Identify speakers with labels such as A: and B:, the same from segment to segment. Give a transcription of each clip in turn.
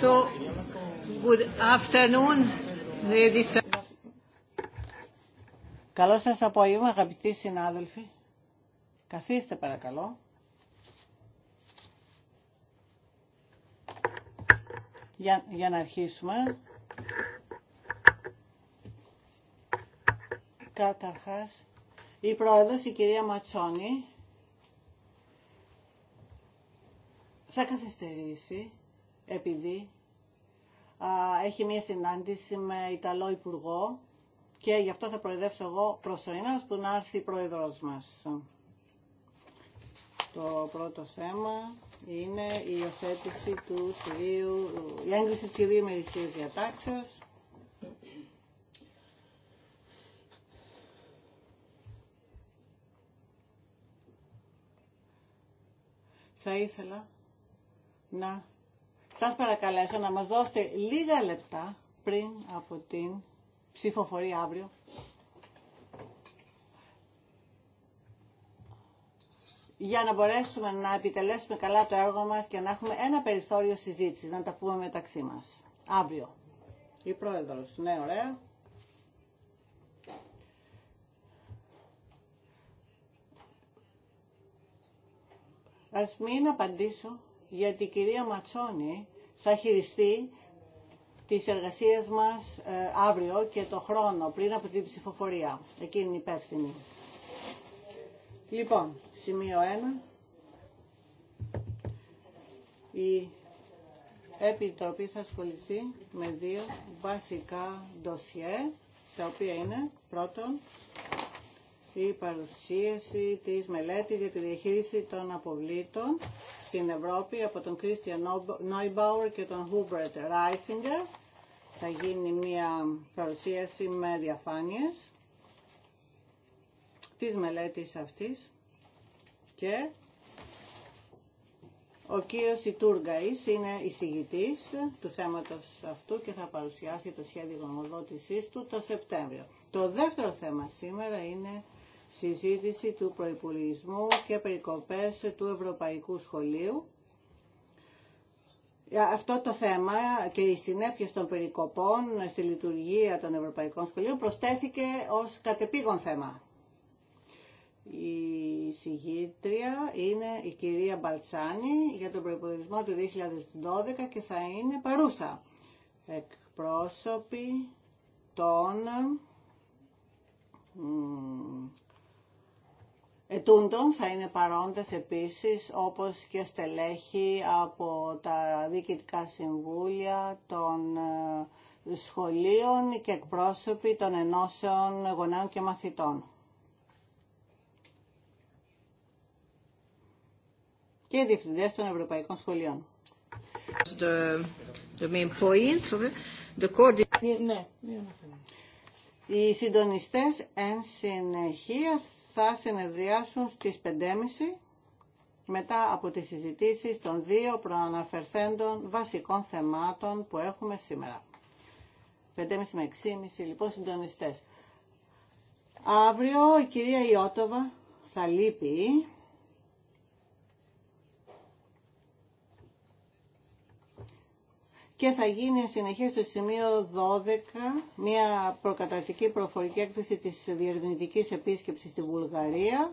A: So, good afternoon, ladies. Καλό σας αγαπητοί συνάδελφοι. Καθίστε παρακαλώ. Για, για να αρχίσουμε. Καταρχάς, η πρόεδρος, η κυρία Ματσόνη, θα καθυστερήσει επειδή έχει μία συνάντηση με Ιταλό Υπουργό και γι' αυτό θα προεδρεύσω εγώ προσωρινά που να έρθει η πρόεδρος μας. Το πρώτο θέμα είναι η υιοθέτηση του η έγκριση του Ιδίου ημερησίας διατάξεως. Θα ήθελα να σας παρακαλέσω να μας δώσετε λίγα λεπτά πριν από την ψηφοφορία αύριο. για να μπορέσουμε να επιτελέσουμε καλά το έργο μας και να έχουμε ένα περιθώριο συζήτησης, να τα πούμε μεταξύ μας. Αύριο. Η πρόεδρος. Ναι, ωραία. Ας μην απαντήσω γιατί η κυρία Ματσόνη θα χειριστεί τις εργασίες μας ε, αύριο και το χρόνο πριν από την ψηφοφορία. Εκείνη είναι υπεύθυνη. Λοιπόν, σημείο 1. Η Επιτροπή θα ασχοληθεί με δύο βασικά ντοσιέ, σε οποία είναι πρώτον η παρουσίαση της μελέτης για τη διαχείριση των αποβλήτων στην Ευρώπη από τον Κρίστιαν Νόιμπαουρ και τον Χούμπερτ Ράισιγκερ. Θα γίνει μια παρουσίαση με διαφάνειες της μελέτης αυτής και ο κύριος Ιτούργαης είναι εισηγητής του θέματος αυτού και θα παρουσιάσει το σχέδιο γνωμοδότησής του το Σεπτέμβριο. Το δεύτερο θέμα σήμερα είναι συζήτηση του προϋπολογισμού και περικοπές του Ευρωπαϊκού Σχολείου. Ε, αυτό το θέμα και οι συνέπεια των περικοπών στη λειτουργία των Ευρωπαϊκών Σχολείων προσθέθηκε ως κατεπήγον θέμα. Η συγγήτρια είναι η κυρία Μπαλτσάνη για τον προϋπολογισμό του 2012 και θα είναι παρούσα. Εκπρόσωποι των ετούντων θα είναι παρόντες επίσης όπως και στελέχη από τα διοικητικά συμβούλια των ε, σχολείων και εκπρόσωποι των ενώσεων γονέων και μαθητών. και διευθυντές των Ευρωπαϊκών Σχολείων. main Οι συντονιστές εν συνεχεία θα συνεδριάσουν στις 5.30 μετά από τις συζητήσεις των δύο προαναφερθέντων βασικών θεμάτων που έχουμε σήμερα. 5.30 με 6.30 λοιπόν συντονιστές. Αύριο η κυρία Ιώτοβα θα λείπει και θα γίνει συνεχεία στο σημείο 12 μια προκαταρτική προφορική έκθεση της διερευνητικής επίσκεψης στη Βουλγαρία.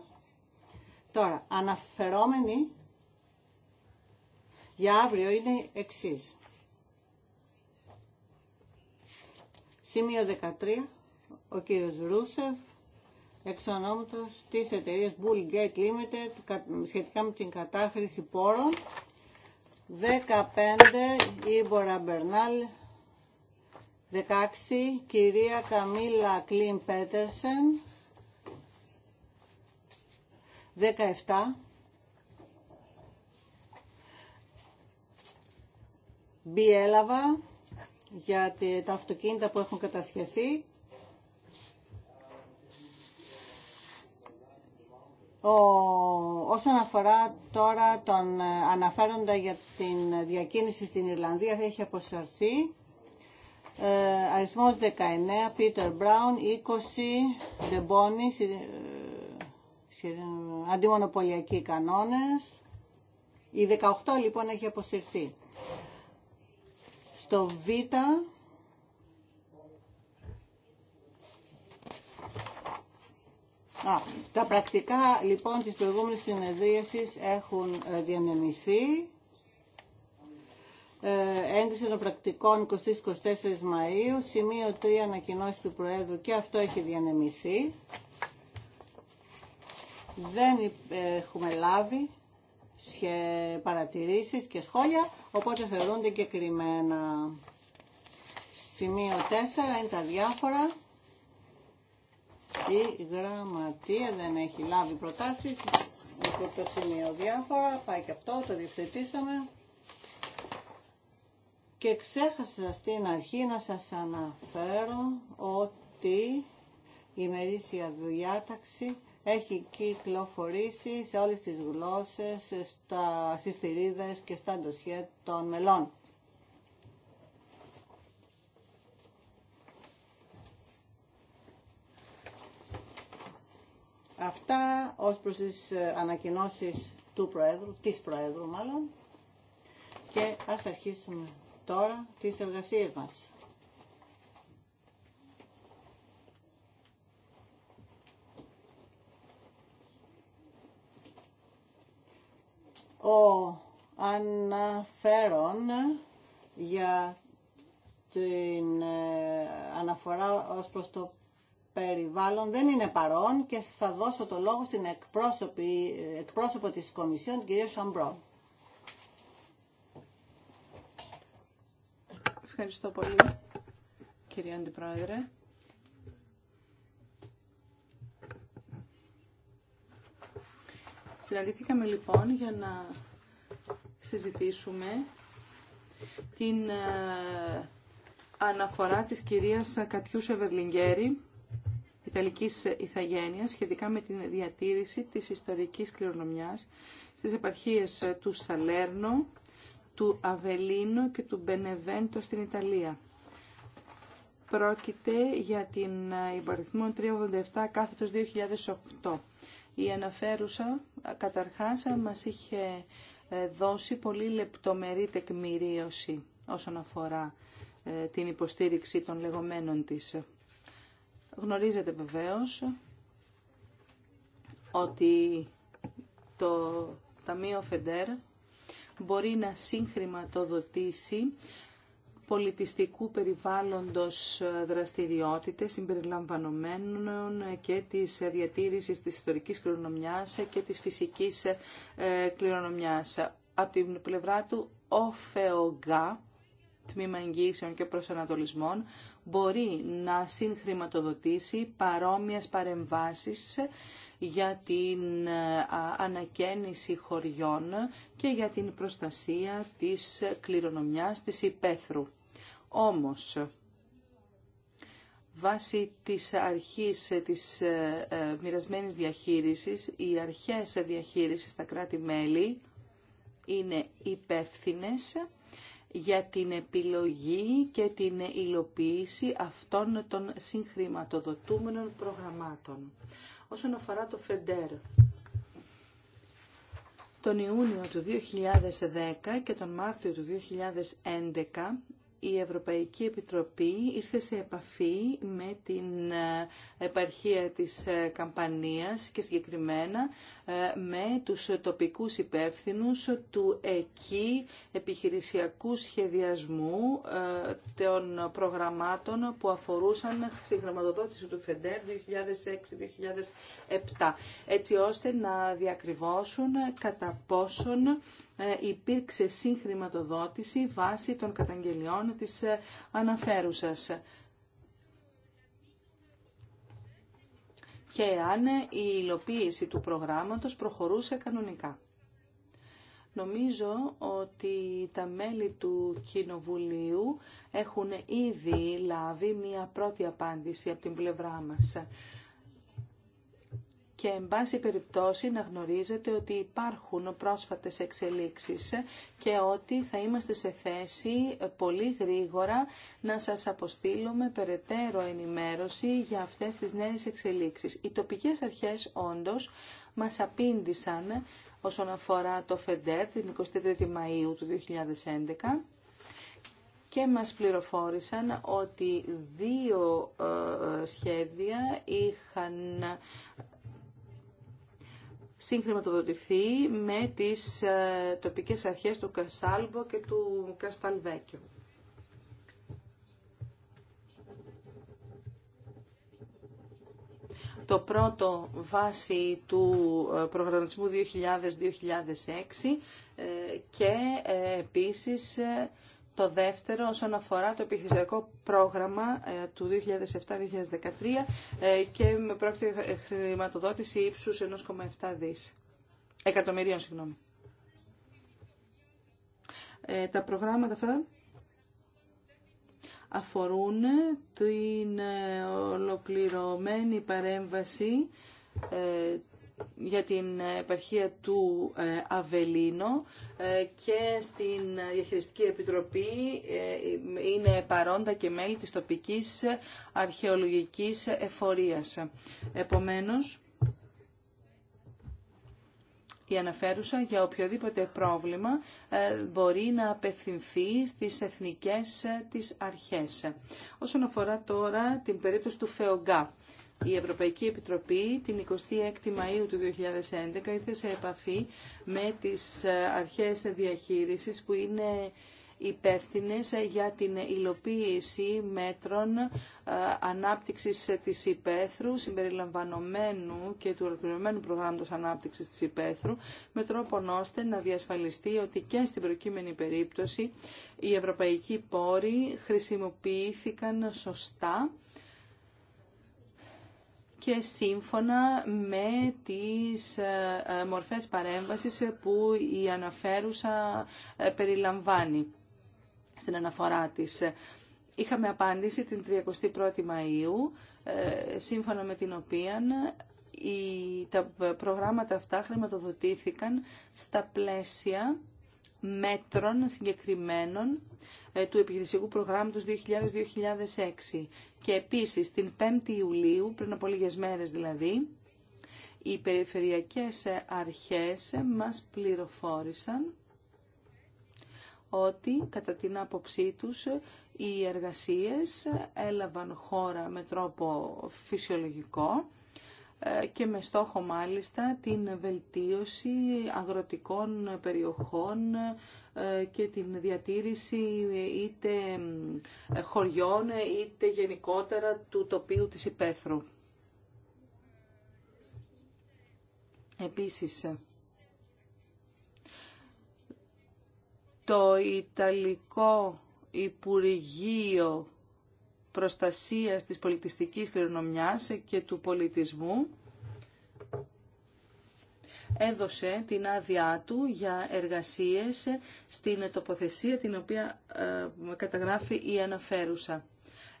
A: Τώρα, αναφερόμενοι για αύριο είναι εξή. Σημείο 13, ο κύριος Ρούσεφ, εξ ονόματος της εταιρείας Bull Limited, σχετικά με την κατάχρηση πόρων 15 Ήμπορα Μπερνάλ 16 κυρία Καμίλα Κλίν Πέτερσεν 17 Μπιέλαβα για τα αυτοκίνητα που έχουν κατασχεθεί όσον αφορά τώρα τον ε, αναφέροντα για την διακίνηση στην Ιρλανδία, έχει αποσυρθεί. Ε, 19, Peter Brown, 20, Deboni, ε, ε, αντιμονοπολιακοί κανόνες. Η 18 λοιπόν έχει αποσυρθεί. Στο Β, τα πρακτικά λοιπόν της προηγούμενης συνεδρίασης έχουν ε, διανεμηθεί. Ε, έγκριση των πρακτικων 20-24 Μαΐου, σημείο 3 ανακοινώσει του Προέδρου και αυτό έχει διανεμηθεί. Δεν ε, έχουμε λάβει παρατηρήσεις και σχόλια, οπότε θεωρούνται και κρυμμένα. Σημείο 4 είναι τα διάφορα. Η γραμματεία δεν έχει λάβει προτάσεις από το σημείο διάφορα. Πάει και αυτό, το διευθετήσαμε. Και ξέχασα στην αρχή να σας αναφέρω ότι η μερίσια διάταξη έχει κυκλοφορήσει σε όλες τις γλώσσες, στα συστηρίδες και στα ντοσιέ των μελών. Αυτά ως προς τις ε, ανακοινώσεις του Προέδρου, της Προέδρου μάλλον. Και ας αρχίσουμε τώρα τις εργασίες μας. Ο αναφέρον για την ε, αναφορά ως προς το περιβάλλον δεν είναι παρόν και θα δώσω το λόγο στην εκπρόσωπο της Κομισιόν, την κυρία
B: Σαμπρό. Ευχαριστώ πολύ, κυρία Αντιπρόεδρε. Συναντηθήκαμε λοιπόν για να συζητήσουμε την ε, αναφορά της κυρίας Κατιούσε Ευερλιγκέρη Ιταλικής Ιθαγένειας σχετικά με την διατήρηση της ιστορικής κληρονομιάς στις επαρχίες του Σαλέρνο, του Αβελίνο και του Μπενεβέντο στην Ιταλία. Πρόκειται για την υπαριθμό 387 κάθετο 2008. Η αναφέρουσα καταρχάς μας είχε ε, δώσει πολύ λεπτομερή τεκμηρίωση όσον αφορά ε, την υποστήριξη των λεγόμενων της. Γνωρίζετε βεβαίως ότι το Ταμείο Φεντέρ μπορεί να συγχρηματοδοτήσει πολιτιστικού περιβάλλοντος δραστηριότητες συμπεριλαμβανομένων και της διατήρησης της ιστορικής κληρονομιάς και της φυσικής ε, κληρονομιάς. Από την πλευρά του, ο ΦΕΟΓΑ τμήμα εγγύησεων και προσανατολισμών μπορεί να συγχρηματοδοτήσει παρόμοιες παρεμβάσεις για την ε, ανακαίνιση χωριών και για την προστασία της κληρονομιάς της υπαίθρου. Όμως, βάσει της αρχής της ε, ε, μοιρασμένης διαχείρισης, οι αρχές διαχείρισης στα κράτη-μέλη είναι υπεύθυνες για την επιλογή και την υλοποίηση αυτών των συγχρηματοδοτούμενων προγραμμάτων. Όσον αφορά το ΦΕΝΤΕΡ, τον Ιούνιο του 2010 και τον Μάρτιο του 2011 η Ευρωπαϊκή Επιτροπή ήρθε σε επαφή με την επαρχία της ε, Καμπανίας και συγκεκριμένα ε, με τους τοπικούς υπεύθυνους του εκεί επιχειρησιακού σχεδιασμού ε, των προγραμμάτων που αφορούσαν στη χρηματοδότηση του ΦΕΝΤΕΡ 2006-2007 έτσι ώστε να διακριβώσουν κατά πόσον ε, υπήρξε συγχρηματοδότηση βάσει των καταγγελιών της αναφέρουσας. και αν η υλοποίηση του προγράμματος προχωρούσε κανονικά. Νομίζω ότι τα μέλη του Κοινοβουλίου έχουν ήδη λάβει μία πρώτη απάντηση από την πλευρά μας και εν πάση περιπτώσει να γνωρίζετε ότι υπάρχουν πρόσφατες εξελίξεις και ότι θα είμαστε σε θέση ε, πολύ γρήγορα να σας αποστείλουμε περαιτέρω ενημέρωση για αυτές τις νέες εξελίξεις. Οι τοπικές αρχές όντως μας απήντησαν όσον αφορά το ΦΕΝΤΕΡ την 23η Μαΐου του 2011 και μας πληροφόρησαν ότι δύο ε, ε, σχέδια είχαν συγχρηματοδοτηθεί με τις ε, τοπικές αρχές του Κασάλμπο και του Κασταλβέκιο. Το πρώτο βάση του ε, προγραμματισμού 2000-2006 ε, και επίσης το δεύτερο όσον αφορά το επιχειρησιακό πρόγραμμα ε, του 2007-2013 ε, και με πρόκειται χρηματοδότηση ύψους 1,7 δις. Εκατομμυρίων, συγγνώμη. Ε, τα προγράμματα αυτά αφορούν την ολοκληρωμένη παρέμβαση για την ε, επαρχία του ε, Αβελίνο ε, και στην Διαχειριστική Επιτροπή είναι παρόντα και μέλη της τοπικής αρχαιολογικής εφορίας. Επομένως, η αναφέρουσα για οποιοδήποτε πρόβλημα μπορεί να απευθυνθεί στις εθνικές της αρχές. Όσον αφορά τώρα την περίπτωση του ΦΕΟΓΚΑ, η Ευρωπαϊκή Επιτροπή την 26η Μαΐου του 2011 ήρθε σε επαφή με τις ε, αρχές διαχείρισης που είναι υπεύθυνε για την υλοποίηση μέτρων ε, ανάπτυξης της υπαίθρου, συμπεριλαμβανομένου και του ολοκληρωμένου προγράμματος ανάπτυξης της υπαίθρου, με τρόπο ώστε να διασφαλιστεί ότι και στην προκείμενη περίπτωση οι ευρωπαϊκοί πόροι χρησιμοποιήθηκαν σωστά και σύμφωνα με τις ε, ε, μορφές παρέμβασης που η αναφέρουσα ε, περιλαμβάνει στην αναφορά της. Είχαμε απάντηση την 31η Μαΐου, σύμφωνα με την οποία τα προγράμματα αυτά χρηματοδοτήθηκαν στα πλαίσια μέτρων συγκεκριμένων ε, του επιχειρησιακου προγράμματο προγράμματος 2000-2006. Και επίσης, την 5η Ιουλίου, πριν από λίγες μέρες δηλαδή, οι περιφερειακές αρχές μας πληροφόρησαν ότι κατά την άποψή τους οι εργασίες έλαβαν χώρα με τρόπο φυσιολογικό ε, και με στόχο μάλιστα την βελτίωση αγροτικών περιοχών ε, και την διατήρηση είτε ε, χωριών είτε γενικότερα του τοπίου της υπαίθρου. Επίσης, το Ιταλικό Υπουργείο Προστασίας της Πολιτιστικής Κληρονομιάς και του Πολιτισμού έδωσε την άδειά του για εργασίες στην τοποθεσία την οποία ε, καταγράφει η αναφέρουσα.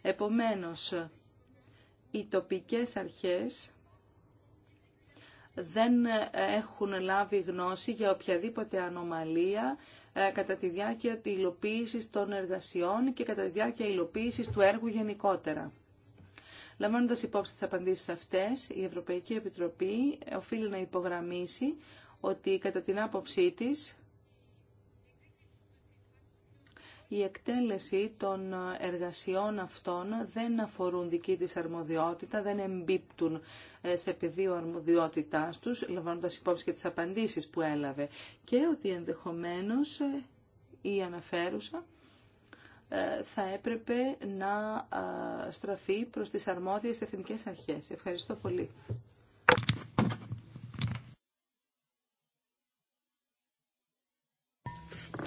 B: Επομένως, οι τοπικές αρχές δεν έχουν λάβει γνώση για οποιαδήποτε ανομαλία ε, κατά τη διάρκεια υλοποίησης των εργασιών και κατά τη διάρκεια υλοποίησης του έργου γενικότερα. Λαμβάνοντας υπόψη τις απαντήσεις αυτές, η Ευρωπαϊκή Επιτροπή οφείλει να υπογραμμίσει ότι κατά την άποψή της η εκτέλεση των εργασιών αυτών δεν αφορούν δική της αρμοδιότητα, δεν εμπίπτουν ε, σε πεδίο αρμοδιότητάς τους, λαμβάνοντας υπόψη και τις απαντήσεις που έλαβε και ότι ενδεχομένως ε, η αναφέρουσα ε, θα έπρεπε να ε, στραφεί προς τις αρμόδιες εθνικές αρχές. Ευχαριστώ πολύ.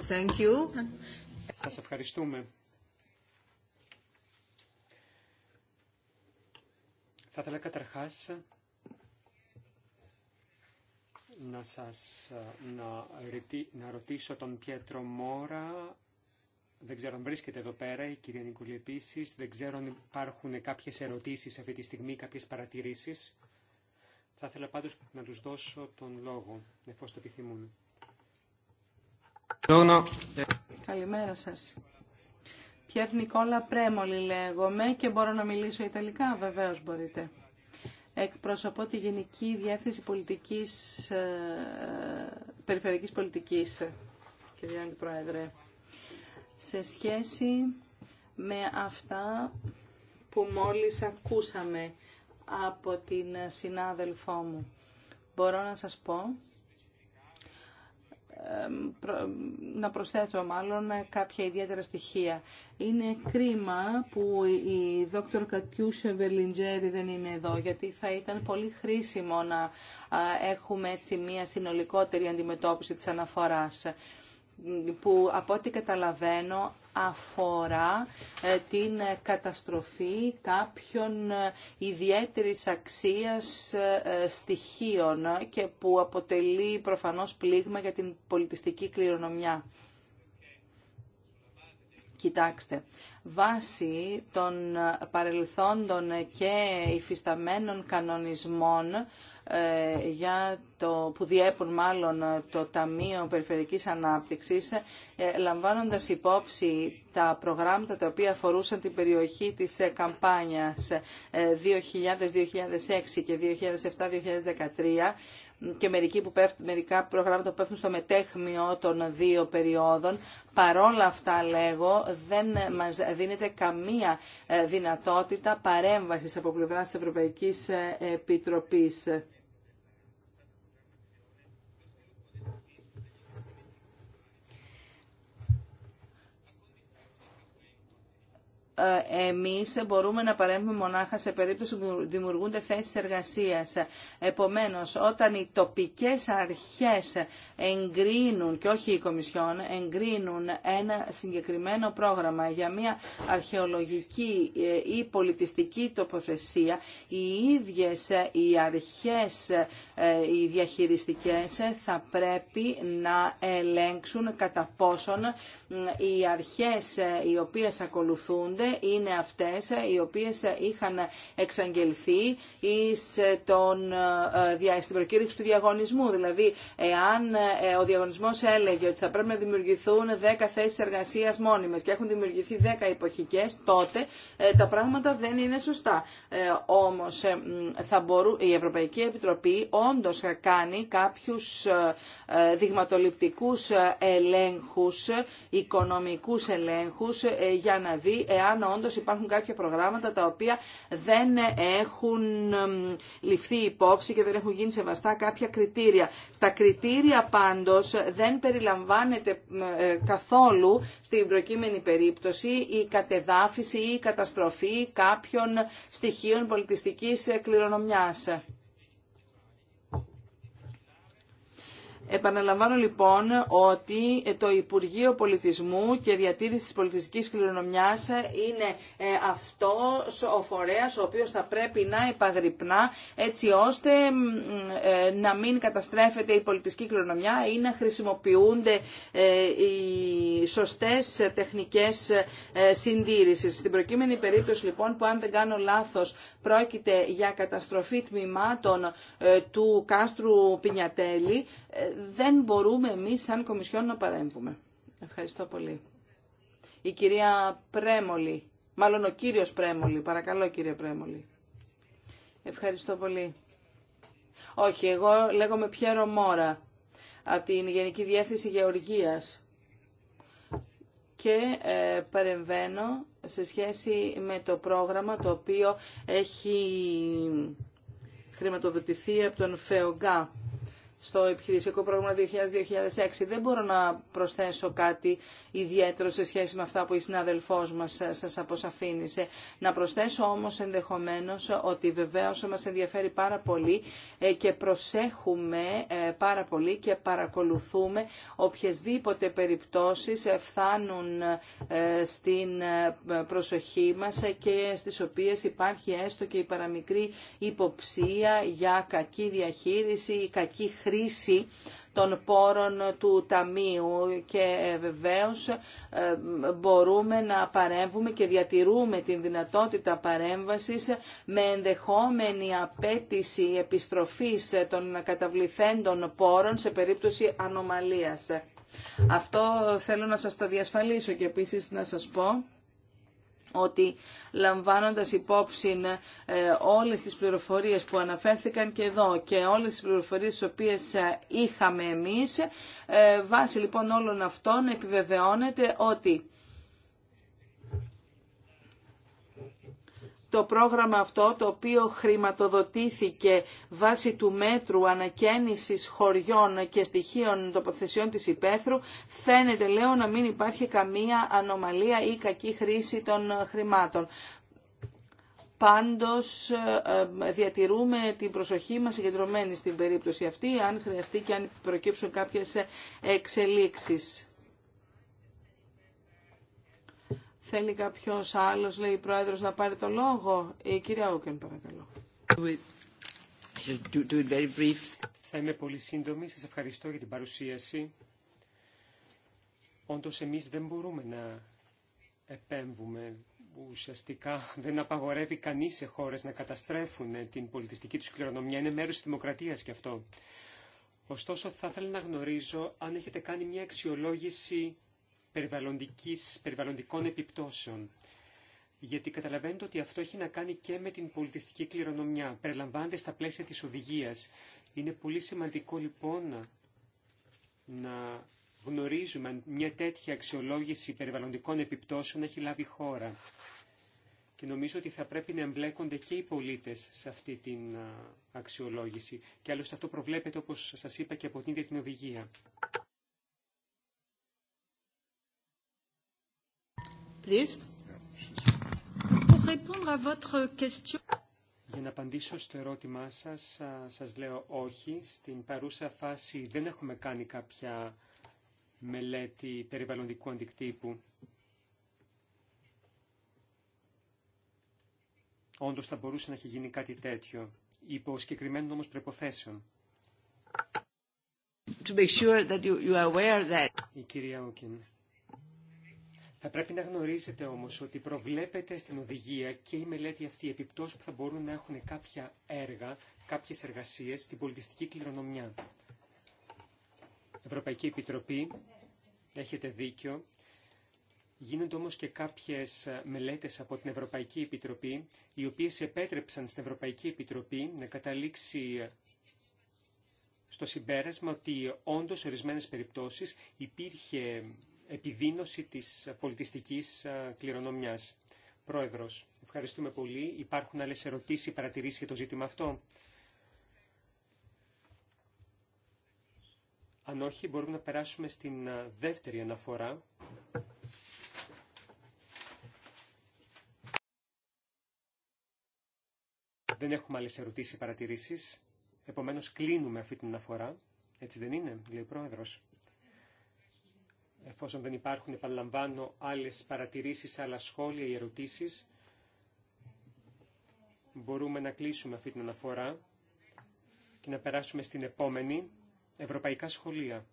A: Thank you.
C: Σας ευχαριστούμε. Θα ήθελα καταρχάς να σας ε, να, να ρωτήσω τον Πιέτρο Μόρα δεν ξέρω αν βρίσκεται εδώ πέρα η κυρία Νικουλή επίση. Δεν ξέρω αν υπάρχουν κάποιε ερωτήσει αυτή τη στιγμή, κάποιε παρατηρήσει. Θα ήθελα πάντω να του δώσω τον λόγο, εφόσον το επιθυμούν.
B: Καλημέρα σα. Πιέρ Νικόλα Πρέμολη λέγομαι και μπορώ να μιλήσω Ιταλικά, βεβαίω μπορείτε. Εκπροσωπώ τη Γενική Διεύθυνση Πολιτικής, ε, ε Περιφερειακής Πολιτικής, ε, κυρία Αντιπρόεδρε σε σχέση με αυτά που μόλις ακούσαμε από την συνάδελφό μου. Μπορώ να σας πω, να προσθέσω μάλλον κάποια ιδιαίτερα στοιχεία. Είναι κρίμα που η δόκτωρ Κατιούσε Βελιντζέρη δεν είναι εδώ, γιατί θα ήταν πολύ χρήσιμο να έχουμε έτσι μια συνολικότερη αντιμετώπιση της αναφοράς που από ό,τι καταλαβαίνω αφορά ε, την καταστροφή κάποιων ε, ιδιαίτερης αξίας ε, στοιχείων και που αποτελεί προφανώς πλήγμα για την πολιτιστική κληρονομιά. Κοιτάξτε, βάσει των παρελθόντων και υφισταμένων κανονισμών ε, για το, που διέπουν μάλλον το Ταμείο Περιφερειακής Ανάπτυξης, ε, λαμβάνοντας υπόψη τα προγράμματα τα οποία αφορούσαν την περιοχή της ε, καμπάνιας 2000-2006 και 2007-2013, και που μερικά προγράμματα που πέφτουν στο μετέχμιο των δύο περιόδων. Παρόλα αυτά, λέγω, δεν μας δίνεται καμία δυνατότητα παρέμβασης από πλευρά της Ευρωπαϊκής Επιτροπής. Ε, εμείς μπορούμε να παρέμβουμε μονάχα σε περίπτωση που δημιουργούνται θέσεις εργασίας. Επομένως, όταν οι τοπικές αρχές εγκρίνουν, και όχι οι Κομισιόν, εγκρίνουν ένα συγκεκριμένο πρόγραμμα για μια αρχαιολογική ε, ή πολιτιστική τοποθεσία, οι ίδιες ε, οι αρχές, οι διαχειριστικές, θα πρέπει να ελέγξουν κατά πόσον οι αρχές ε, οι οποίες ακολουθούνται είναι αυτές ε, οι οποίες ε, είχαν εξαγγελθεί τον, στην προκήρυξη του διαγωνισμού. Δηλαδή, εάν ο διαγωνισμός έλεγε ότι θα πρέπει να δημιουργηθούν 10 θέσεις εργασίας μόνιμες και έχουν δημιουργηθεί 10 εποχικές, τότε τα πράγματα δεν είναι σωστά. Όμως, θα μπορού, η Ευρωπαϊκή Επιτροπή όντως κάνει κάποιους δειγματοληπτικούς ελέγχους οικονομικούς ελέγχους ε, για να δει εάν όντως υπάρχουν κάποια προγράμματα τα οποία δεν έχουν ληφθεί υπόψη και δεν έχουν γίνει σεβαστά κάποια κριτήρια. Στα κριτήρια πάντως δεν περιλαμβάνεται ε, καθόλου στην προκείμενη περίπτωση η κατεδάφιση ή η καταστροφή κάποιων στοιχείων πολιτιστικής κληρονομιάς. Επαναλαμβάνω λοιπόν ότι το Υπουργείο Πολιτισμού και Διατήρηση της Πολιτιστικής Κληρονομιάς είναι ε, αυτό ο φορέας ο οποίος θα πρέπει να επαγρυπνά έτσι ώστε ε, να μην καταστρέφεται η πολιτιστική κληρονομιά ή να χρησιμοποιούνται ε, οι σωστές τεχνικές συντήρησης. Στην προκείμενη περίπτωση λοιπόν που αν δεν κάνω λάθος πρόκειται για καταστροφή τμήματων του κάστρου Πινιατέλη δεν μπορούμε εμείς σαν Κομισιόν να παρέμβουμε. Ευχαριστώ πολύ. Η κυρία Πρέμολη, μάλλον ο κύριος Πρέμολη, παρακαλώ κύριε Πρέμολη. Ευχαριστώ πολύ. Όχι, εγώ λέγομαι Πιέρο Μόρα, από την Γενική Διεύθυνση Γεωργίας και ε, παρεμβαίνω σε σχέση με το πρόγραμμα το οποίο έχει χρηματοδοτηθεί από τον ΦΕΟΓΑ στο επιχειρησιακό πρόγραμμα 2000-2006. Δεν μπορώ να προσθέσω κάτι ιδιαίτερο σε σχέση με αυτά που η συναδελφό μα σας αποσαφήνισε. Να προσθέσω όμως ενδεχομένως ότι βεβαίως μα ενδιαφέρει πάρα πολύ ε, και προσέχουμε ε, πάρα πολύ και παρακολουθούμε οποιασδήποτε περιπτώσεις ε, φτάνουν στην προσοχή μας και στι οποίε υπάρχει έστω και η παραμικρή υποψία για κακή διαχείριση ή κακή χρήση των πόρων του Ταμείου και ε, βεβαίως ε, μπορούμε να παρέμβουμε και διατηρούμε την δυνατότητα παρέμβασης με ενδεχόμενη απέτηση επιστροφής των καταβληθέντων πόρων σε περίπτωση ανομαλίας. Αυτό θέλω να σας το διασφαλίσω και επίσης να σας πω ότι λαμβάνοντας υπόψη ε, όλες τις πληροφορίες που αναφέρθηκαν και εδώ και όλες τις πληροφορίες τις οποίες ε, είχαμε εμείς, ε, βάσει λοιπόν όλων αυτών επιβεβαιώνεται ότι το πρόγραμμα αυτό το οποίο χρηματοδοτήθηκε βάσει του μέτρου ανακαίνησης χωριών και στοιχείων τοποθεσιών της υπαίθρου φαίνεται λέω να μην υπάρχει καμία ανομαλία ή κακή χρήση των χρημάτων. Πάντως διατηρούμε την προσοχή μας συγκεντρωμένη στην περίπτωση αυτή αν χρειαστεί και αν προκύψουν κάποιες εξελίξεις. Θέλει κάποιος άλλος,
C: λέει η Πρόεδρος, να πάρει το λόγο. Η κυρία Ούκεν, παρακαλώ. Θα είμαι πολύ σύντομη. Σας ευχαριστώ για την παρουσίαση. Όντω εμείς δεν μπορούμε να επέμβουμε. Ουσιαστικά δεν απαγορεύει κανείς σε χώρε να καταστρέφουν την πολιτιστική του κληρονομιά. Είναι μέρος της δημοκρατίας και αυτό. Ωστόσο θα ήθελα να γνωρίζω αν έχετε κάνει μια αξιολόγηση περιβαλλοντικής, περιβαλλοντικών επιπτώσεων. Γιατί καταλαβαίνετε ότι αυτό έχει να κάνει και με την πολιτιστική κληρονομιά. Περιλαμβάνεται στα πλαίσια της οδηγίας. Είναι πολύ σημαντικό λοιπόν να γνωρίζουμε μια τέτοια αξιολόγηση περιβαλλοντικών επιπτώσεων έχει λάβει χώρα. Και νομίζω ότι θα πρέπει να εμπλέκονται και οι πολίτες σε αυτή την αξιολόγηση. Και άλλωστε αυτό προβλέπεται, όπως σας είπα, και από την ίδια την οδηγία. Για να απαντήσω στο ερώτημά σας, σας λέω όχι. Στην παρούσα φάση δεν έχουμε κάνει κάποια μελέτη περιβαλλοντικού αντικτύπου. Όντως θα μπορούσε να έχει γίνει κάτι τέτοιο, υπό συγκεκριμένων όμως προποθέσεων. Η κυρία θα πρέπει να γνωρίζετε όμως ότι προβλέπεται στην οδηγία και η μελέτη αυτή η επιπτώση που θα μπορούν να έχουν κάποια έργα, κάποιες εργασίες στην πολιτιστική κληρονομιά. Ευρωπαϊκή Επιτροπή, έχετε δίκιο. Γίνονται όμως και κάποιες μελέτες από την Ευρωπαϊκή Επιτροπή, οι οποίες επέτρεψαν στην Ευρωπαϊκή Επιτροπή να καταλήξει στο συμπέρασμα ότι όντως σε ορισμένες περιπτώσεις υπήρχε επιδείνωση της πολιτιστικής ε, κληρονομιάς. Πρόεδρος, ευχαριστούμε πολύ. Υπάρχουν άλλες ερωτήσεις ή παρατηρήσεις για το ζήτημα αυτό. Αν όχι, μπορούμε να περάσουμε στην ε, δεύτερη αναφορά. Δεν έχουμε άλλες ερωτήσεις ή παρατηρήσεις. Επομένως, κλείνουμε αυτή την αναφορά. Έτσι δεν είναι, λέει ο Πρόεδρος. Εφόσον δεν υπάρχουν, επαναλαμβάνω, άλλες παρατηρήσεις, άλλα σχόλια ή ερωτήσεις, μπορούμε να κλείσουμε αυτή την αναφορά και να περάσουμε στην επόμενη Ευρωπαϊκά Σχολεία.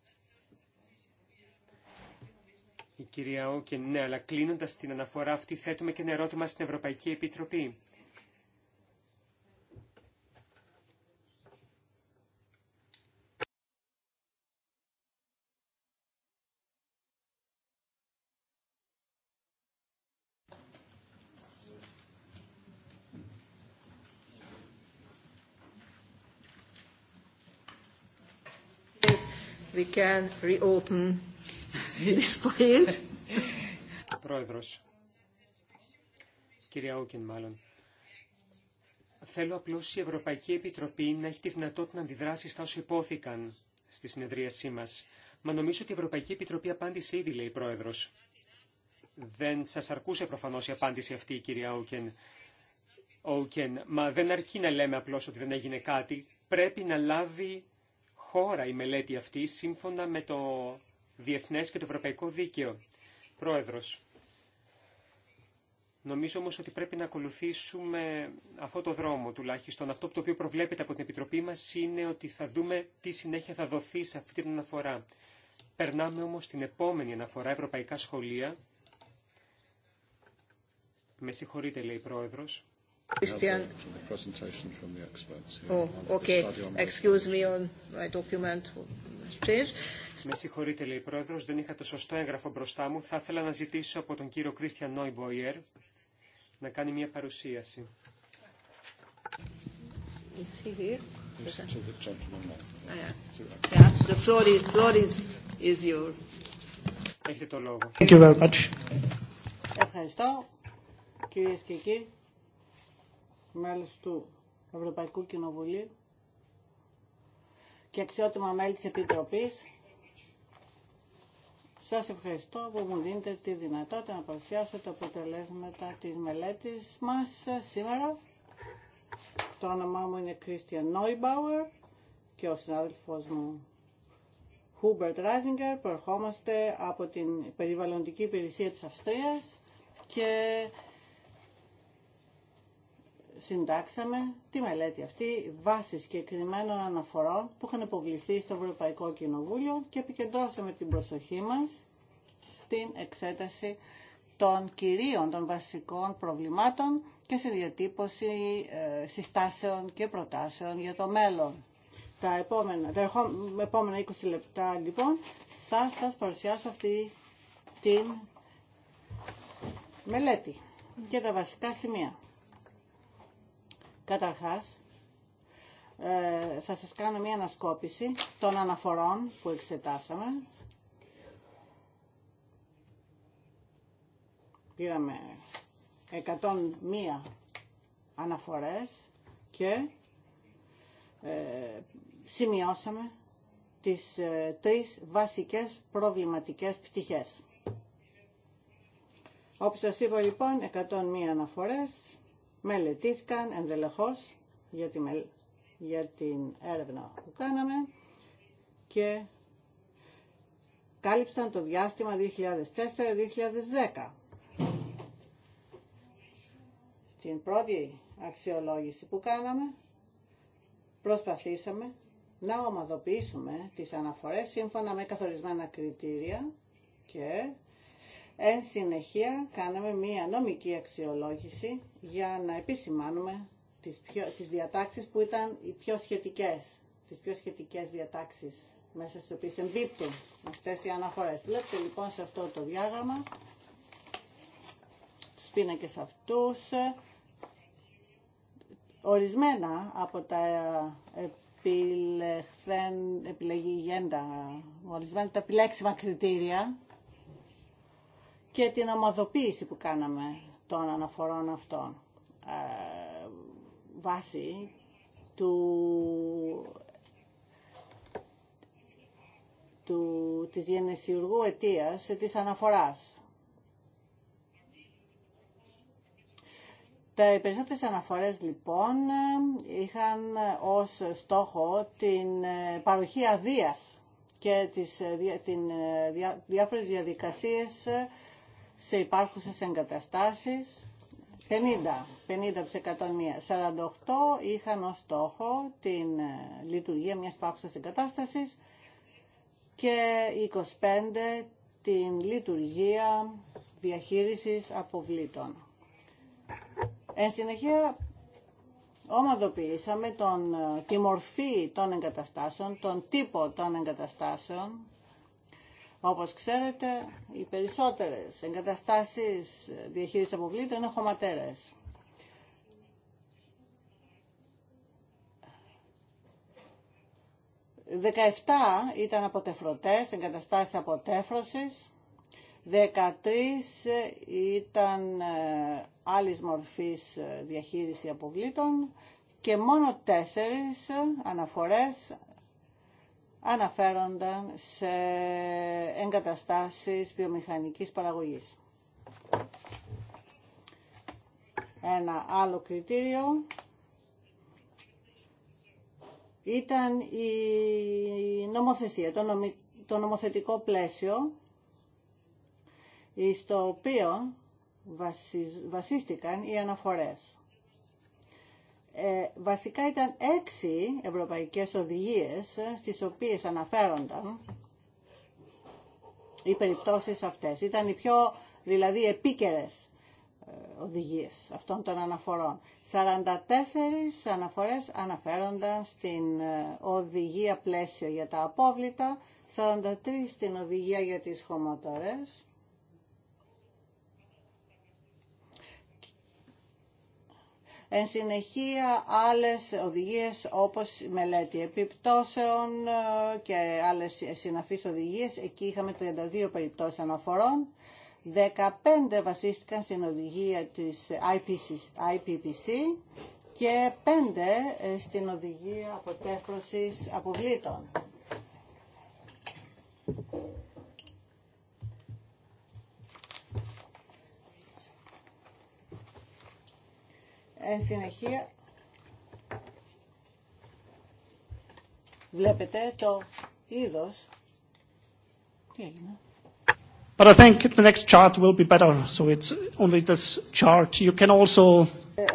C: Η κυρία Όκεν, ναι, αλλά κλείνοντας την αναφορά αυτή θέτουμε και ένα ερώτημα στην Ευρωπαϊκή Επιτροπή.
A: can reopen
C: this point. Πρόεδρος. Κυρία Όκεν, μάλλον. Θέλω απλώς η Ευρωπαϊκή Επιτροπή να έχει τη δυνατότητα να αντιδράσει στα όσα υπόθηκαν στη συνεδρίασή μας. Μα νομίζω ότι η Ευρωπαϊκή Επιτροπή απάντησε ήδη, λέει η Πρόεδρος. Δεν σας αρκούσε προφανώς η απάντηση αυτή, κυρία Όκεν. Όκεν. Μα δεν αρκεί να λέμε απλώς ότι δεν έγινε κάτι. Πρέπει να λάβει χώρα η μελέτη αυτή σύμφωνα με το διεθνές και το ευρωπαϊκό δίκαιο. Πρόεδρος, νομίζω όμως ότι πρέπει να ακολουθήσουμε αυτό το δρόμο τουλάχιστον. Αυτό που το οποίο προβλέπεται από την Επιτροπή μας είναι ότι θα δούμε τι συνέχεια θα δοθεί σε αυτή την αναφορά. Περνάμε όμως στην επόμενη αναφορά ευρωπαϊκά σχολεία. Με συγχωρείτε λέει η Πρόεδρος. Με συγχωρείτε, λέει η Πρόεδρος, δεν είχα το σωστό έγγραφο μπροστά μου. Θα ήθελα να ζητήσω από τον κύριο Κρίστιαν Νόιμποϊερ να κάνει μια παρουσίαση. Έχετε το λόγο.
A: Ευχαριστώ, κυρίες και κύριοι μέλος του Ευρωπαϊκού Κοινοβουλίου και αξιότιμα μέλη της Επιτροπής. Σας ευχαριστώ που μου δίνετε τη δυνατότητα να παρουσιάσω τα αποτελέσματα της μελέτης μας σήμερα. Το όνομά μου είναι Christian Neubauer και ο συνάδελφός μου Hubert Reisinger. Προερχόμαστε από την περιβαλλοντική υπηρεσία της Αυστρίας και συντάξαμε τη μελέτη αυτή βάσει συγκεκριμένων αναφορών που είχαν υποβληθεί στο Ευρωπαϊκό Κοινοβούλιο και επικεντρώσαμε την προσοχή μας στην εξέταση των κυρίων των βασικών προβλημάτων και στη διατύπωση ε, συστάσεων και προτάσεων για το μέλλον. Τα επόμενα, τα επόμενα 20 λεπτά λοιπόν θα σας παρουσιάσω αυτή την μελέτη για τα βασικά σημεία. Καταρχάς, ε, θα σας κάνω μια ανασκόπηση των αναφορών που εξετάσαμε. Πήραμε 101 αναφορές και ε, σημειώσαμε τις ε, τρεις βασικές προβληματικές πτυχές. Όπως σας είπα λοιπόν, 101 αναφορές μελετήθηκαν ενδελεχώς για, τη, για την έρευνα που κάναμε και κάλυψαν το διάστημα 2004-2010. Την πρώτη αξιολόγηση που κάναμε, προσπαθήσαμε να ομαδοποιήσουμε τις αναφορές σύμφωνα με καθορισμένα κριτήρια και Εν συνεχεία κάναμε μία νομική αξιολόγηση για να επισημάνουμε τις, πιο, τις διατάξεις που ήταν οι πιο σχετικές, τις πιο σχετικές διατάξεις μέσα στις οποίες εμπίπτουν αυτές οι αναφορές. Βλέπετε λοιπόν σε αυτό το διάγραμμα, τους πίνακες αυτούς, ορισμένα από τα επιλεγή γέντα, ορισμένα τα επιλέξιμα κριτήρια και την ομαδοποίηση που κάναμε των αναφορών αυτών ε, βάσει του, του, της γενεσιουργού αιτίας της αναφοράς. Τα περισσότερες αναφορές λοιπόν είχαν ως στόχο την ε, παροχή αδείας και τις, ε, την, διάφορες διαδικασίες σε υπάρχουσες εγκαταστάσεις 50, μία. 48 είχαν ως στόχο την ε, λειτουργία μιας υπάρχουσας εγκατάστασης και 25 την λειτουργία διαχείρισης αποβλήτων. Εν συνεχεία, ομαδοποιήσαμε τον, ε, τη μορφή των εγκαταστάσεων, τον τύπο των εγκαταστάσεων όπως ξέρετε, οι περισσότερες εγκαταστάσεις διαχείρισης αποβλήτων είναι χωματέρες. Δεκαεφτά ήταν αποτεφρωτές, εγκαταστάσεις αποτέφρωσης. 13 ήταν ε, άλλης μορφής ε, διαχείριση αποβλήτων και μόνο τέσσερις αναφορές αναφέρονταν σε εγκαταστάσεις βιομηχανικής παραγωγής. Ένα άλλο κριτήριο ήταν η νομοθεσία, το νομοθετικό πλαίσιο στο οποίο βασίστηκαν οι αναφορές. Ε, βασικά ήταν έξι ευρωπαϊκές οδηγίες ε, στις οποίες αναφέρονταν οι περιπτώσεις αυτές. Ήταν οι πιο δηλαδή επίκαιρες ε, οδηγίες αυτών των αναφορών. 44 αναφορές αναφέρονταν στην οδηγία πλαίσιο για τα απόβλητα, 43 στην οδηγία για τις χωματορές, Εν συνεχεία άλλες οδηγίες όπως η μελέτη επιπτώσεων ε, και άλλες συναφείς οδηγίες. Εκεί είχαμε 32 περιπτώσεις αναφορών. 15 βασίστηκαν στην οδηγία της IPPC και 5 ε, στην οδηγία αποτέφρωσης αποβλήτων. Εν συνεχεία, βλέπετε το είδος. Τι έγινε.
C: But I think the next chart will be better. So it's only this chart. You can also...
A: Ε,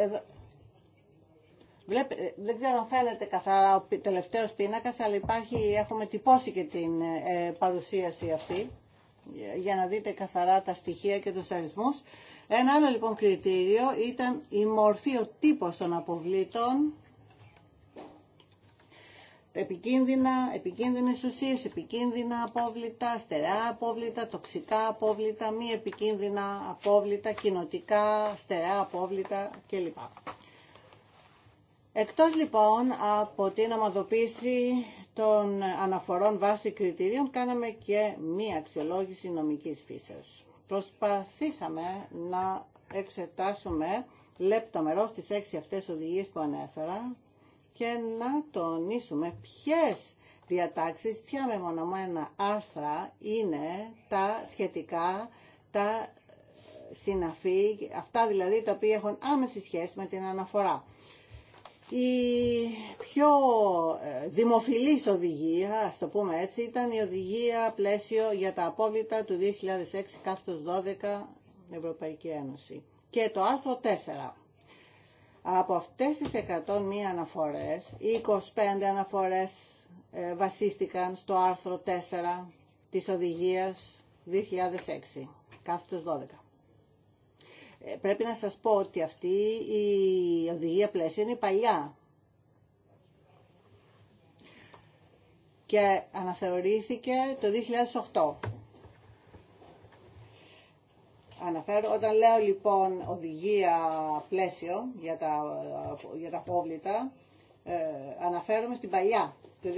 A: βλέπετε, δεν ξέρω αν φαίνεται καθαρά ο τελευταίος πίνακας, αλλά υπάρχει, έχουμε τυπώσει και την ε, ε, παρουσίαση αυτή για να δείτε καθαρά τα στοιχεία και τους αριθμούς. Ένα άλλο λοιπόν κριτήριο ήταν η μορφή, ο τύπος των αποβλήτων, επικίνδυνα, επικίνδυνες ουσίες, επικίνδυνα απόβλητα, στερεά απόβλητα, τοξικά απόβλητα, μη επικίνδυνα απόβλητα, κοινοτικά, στερεά απόβλητα κλπ. Εκτός λοιπόν από την ομαδοποίηση των αναφορών βάση κριτηρίων, κάναμε και μία αξιολόγηση νομικής φύσεως προσπαθήσαμε να εξετάσουμε λεπτομερώς τις έξι αυτές οδηγίες που ανέφερα και να τονίσουμε ποιες διατάξεις, ποια μεμονωμένα άρθρα είναι τα σχετικά, τα συναφή, αυτά δηλαδή τα οποία έχουν άμεση σχέση με την αναφορά. Η πιο ε, δημοφιλής οδηγία, ας το πούμε έτσι, ήταν η οδηγία πλαίσιο για τα απόβλητα του 2006 κάθετος 12 Ευρωπαϊκή Ένωση και το άρθρο 4. Από αυτές τις 101 αναφορές, 25 αναφορές ε, βασίστηκαν στο άρθρο 4 της οδηγίας 2006, κάθετος 12. Ε, πρέπει να σας πω ότι αυτή η οδηγία πλαίσια είναι παλιά. Και αναθεωρήθηκε το 2008. Αναφέρω, όταν λέω λοιπόν οδηγία πλαίσιο για τα, για τα πόβλητα, ε, αναφέρομαι στην παλιά, το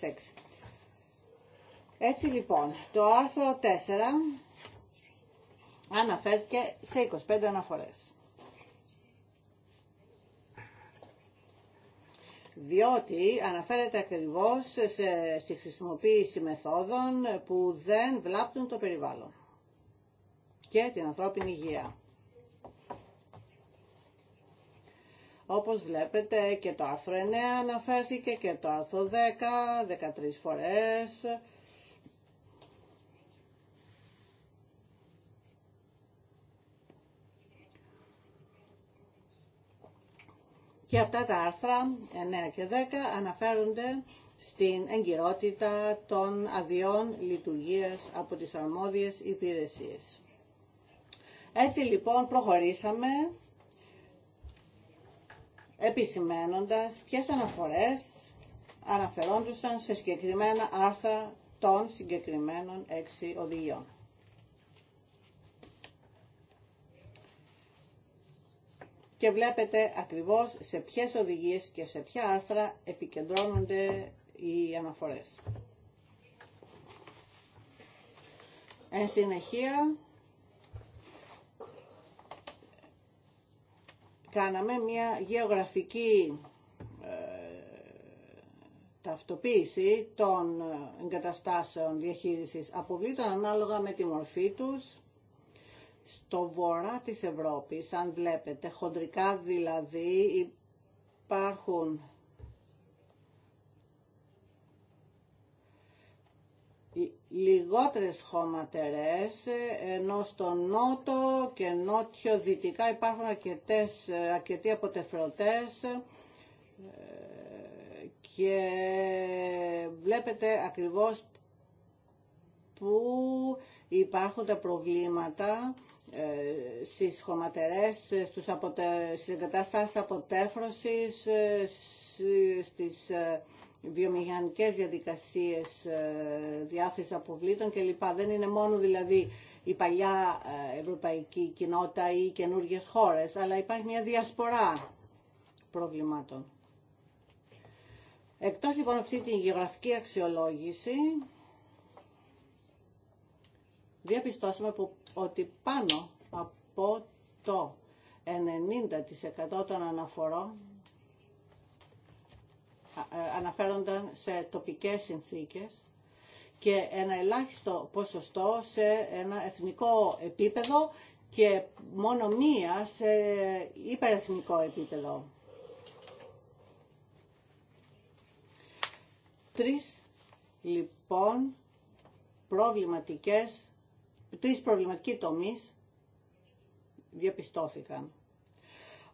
A: 2006. Έτσι λοιπόν, το άρθρο 4 αναφέρθηκε σε 25 αναφορές. διότι αναφέρεται ακριβώς σε, στη χρησιμοποίηση μεθόδων που δεν βλάπτουν το περιβάλλον και την ανθρώπινη υγεία. Όπως βλέπετε και το άρθρο 9 αναφέρθηκε και το άρθρο 10, 13 φορές Και αυτά τα άρθρα 9 και 10 αναφέρονται στην εγκυρότητα των αδειών λειτουργίας από τις αρμόδιες υπηρεσίες. Έτσι λοιπόν προχωρήσαμε επισημένοντας ποιες αναφορές αναφερόντουσαν σε συγκεκριμένα άρθρα των συγκεκριμένων έξι οδηγιών. και βλέπετε ακριβώς σε ποιες οδηγίες και σε ποια άρθρα επικεντρώνονται οι αναφορές. Εν συνεχεία, κάναμε μια γεωγραφική ε, ταυτοποίηση των εγκαταστάσεων διαχείρισης αποβλήτων ανάλογα με τη μορφή τους, στο βορρά της Ευρώπης, αν βλέπετε, χοντρικά δηλαδή υπάρχουν λιγότερες χωματερές, ενώ στο νότο και νότιο δυτικά υπάρχουν αρκετές, αρκετοί αποτεφρωτές ε, και βλέπετε ακριβώς που υπάρχουν τα προβλήματα ε, στις χωματερές, ε, στους αποτε... στις εγκαταστάσεις αποτέφρωσης, ε, στις βιομηχανικές διαδικασίες διάθεσης αποβλήτων κλπ. Δεν είναι μόνο δηλαδή η παλιά ευρωπαϊκή κοινότητα ή οι καινούργιες χώρες, αλλά υπάρχει μια διασπορά προβλημάτων. Εκτός λοιπόν αυτή την γεωγραφική αξιολόγηση, διαπιστώσαμε που ότι πάνω από το 90% των αναφορών ε, αναφέρονταν σε τοπικές συνθήκες και ένα ελάχιστο ποσοστό σε ένα εθνικό επίπεδο και μόνο μία σε υπερεθνικό επίπεδο. Τρεις, λοιπόν, προβληματικές τρεις προβληματικοί τομείς διαπιστώθηκαν.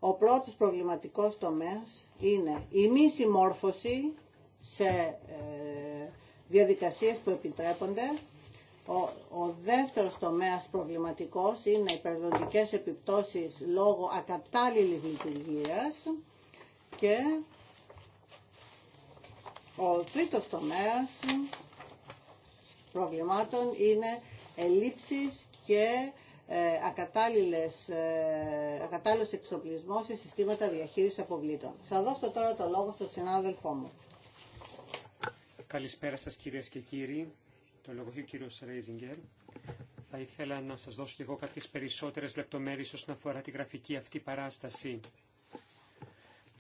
A: Ο πρώτος προβληματικός τομέας είναι η μη συμμόρφωση σε ε, διαδικασίες που επιτρέπονται. Ο, ο δεύτερος τομέας προβληματικός είναι οι περιβαλλοντικές επιπτώσεις λόγω ακατάλληλης λειτουργίας και ο τρίτος τομέας προβλημάτων είναι ελλείψεις και ε, ακατάλληλες, ε, ακατάλληλος σε συστήματα διαχείρισης αποβλήτων. Θα δώσω τώρα το λόγο στον συνάδελφό μου.
C: Καλησπέρα σας κυρίες και κύριοι. Το λόγο έχει ο κύριος Ρέιζιγκερ. Θα ήθελα να σας δώσω και εγώ κάποιες περισσότερες λεπτομέρειες όσον αφορά τη γραφική αυτή παράσταση.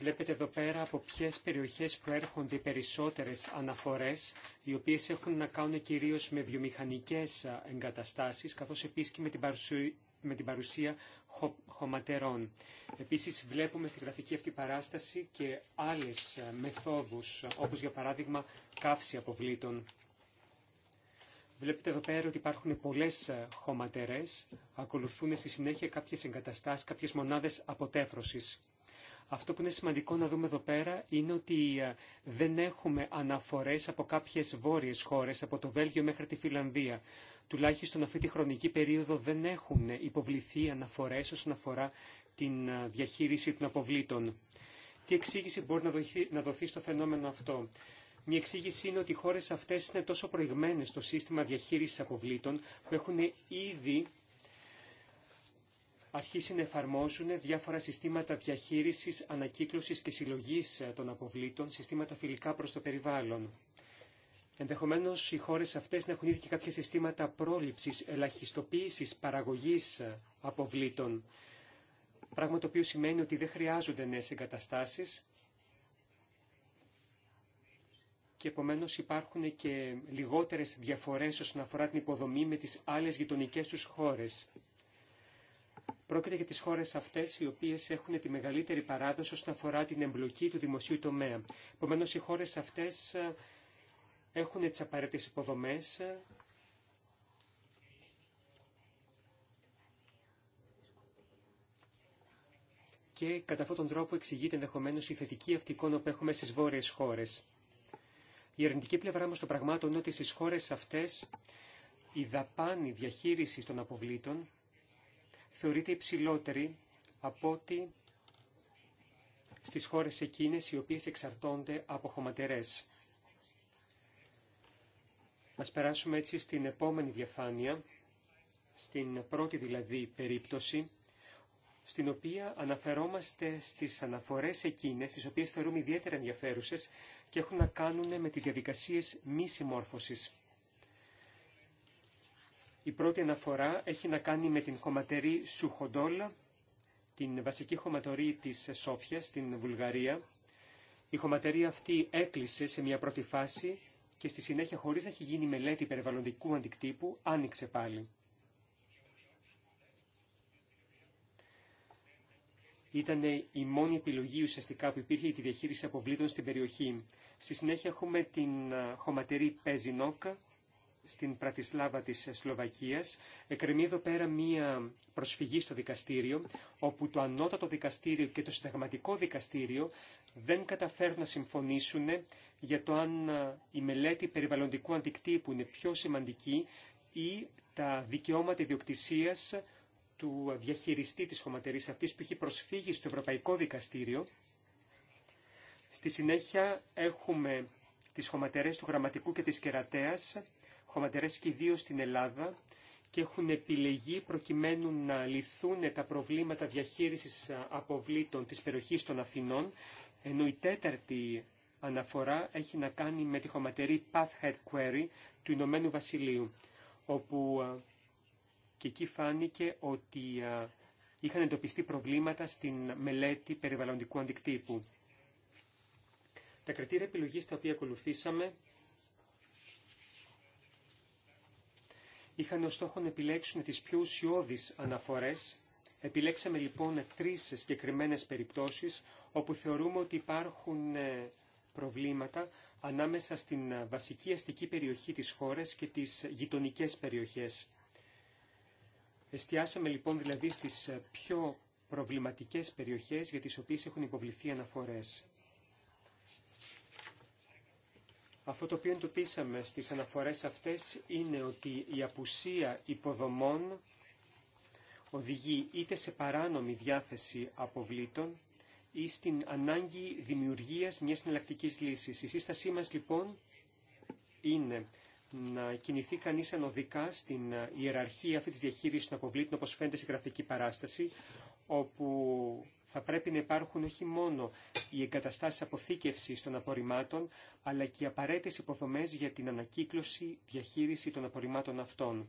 C: Βλέπετε εδώ πέρα από ποιες περιοχές προέρχονται οι περισσότερες αναφορές, οι οποίες έχουν να κάνουν κυρίως με βιομηχανικές εγκαταστάσεις, καθώς επίσης και με την παρουσία, με την παρουσία χωματερών. Επίσης βλέπουμε στη γραφική αυτή παράσταση και άλλες μεθόδους, όπως για παράδειγμα καύση αποβλήτων. Βλέπετε εδώ πέρα ότι υπάρχουν πολλές χωματερές, ακολουθούν στη συνέχεια κάποιες εγκαταστάσεις, κάποιες μονάδες αποτέφρωσης. Αυτό που είναι σημαντικό να δούμε εδώ πέρα είναι ότι ε, δεν έχουμε αναφορές από κάποιες βόρειες χώρες, από το Βέλγιο μέχρι τη Φιλανδία. Τουλάχιστον αυτή τη χρονική περίοδο δεν έχουν υποβληθεί αναφορές όσον αφορά την ε, διαχείριση των αποβλήτων. Τι εξήγηση μπορεί να δοθεί στο φαινόμενο αυτό. Μια εξήγηση είναι ότι οι χώρες αυτές είναι τόσο προηγμένες στο σύστημα διαχείρισης αποβλήτων που έχουν ήδη αρχίσει να εφαρμόζουν διάφορα συστήματα διαχείρισης, ανακύκλωσης και συλλογής ε, των αποβλήτων, συστήματα φιλικά προς το περιβάλλον. Ενδεχομένως οι χώρες αυτές να έχουν ήδη και κάποια συστήματα πρόληψης, ελαχιστοποίησης, παραγωγής ε, αποβλήτων. Πράγμα το οποίο σημαίνει ότι δεν χρειάζονται νέες εγκαταστάσεις και επομένω υπάρχουν και λιγότερες διαφορές όσον αφορά την υποδομή με τις άλλες γειτονικές τους χώρες. Πρόκειται για τις χώρες αυτές οι οποίες έχουν τη μεγαλύτερη παράδοση όσον αφορά την εμπλοκή του δημοσίου τομέα. Επομένω, οι χώρες αυτές ε, έχουν τις απαραίτητες υποδομές ε, και κατά αυτόν τον τρόπο εξηγείται ενδεχομένω η θετική αυτή εικόνα που έχουμε στι βόρειε χώρε. Η αρνητική πλευρά μας των πραγμάτων είναι ότι στι χώρε αυτέ η δαπάνη διαχείριση των αποβλήτων θεωρείται υψηλότερη από ότι στις χώρες εκείνες οι οποίες εξαρτώνται από χωματερές. Ας περάσουμε έτσι στην επόμενη διαφάνεια, στην πρώτη δηλαδή περίπτωση, στην οποία αναφερόμαστε στις αναφορές εκείνες, τις οποίες θεωρούμε ιδιαίτερα ενδιαφέρουσες και έχουν να κάνουν με τις διαδικασίες μη συμμόρφωσης. Η πρώτη αναφορά έχει να κάνει με την χωματερή Σουχοντόλα, την βασική χωματορή της Σόφιας στην Βουλγαρία. Η χωματερή αυτή έκλεισε σε μια πρώτη φάση και στη συνέχεια χωρίς να έχει γίνει μελέτη περιβαλλοντικού αντικτύπου άνοιξε πάλι. Ήταν η μόνη επιλογή ουσιαστικά που υπήρχε για τη διαχείριση αποβλήτων στην περιοχή. Στη συνέχεια έχουμε την χωματερή Πεζινόκα, στην Πρατισλάβα της Σλοβακίας. Εκκρεμεί εδώ πέρα μία προσφυγή στο δικαστήριο, όπου το ανώτατο δικαστήριο και το συνταγματικό δικαστήριο δεν καταφέρνουν να συμφωνήσουν για το αν ε, η μελέτη περιβαλλοντικού αντικτύπου είναι πιο σημαντική ή τα δικαιώματα ιδιοκτησίας του διαχειριστή της χωματερής αυτής που έχει προσφύγει στο Ευρωπαϊκό Δικαστήριο. Στη συνέχεια έχουμε τις χωματερές του Γραμματικού και της Κερατέας χωματερές και ιδίω στην Ελλάδα και έχουν επιλεγεί προκειμένου να λυθούν τα προβλήματα διαχείρισης ε, αποβλήτων της περιοχής των Αθηνών, ενώ η τέταρτη αναφορά έχει να κάνει με τη χωματερή Pathhead Query του Ηνωμένου Βασιλείου, όπου ε, και εκεί φάνηκε ότι ε, είχαν εντοπιστεί προβλήματα στην μελέτη περιβαλλοντικού αντικτύπου. Τα κριτήρια επιλογής τα οποία ακολουθήσαμε είχαν ως στόχο να επιλέξουν τις πιο ουσιώδεις αναφορές. Επιλέξαμε λοιπόν τρεις συγκεκριμένες περιπτώσεις όπου θεωρούμε ότι υπάρχουν ε, προβλήματα ανάμεσα στην ε, βασική αστική περιοχή της χώρας και τις γειτονικές περιοχές. Εστιάσαμε λοιπόν δηλαδή στις ε, πιο προβληματικές περιοχές για τις οποίες έχουν υποβληθεί αναφορές. Αυτό το οποίο εντοπίσαμε στις αναφορές αυτές είναι ότι η απουσία υποδομών οδηγεί είτε σε παράνομη διάθεση αποβλήτων ή στην ανάγκη δημιουργίας μιας εναλλακτικής λύσης. Η σύστασή μας λοιπόν είναι να κινηθεί κανείς ανωδικά στην αναγκη δημιουργιας μιας συναλλακτικής λυσης η συσταση μας λοιπον αυτή της διαχείρισης των αποβλήτων όπως φαίνεται στη γραφική παράσταση όπου θα πρέπει να υπάρχουν όχι μόνο οι εγκαταστάσεις αποθήκευσης των απορριμμάτων, αλλά και οι απαραίτητες υποδομές για την ανακύκλωση, διαχείριση των απορριμμάτων αυτών.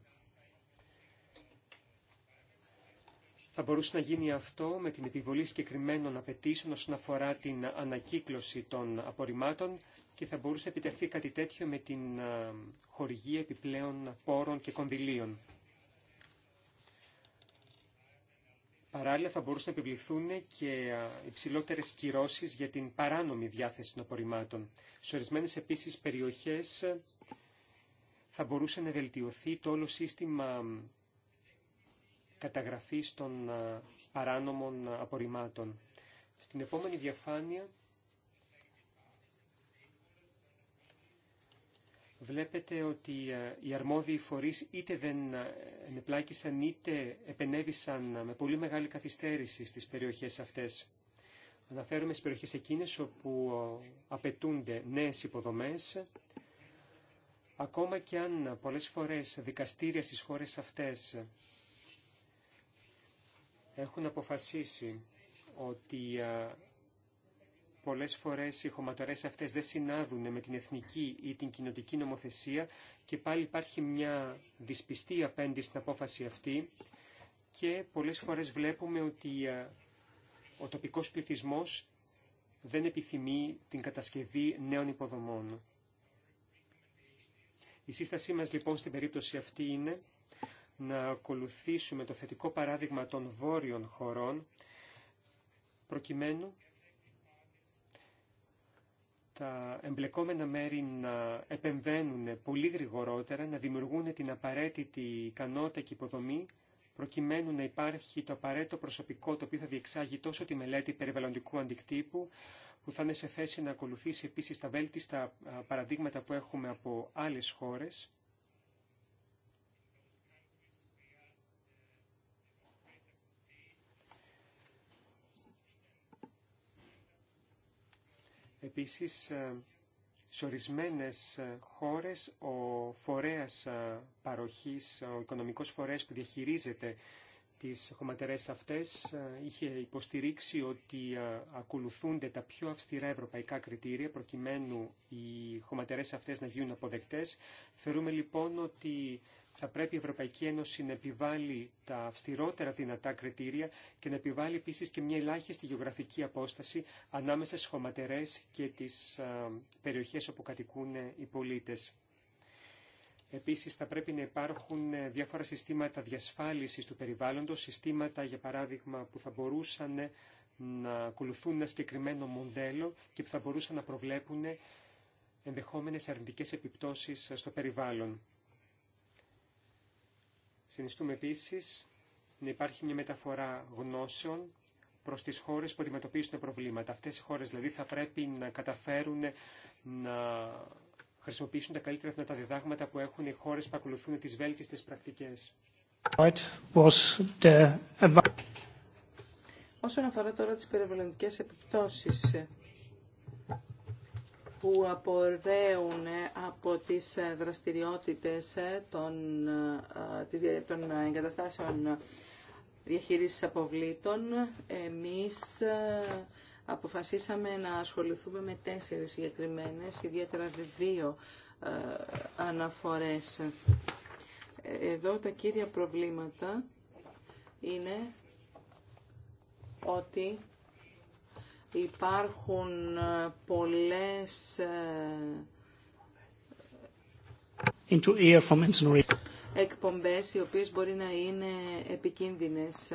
C: Θα μπορούσε να γίνει αυτό με την επιβολή συγκεκριμένων απαιτήσεων όσον αφορά την ανακύκλωση των απορριμμάτων και θα μπορούσε να επιτευχθεί κάτι τέτοιο με την ε, χορηγία επιπλέον πόρων και κονδυλίων. Παράλληλα θα μπορούσαν να επιβληθούν και υψηλότερε κυρώσει για την παράνομη διάθεση των απορριμμάτων. Σε ορισμένε επίση περιοχέ ε, θα μπορούσε να βελτιωθεί το όλο σύστημα καταγραφής των παράνομων απορριμμάτων. Στην επόμενη διαφάνεια βλέπετε ότι ε, οι αρμόδιοι φορείς είτε δεν ε, ενεπλάκησαν είτε επενέβησαν με πολύ μεγάλη καθυστέρηση στις περιοχές αυτές. Αναφέρομαι στις περιοχές εκείνες όπου ε, απαιτούνται νέες υποδομές, ακόμα και αν πολλές φορές δικαστήρια στις χώρες αυτές έχουν αποφασίσει ότι πολλές φορές οι χωματορές αυτές δεν συνάδουν με την εθνική ή την κοινοτική νομοθεσία και πάλι υπάρχει μια δυσπιστία απέναντι στην απόφαση αυτή και πολλές φορές βλέπουμε ότι ο τοπικός πληθυσμός δεν επιθυμεί την κατασκευή νέων υποδομών. Η σύστασή μας λοιπόν στην περίπτωση αυτή είναι να ακολουθήσουμε το θετικό παράδειγμα των βόρειων χωρών προκειμένου τα εμπλεκόμενα μέρη να επεμβαίνουν πολύ γρηγορότερα, να δημιουργούν την απαραίτητη ικανότητα και υποδομή, προκειμένου να υπάρχει το απαραίτητο προσωπικό το οποίο θα διεξάγει τόσο τη μελέτη περιβαλλοντικού αντικτύπου, που θα είναι σε θέση να ακολουθήσει επίσης τα βέλτιστα παραδείγματα που έχουμε από άλλες χώρες, Επίσης, ε, σε ορισμένε ε, χώρες ο φορέας ε, παροχής, ο οικονομικός φορέας που διαχειρίζεται τις χωματερές αυτές είχε υποστηρίξει ότι ακολουθούνται τα πιο αυστηρά ευρωπαϊκά κριτήρια προκειμένου οι χωματερές αυτές να γίνουν αποδεκτές. Θεωρούμε λοιπόν ότι θα πρέπει η Ευρωπαϊκή Ένωση να επιβάλλει τα αυστηρότερα δυνατά κριτήρια και να επιβάλλει επίση και μια ελάχιστη γεωγραφική απόσταση ανάμεσα στι χωματερέ και τι περιοχές όπου κατοικούν οι πολίτε. Επίση, θα πρέπει να υπάρχουν ε, διάφορα συστήματα διασφάλιση του περιβάλλοντο, συστήματα για παράδειγμα που θα μπορούσαν να ακολουθούν ένα συγκεκριμένο μοντέλο και που θα μπορούσαν να προβλέπουν ενδεχόμενες αρνητικές επιπτώσεις στο περιβάλλον. Συνιστούμε επίσης να υπάρχει μια μεταφορά γνώσεων προς τις χώρες που αντιμετωπίζουν προβλήματα. Αυτές οι χώρες δηλαδή θα πρέπει να καταφέρουν να χρησιμοποιήσουν τα καλύτερα δυνατά διδάγματα που έχουν οι χώρες που ακολουθούν τις βέλτιστες πρακτικές. Όσον αφορά τώρα τις
B: περιβαλλοντικές επιπτώσεις, που απορρέουν ε, από τις ε, δραστηριότητες ε, των, των εγκαταστάσεων διαχείρισης αποβλήτων, εμείς αποφασίσαμε να ασχοληθούμε με τέσσερις συγκεκριμένε, ιδιαίτερα δύο αναφορές. Εδώ τα κύρια προβλήματα είναι ότι υπάρχουν ε, πολλές ε, εκπομπές οι οποίες μπορεί να είναι επικίνδυνες.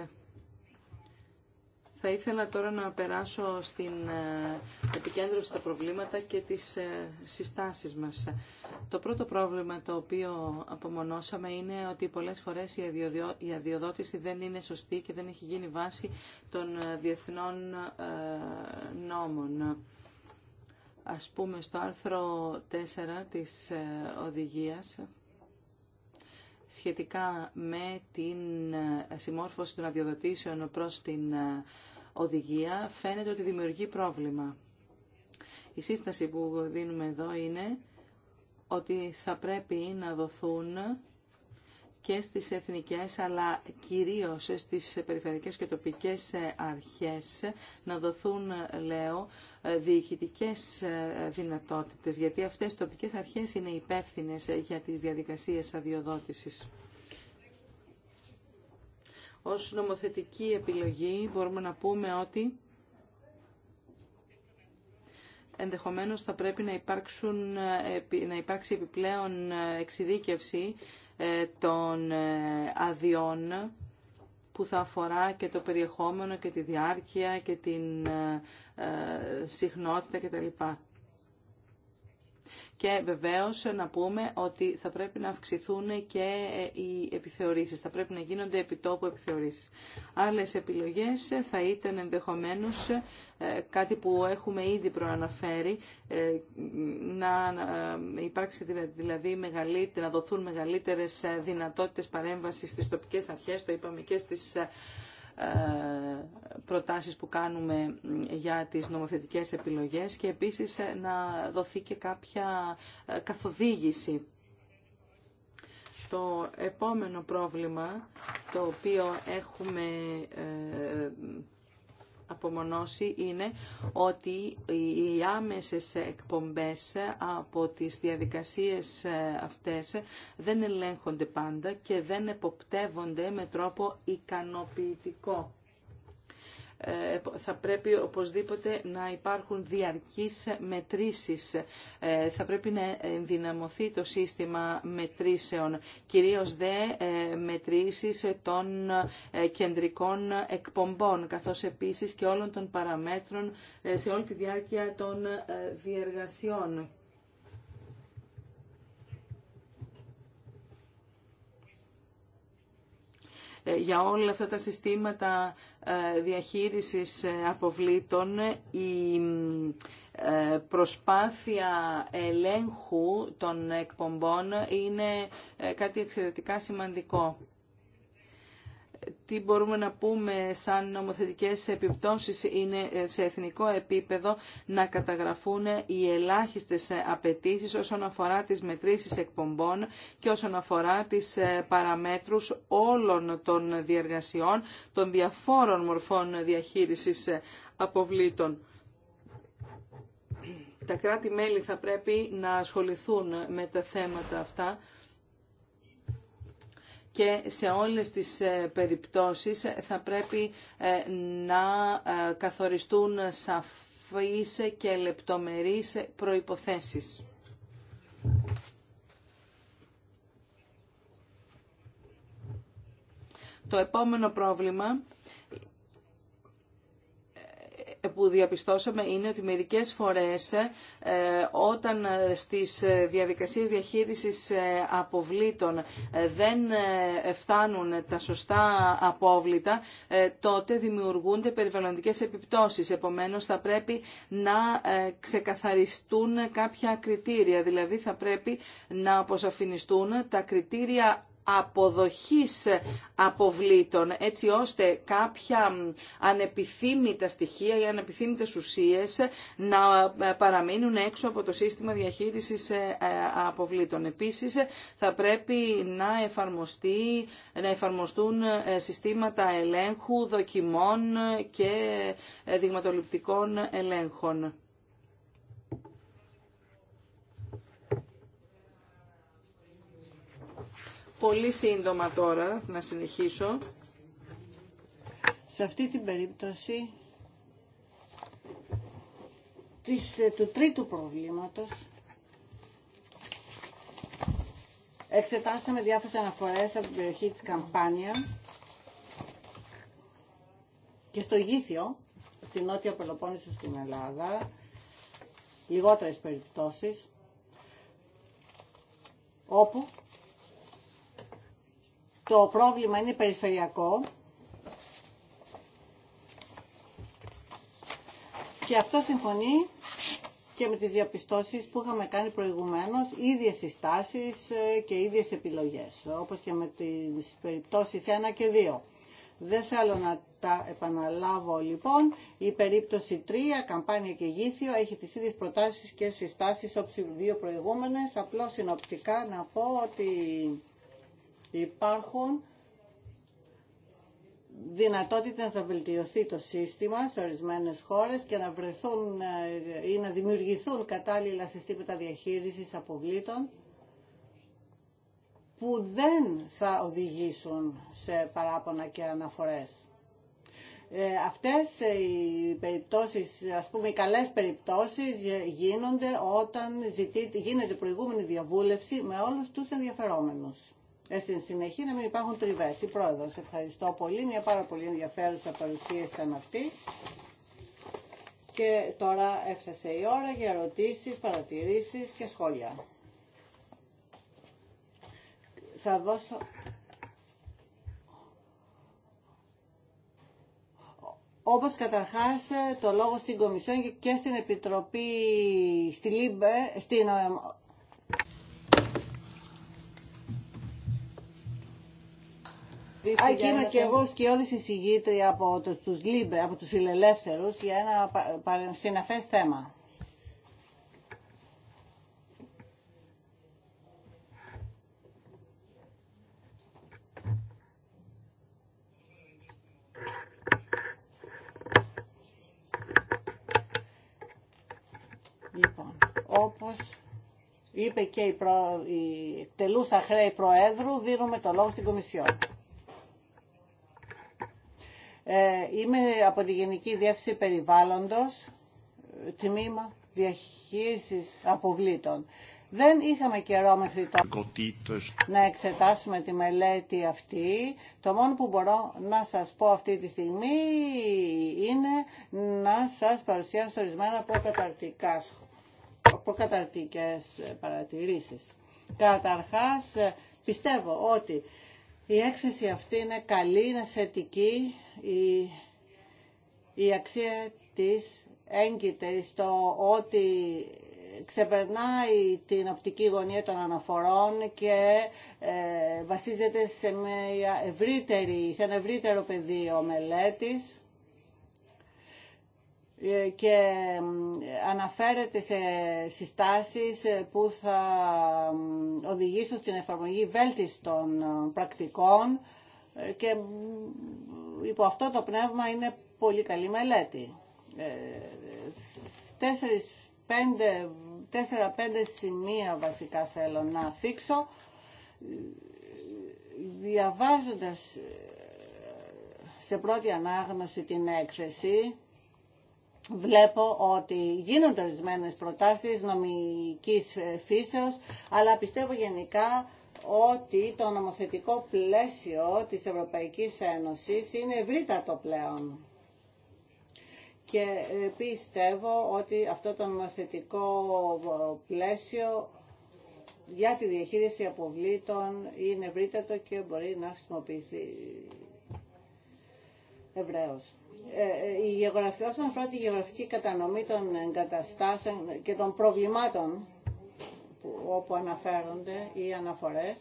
B: Θα ήθελα τώρα να περάσω στην ε, επικέντρωση στα προβλήματα και τις ε, συστάσεις μας. Το πρώτο πρόβλημα το οποίο απομονώσαμε είναι ότι πολλές φορές η αδειοδότηση δεν είναι σωστή και δεν έχει γίνει βάση των ε, διεθνών νόμων. Ας πούμε στο άρθρο 4 της οδηγίας σχετικά με την συμμόρφωση των αδειοδοτήσεων προς την οδηγία φαίνεται ότι δημιουργεί πρόβλημα. Η σύσταση που δίνουμε εδώ είναι ότι θα πρέπει να δοθούν και στις εθνικές αλλά κυρίως στις περιφερειακές και τοπικές αρχές να δοθούν, λέω, διοικητικές δυνατότητες, γιατί αυτές οι τοπικές αρχές είναι υπεύθυνες για τις διαδικασίες αδειοδότησης. Ως νομοθετική επιλογή μπορούμε να πούμε ότι ενδεχομένως θα πρέπει να, υπάρξουν, να υπάρξει επιπλέον εξειδίκευση ε, των ε, αδειών που θα αφορά και το περιεχόμενο και τη διάρκεια και την ε, συχνότητα κτλ. Και βεβαίως να πούμε ότι θα πρέπει να αυξηθούν και ε, οι επιθεωρήσεις. Θα πρέπει να γίνονται επιτόπου επιθεωρήσεις. Άλλες επιλογές θα ήταν ενδεχομένως ε, κάτι που έχουμε ήδη προαναφέρει, ε, να υπάρξει δηλαδή να δοθούν μεγαλύτερες δυνατότητες παρέμβασης στις τοπικές αρχές, το είπαμε και στις ε, προτάσεις που κάνουμε για τις νομοθετικές επιλογές και επίσης ε, να δοθεί και κάποια ε, καθοδήγηση. Το επόμενο πρόβλημα το οποίο έχουμε απομονώσει είναι ότι οι άμεσες εκπομπές από τις διαδικασίες αυτές δεν ελέγχονται πάντα και δεν εποπτεύονται με τρόπο ικανοποιητικό. Ε, θα πρέπει οπωσδήποτε να υπάρχουν διαρκείς μετρήσεις. Ε, θα πρέπει να ενδυναμωθεί το σύστημα μετρήσεων, κυρίως δε ε, μετρήσεις των κεντρικών εκπομπών, καθώς επίσης και όλων των παραμέτρων σε όλη τη διάρκεια των διεργασιών. για όλα αυτά τα συστήματα ε, διαχείρισης ε, αποβλήτων η ε, προσπάθεια ελέγχου των εκπομπών είναι κάτι εξαιρετικά σημαντικό τι μπορούμε να πούμε σαν νομοθετικές επιπτώσεις είναι ε, σε εθνικό επίπεδο να καταγραφούν οι ελάχιστες ε, απαιτήσει όσον αφορά τις μετρήσεις εκπομπών και όσον αφορά τις ε, παραμέτρους όλων των διεργασιών των διαφόρων μορφών διαχείρισης αποβλήτων. Τα κράτη-μέλη θα πρέπει να ασχοληθούν με τα θέματα αυτά και σε όλες τις ε, περιπτώσεις ε, θα πρέπει ε, να καθοριστούν σαφείς και λεπτομερείς προϋποθέσεις. Το επόμενο πρόβλημα που διαπιστώσαμε είναι ότι μερικές φορές ε, όταν ε, στις ε, διαδικασίες διαχείρισης αποβλήτων δεν φτάνουν τα σωστά απόβλητα, τότε δημιουργούνται περιβαλλοντικές επιπτώσεις. Επομένως θα πρέπει να ξεκαθαριστούν κάποια κριτήρια, δηλαδή θα πρέπει να αποσαφινιστούν τα κριτήρια αποδοχής αποβλήτων έτσι ώστε κάποια ανεπιθύμητα στοιχεία ή ανεπιθύμητες ουσίες να παραμείνουν έξω από το σύστημα διαχείρισης ε, ε, αποβλήτων. Επίσης θα πρέπει να, εφαρμοστεί, να εφαρμοστούν ε, συστήματα ελέγχου, δοκιμών και δειγματοληπτικών ελέγχων. Πολύ σύντομα τώρα, να συνεχίσω.
A: Σε αυτή την περίπτωση της, ε, του τρίτου προβλήματος εξετάσαμε διάφορες αναφορές από την περιοχή της Καμπάνια και στο Γήθιο, στη Νότια Πελοπόννησο στην Ελλάδα, λιγότερες περιπτώσεις, όπου το πρόβλημα είναι περιφερειακό και αυτό συμφωνεί και με τις διαπιστώσεις που είχαμε κάνει προηγουμένως, ίδιες συστάσεις ε, και ίδιες επιλογές, όπως και με τις περιπτώσεις 1 και 2. Δεν θέλω να τα επαναλάβω λοιπόν. Η περίπτωση 3, καμπάνια και γήσιο, έχει τις ίδιες προτάσεις και συστάσεις όπως οι δύο προηγούμενες. Απλώς συνοπτικά να πω ότι Υπάρχουν δυνατότητα θα βελτιωθεί το σύστημα σε ορισμένες χώρες και να βρεθούν ε, ή να δημιουργηθούν κατάλληλα συστήματα διαχείρισης αποβλήτων που δεν θα οδηγήσουν σε παράπονα και αναφορές. Ε, αυτές ε, οι περιπτώσεις, ας πούμε οι καλές περιπτώσεις ε, γίνονται όταν ζητεί, γίνεται προηγούμενη διαβούλευση με όλους τους ενδιαφερόμενους. Ε, στην συνεχεία να μην υπάρχουν τριβές. Η σε ευχαριστώ πολύ. Μια πάρα πολύ ενδιαφέρουσα παρουσία ήταν αυτή. Και τώρα έφτασε η ώρα για ερωτήσεις, παρατηρήσεις και σχόλια. Θα δώσω... Όπως καταρχάς το λόγο στην Κομισιόν και στην Επιτροπή, στη Λίμπε, στην ε,
C: Α, είμαι και εγώ
A: σκιώδη εισηγήτρια από τους, ΛΥΜΠΕ, από τους φιλελεύθερου, για ένα συναφέ θέμα. Λοιπόν, όπως είπε και η, προ... η τελούσα χρέη Προέδρου, δίνουμε το λόγο στην Κομισιόν. Ε, είμαι από τη Γενική Διεύθυνση Περιβάλλοντος, τμήμα διαχείρισης αποβλήτων. Δεν είχαμε καιρό μέχρι τώρα να εξετάσουμε τη μελέτη αυτή. Το μόνο που μπορώ να σας πω αυτή τη στιγμή είναι να σας παρουσιάσω ορισμένα προκαταρτικές παρατηρήσεις. Καταρχάς, πιστεύω ότι η έκθεση αυτή είναι καλή, είναι θετική. Η, η αξία της έγκυται στο ότι ξεπερνάει την οπτική γωνία των αναφορών και ε, βασίζεται σε, μια ευρύτερη, σε ένα ευρύτερο πεδίο μελέτης και αναφέρεται σε συστάσεις που θα οδηγήσουν στην εφαρμογή βέλτιστων πρακτικών και υπό αυτό το πνεύμα είναι πολύ καλή μελέτη. Ε, τέσσερα πέντε σημεία βασικά θέλω να θίξω διαβάζοντας σε πρώτη ανάγνωση την έκθεση Βλέπω ότι γίνονται ορισμένε προτάσεις νομικής ε, φύσεως, αλλά πιστεύω γενικά ότι το νομοθετικό πλαίσιο της Ευρωπαϊκής Ένωσης είναι ευρύτατο πλέον. Και ε, πιστεύω ότι αυτό το νομοθετικό ε, πλαίσιο για τη διαχείριση αποβλήτων είναι ευρύτατο και μπορεί να χρησιμοποιηθεί ευρέως. Ε, ε, η γεωγραφία, όσον αφορά τη γεωγραφική κατανομή των εγκαταστάσεων και των προβλημάτων όπου αναφέρονται οι αναφορές,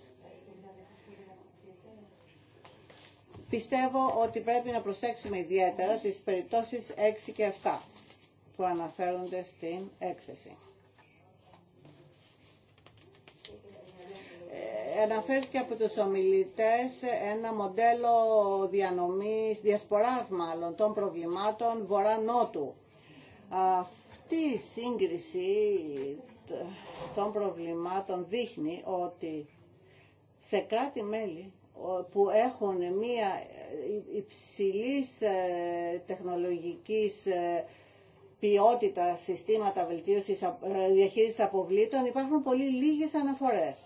A: πιστεύω ότι πρέπει να προσέξουμε ιδιαίτερα τις περιπτώσεις 6 και 7 που αναφέρονται στην έκθεση. αναφέρθηκε από τους ομιλητές ένα μοντέλο διανομής, διασποράς μάλλον, των προβλημάτων βορρά-νότου. Αυτή η σύγκριση των προβλημάτων δείχνει ότι σε κάτι μέλη που έχουν μία υψηλής ε, τεχνολογικής ε, ποιότητα συστήματα βελτίωσης ε, διαχείρισης αποβλήτων υπάρχουν πολύ λίγες αναφορές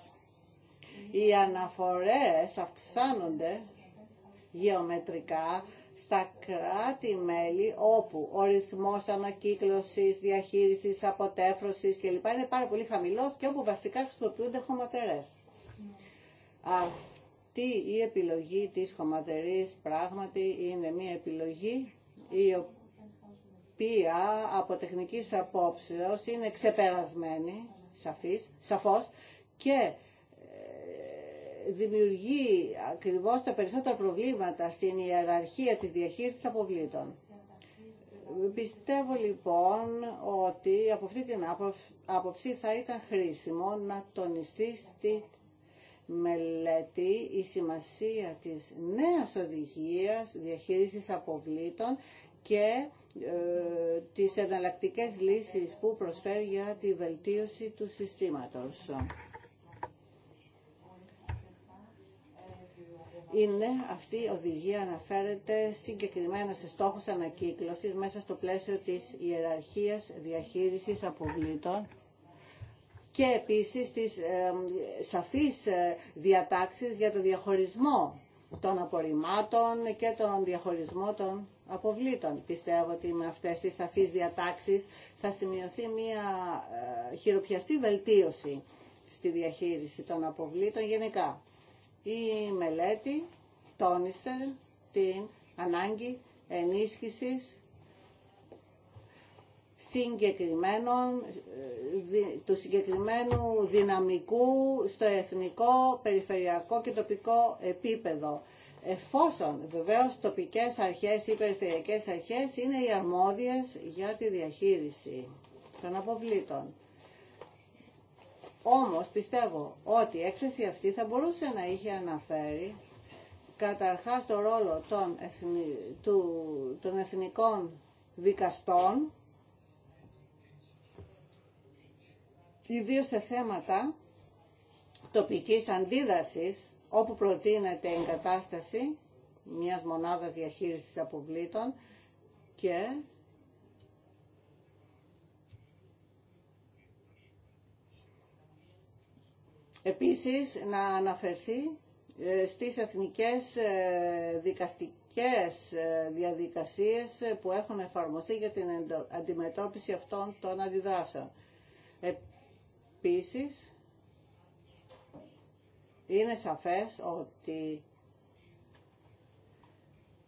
A: οι αναφορές αυξάνονται γεωμετρικά στα κράτη-μέλη όπου ο ρυθμός ανακύκλωσης, διαχείρισης, αποτέφρωσης κλπ. είναι πάρα πολύ χαμηλός και όπου βασικά χρησιμοποιούνται χωματερές. Αυτή η επιλογή της χωματερής πράγματι είναι μια επιλογή η οποία από τεχνικής απόψεως είναι ξεπερασμένη, σαφής, σαφώς και δημιουργεί ακριβώς τα περισσότερα προβλήματα στην ιεραρχία της διαχείρισης αποβλήτων. Πιστεύω λοιπόν ότι από αυτή την άποψη θα ήταν χρήσιμο να τονιστεί στη μελέτη η σημασία της νέας οδηγίας διαχείρισης αποβλήτων και ε, τις εναλλακτικές λύσεις που προσφέρει για τη βελτίωση του συστήματος. είναι αυτή η οδηγία αναφέρεται συγκεκριμένα σε στόχους ανακύκλωσης μέσα στο πλαίσιο της ιεραρχίας διαχείρισης αποβλήτων και επίσης της ε, σαφείς ε, διατάξεις για το διαχωρισμό των απορριμμάτων και τον διαχωρισμό των αποβλήτων. Πιστεύω ότι με αυτές τις σαφείς διατάξεις θα σημειωθεί μια ε, χειροπιαστή βελτίωση στη διαχείριση των αποβλήτων γενικά. Η μελέτη τόνισε την ανάγκη ενίσχυσης συγκεκριμένων, ε, του συγκεκριμένου δυναμικού στο εθνικό, περιφερειακό και τοπικό επίπεδο. Εφόσον βεβαίως τοπικές αρχές ή περιφερειακές αρχές είναι οι αρμόδιες για τη διαχείριση των αποβλήτων. Όμως πιστεύω ότι η έκθεση αυτή θα μπορούσε να είχε αναφέρει καταρχάς το ρόλο των, του, εθνικών δικαστών ιδίω σε θέματα τοπικής αντίδρασης όπου προτείνεται η εγκατάσταση μιας μονάδας διαχείρισης αποβλήτων και Επίσης, να αναφερθεί ε, στις εθνικές ε, δικαστικές ε, διαδικασίες που έχουν εφαρμοστεί για την αντιμετώπιση αυτών των αντιδράσεων. Επίσης, είναι σαφές ότι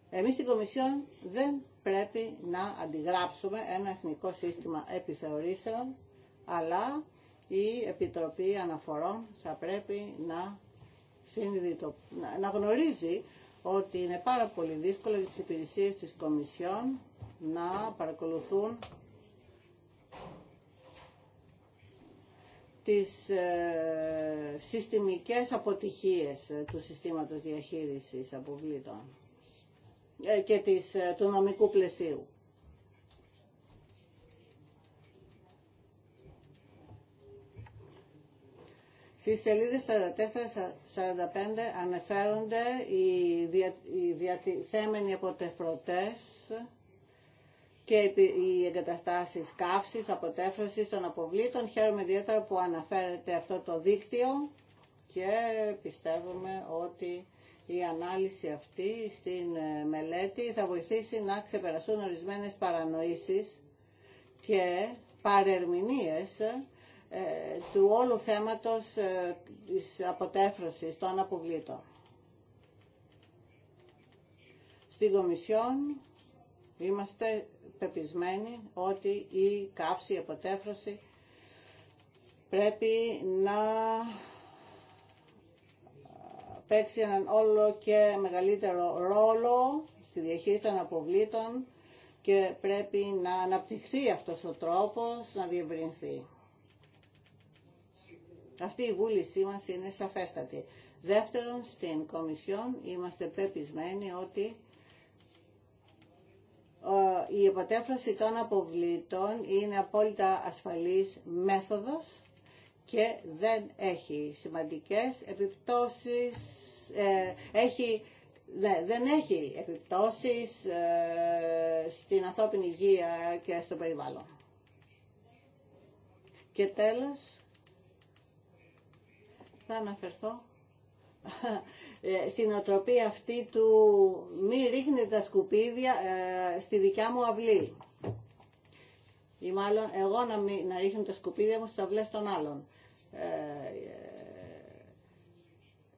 A: εμείς στην Κομισιόν δεν πρέπει να αντιγράψουμε ένα εθνικό σύστημα επιθεωρήσεων, αλλά η Επιτροπή Αναφορών θα πρέπει να, να γνωρίζει ότι είναι πάρα πολύ δύσκολο για τις υπηρεσίες της Κομισιόν να παρακολουθούν τις ε, συστημικές αποτυχίες ε, του συστήματος διαχείρισης αποβλήτων ε, και ε, του νομικού πλαισίου. Στις σελίδε 44 44-45 αναφέρονται οι, δια, οι αποτεφρωτές και οι εγκαταστάσεις καύσης, αποτέφρωσης των αποβλήτων. Χαίρομαι ιδιαίτερα που αναφέρεται αυτό το δίκτυο και πιστεύουμε ότι η ανάλυση αυτή στην ε, μελέτη θα βοηθήσει να ξεπεραστούν ορισμένες παρανοήσεις και παρερμηνίες ε, του όλου θέματος ε, της αποτέφρωσης των αποβλήτων. Στην Κομισιόν είμαστε πεπισμένοι ότι η καύση, η αποτέφρωση πρέπει να παίξει έναν όλο και μεγαλύτερο ρόλο στη διαχείριση των αποβλήτων και πρέπει να αναπτυχθεί αυτός ο τρόπος να διευρυνθεί. Αυτή η βούλησή μας είναι σαφέστατη. Δεύτερον, στην Κομισιόν είμαστε πεπισμένοι ότι ε, η επατέφραση των αποβλήτων είναι απόλυτα ασφαλής μέθοδος και δεν έχει σημαντικές επιπτώσεις, ε, έχει, δεν έχει επιπτώσεις ε, στην ανθρώπινη υγεία και στο περιβάλλον. Και τέλος, θα αναφερθώ ε, στην οτροπία αυτή του μη ρίχνετε τα σκουπίδια ε, στη δικιά μου αυλή. Ή μάλλον εγώ να, μη να ρίχνω τα σκουπίδια μου στις αυλές των άλλων. Ε,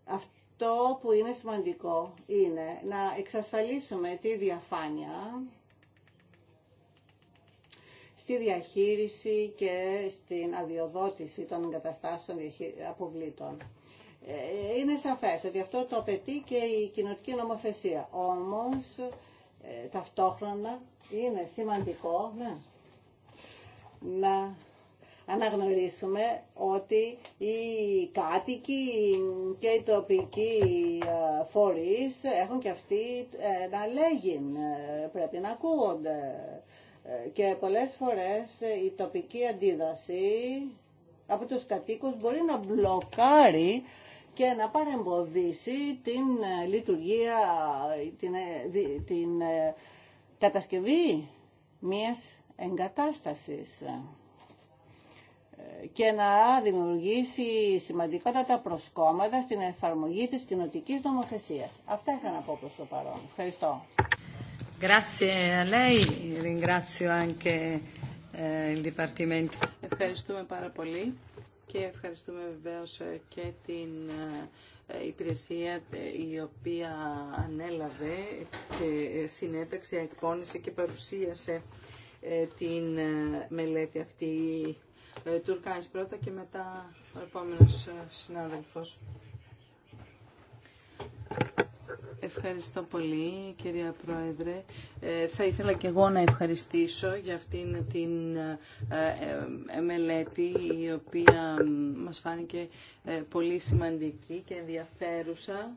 A: αυτό που είναι σημαντικό είναι να εξασφαλίσουμε τη διαφάνεια στη διαχείριση και στην αδειοδότηση των εγκαταστάσεων αποβλήτων. Ε, είναι σαφές ότι αυτό το απαιτεί και η κοινωτική νομοθεσία. Όμως, ε, ταυτόχρονα είναι σημαντικό ναι, να αναγνωρίσουμε ότι οι κάτοικοι και οι τοπικοί ε, φορείς έχουν και αυτοί να λέγουν. πρέπει να ακούγονται ε, και πολλές φορές ε, η τοπική αντίδραση από τους κατοίκους μπορεί να μπλοκάρει και να παρεμποδίσει την ε, λειτουργία, την, την κατασκευή μιας εγκατάστασης και να δημιουργήσει σημαντικότατα προσκόμματα στην εφαρμογή της κοινοτικής νομοθεσίας. Αυτά είχα να πω
B: προς το παρόν. Ευχαριστώ.
A: Eh,
B: ευχαριστούμε πάρα πολύ και ευχαριστούμε βεβαίως ε, και την ε, ε, υπηρεσία η οποία ανέλαβε και συνέταξε, εκπώνησε και παρουσίασε την μελέτη αυτή. Τουρκάνης πρώτα και μετά ο επόμενος συνάδελφος. Ευχαριστώ πολύ κυρία Πρόεδρε. Ε, θα ήθελα και εγώ να ευχαριστήσω για αυτήν την ε, ε, μελέτη η οποία μας φάνηκε πολύ σημαντική και ενδιαφέρουσα.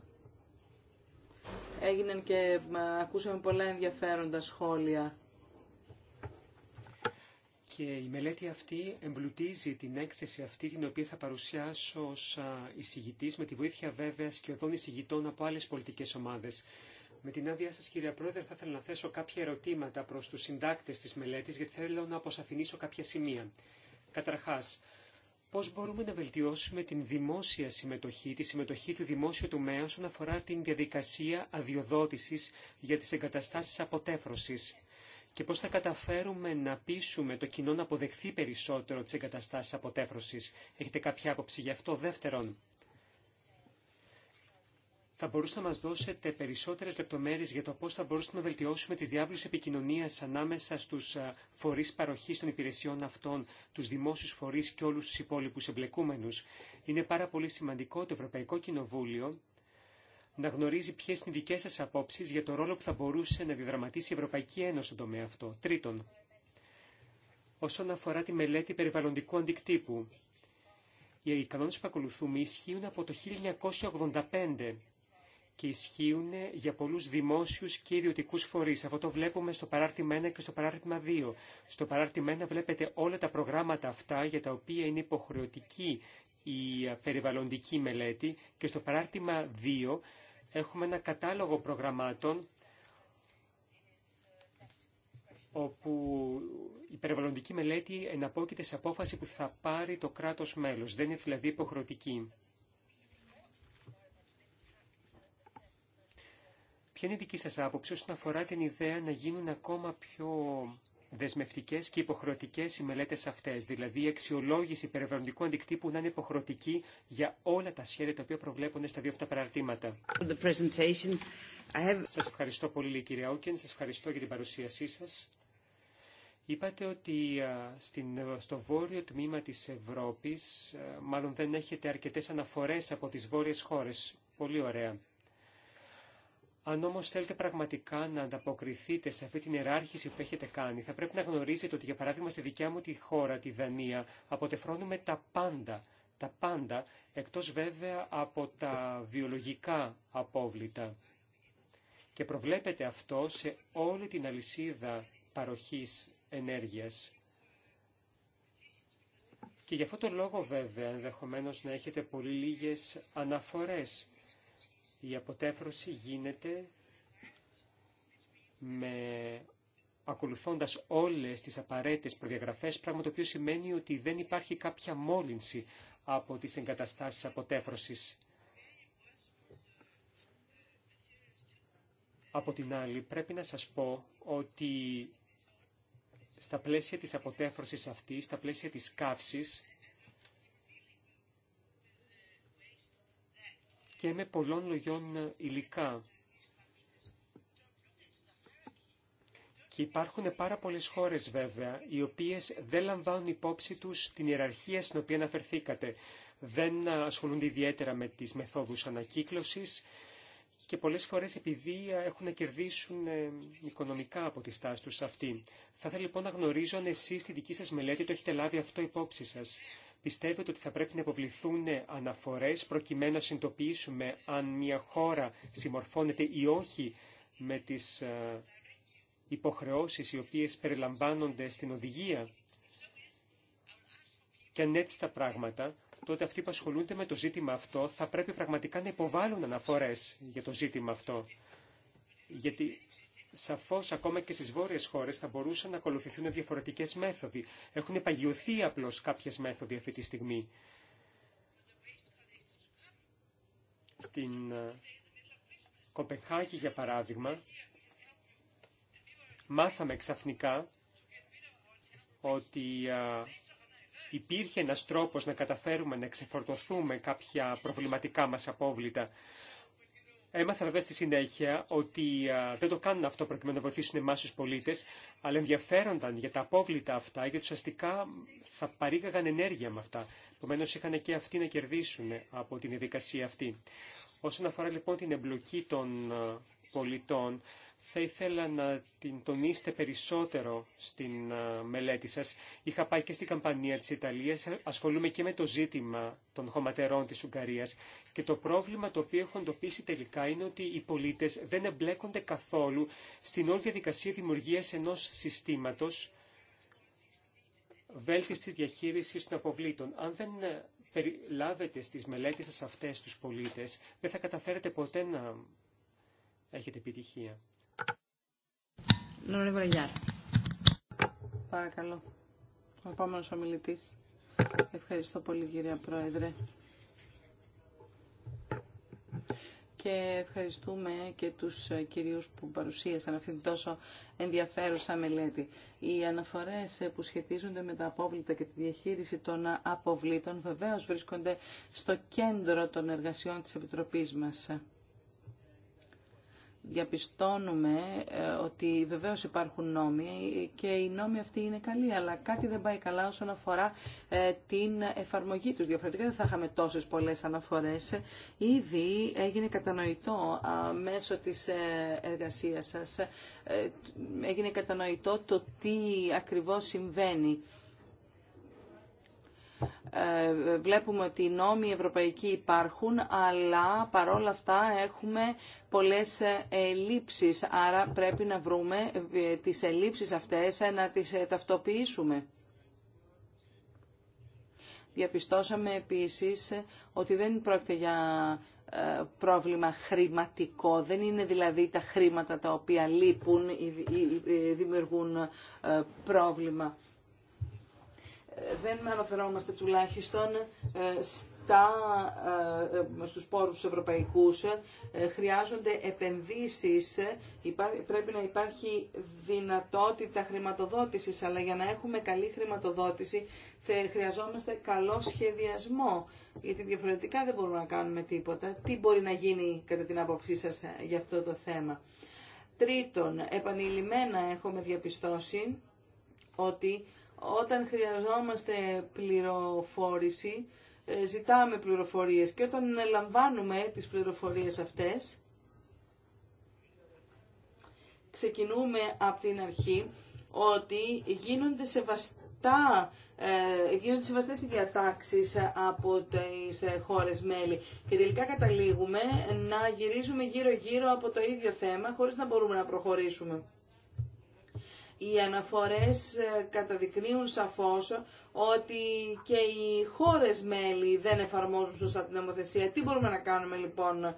B: Έγιναν και ακούσαμε πολλά ενδιαφέροντα σχόλια
C: και η μελέτη αυτή εμπλουτίζει την έκθεση αυτή την οποία θα παρουσιάσω ως εισηγητής με τη βοήθεια βέβαια σκιωδών εισηγητών από άλλες πολιτικές ομάδες. Με την άδειά σας κύριε Πρόεδρε θα ήθελα να θέσω κάποια ερωτήματα προς τους συντάκτες της μελέτης γιατί θέλω να αποσαφηνίσω κάποια σημεία. Καταρχάς, πώς μπορούμε να βελτιώσουμε την δημόσια συμμετοχή, τη συμμετοχή του δημόσιου τομέα όσον αφορά την διαδικασία αδειοδότησης για τις εγκαταστάσεις αποτέφρωσης και πώς θα καταφέρουμε να πείσουμε το κοινό να αποδεχθεί περισσότερο τις εγκαταστάσεις αποτέφρωσης. Έχετε κάποια άποψη γι' αυτό. Δεύτερον, θα μπορούσατε να μας δώσετε περισσότερες λεπτομέρειες για το πώς θα μπορούσαμε να βελτιώσουμε τις διάβλους επικοινωνίας ανάμεσα στους ε, φορείς παροχής των υπηρεσιών αυτών, τους δημόσιους φορείς και όλους τους υπόλοιπους εμπλεκούμενους. Είναι πάρα πολύ σημαντικό το Ευρωπαϊκό Κοινοβούλιο να γνωρίζει ποιε είναι οι δικέ σα απόψει για το ρόλο που θα μπορούσε να διαδραματίσει η Ευρωπαϊκή Ένωση στον τομέα αυτό. Τρίτον, όσον αφορά τη μελέτη περιβαλλοντικού αντικτύπου, οι κανόνε που ακολουθούμε ισχύουν από το 1985 και ισχύουν για πολλού δημόσιου και ιδιωτικού φορεί. Αυτό το βλέπουμε στο παράρτημα 1 και στο παράρτημα 2. Στο παράρτημα 1 βλέπετε όλα τα προγράμματα αυτά για τα οποία είναι υποχρεωτική η περιβαλλοντική μελέτη και στο παράρτημα 2 έχουμε ένα κατάλογο προγραμμάτων όπου η περιβαλλοντική μελέτη εναπόκειται σε απόφαση που θα πάρει το κράτος μέλος. Δεν είναι δηλαδή υποχρεωτική. Ποια είναι η δική σας άποψη όσον αφορά την ιδέα να γίνουν ακόμα πιο δεσμευτικέ και υποχρεωτικέ οι μελέτε αυτέ, δηλαδή η αξιολόγηση περιβαλλοντικού αντικτύπου να είναι υποχρεωτική για όλα τα σχέδια τα οποία προβλέπονται στα δύο αυτά παραρτήματα. Have... Σα ευχαριστώ πολύ, κύριε Όκεν, σα ευχαριστώ για την παρουσίασή σα. Είπατε ότι στην, στο βόρειο τμήμα της Ευρώπης μάλλον δεν έχετε αρκετές αναφορές από τις βόρειες χώρες. Πολύ ωραία. Αν όμω θέλετε πραγματικά να ανταποκριθείτε σε αυτή την ιεράρχηση που έχετε κάνει, θα πρέπει να γνωρίζετε ότι, για παράδειγμα, στη δικιά μου τη χώρα, τη Δανία, αποτεφρώνουμε τα πάντα. Τα πάντα, εκτός βέβαια από τα βιολογικά απόβλητα. Και προβλέπεται αυτό σε όλη την αλυσίδα παροχής ενέργειας. Και γι' αυτό το λόγο βέβαια ενδεχομένως να έχετε πολύ λίγες αναφορές η αποτέφρωση γίνεται με ακολουθώντας όλες τις απαραίτητες προδιαγραφές, πράγμα το οποίο σημαίνει ότι δεν υπάρχει κάποια μόλυνση από τις εγκαταστάσεις αποτέφρωσης. Από την άλλη, πρέπει να σας πω ότι στα πλαίσια της αποτέφρωσης αυτής, στα πλαίσια της καύσης, και με πολλών λογιών ε, υλικά. Και υπάρχουν πάρα πολλές χώρες βέβαια, οι οποίες δεν λαμβάνουν υπόψη τους την ιεραρχία στην οποία αναφερθήκατε. Δεν ε, ασχολούνται ιδιαίτερα με τις μεθόδους ανακύκλωσης και πολλές φορές επειδή ε, έχουν να κερδίσουν οικονομικά από τη στάση τους αυτή. Θα ήθελα λοιπόν να γνωρίζω αν εσείς στη δική σας μελέτη το έχετε λάβει αυτό υπόψη σας. Πιστεύετε ότι θα πρέπει να υποβληθούν αναφορές προκειμένου να συνειδητοποιήσουμε αν μια χώρα συμμορφώνεται ή όχι με τις ε, υποχρεώσεις οι οποίες περιλαμβάνονται στην οδηγία. Και αν έτσι τα πράγματα, τότε αυτοί που ασχολούνται με το ζήτημα αυτό θα πρέπει πραγματικά να υποβάλουν αναφορές για το ζήτημα αυτό. Γιατί Σαφώς ακόμα και στις βόρειες χώρες θα μπορούσαν να ακολουθηθούν διαφορετικές μέθοδοι. Έχουν παγιωθεί απλώς κάποιες μέθοδοι αυτή τη στιγμή. Στην ε, Κοπεχάγη, για παράδειγμα, μάθαμε ξαφνικά ότι ε, υπήρχε ένας τρόπος να καταφέρουμε να ξεφορτωθούμε κάποια προβληματικά μας απόβλητα. Έμαθα βέβαια στη συνέχεια ότι δεν το κάνουν αυτό προκειμένου να βοηθήσουν εμά του πολίτε, αλλά ενδιαφέρονταν για τα απόβλητα αυτά, γιατί ουσιαστικά θα παρήγαγαν ενέργεια με αυτά. Επομένω είχαν και αυτοί να κερδίσουν από την διαδικασία αυτή. Όσον αφορά λοιπόν την εμπλοκή των πολιτών, θα ήθελα να την τονίσετε περισσότερο στην μελέτη σας. Είχα πάει και στην καμπανία της Ιταλίας, ασχολούμαι και με το ζήτημα των χωματερών της Ουγγαρίας και το πρόβλημα το οποίο έχω εντοπίσει τελικά είναι ότι οι πολίτες δεν εμπλέκονται καθόλου στην όλη διαδικασία δημιουργίας ενός συστήματος βέλτιστης διαχείρισης των αποβλήτων. Αν δεν ε, περιλάβετε στις μελέτες σας αυτές τους πολίτες, δεν θα καταφέρετε ποτέ να έχετε επιτυχία.
B: Παρακαλώ. Ο επόμενος ομιλητής. Ευχαριστώ πολύ κυρία Πρόεδρε. Και ευχαριστούμε και τους ε, κυρίους που παρουσίασαν αυτήν την τόσο ενδιαφέρουσα μελέτη. Οι αναφορές ε, που σχετίζονται με τα απόβλητα και τη διαχείριση των ε, αποβλήτων βεβαίως βρίσκονται στο κέντρο των εργασιών της Επιτροπής μας διαπιστώνουμε ε, ότι βεβαίως υπάρχουν νόμοι και οι νόμοι αυτοί είναι καλοί, αλλά κάτι δεν πάει καλά όσον αφορά ε, την εφαρμογή τους. Διαφορετικά δεν θα είχαμε τόσες πολλές αναφορές. Ήδη έγινε κατανοητό μέσω της ε, εργασίας σας, έγινε κατανοητό το τι ακριβώς συμβαίνει. Ε, βλέπουμε ότι οι νόμοι ευρωπαϊκοί υπάρχουν, αλλά παρόλα αυτά έχουμε πολλές ελλείψεις. Άρα πρέπει να βρούμε ε, τις ελλείψεις αυτές, ε, να τις ταυτοποιήσουμε. Διαπιστώσαμε επίσης ότι δεν πρόκειται για πρόβλημα χρηματικό. Δεν είναι δηλαδή τα χρήματα τα οποία λείπουν ή δημιουργούν πρόβλημα δεν αναφερόμαστε τουλάχιστον ε, στα, ε, ε, στους πόρους ευρωπαϊκούς. Χρειάζονται επενδύσεις, πρέπει να υπάρχει δυνατότητα χρηματοδότησης, αλλά για να έχουμε καλή χρηματοδότηση χρειαζόμαστε καλό σχεδιασμό, γιατί διαφορετικά δεν μπορούμε να κάνουμε τίποτα. Τι μπορεί να γίνει κατά την άποψή σας για αυτό το θέμα. Τρίτον, επανειλημμένα έχουμε διαπιστώσει ότι όταν χρειαζόμαστε πληροφόρηση, ε, ζητάμε πληροφορίες και όταν λαμβάνουμε τις πληροφορίες αυτές, ξεκινούμε από την αρχή ότι γίνονται σεβαστά ε, γίνονται σεβαστές οι διατάξεις από τις ε, χώρες μέλη και τελικά καταλήγουμε να γυρίζουμε γύρω-γύρω από το ίδιο θέμα χωρίς να μπορούμε να προχωρήσουμε. Οι αναφορές ε, καταδεικνύουν σαφώς ότι και οι χώρες μέλη δεν εφαρμόζουν σωστά την νομοθεσία. Τι μπορούμε να κάνουμε λοιπόν ε,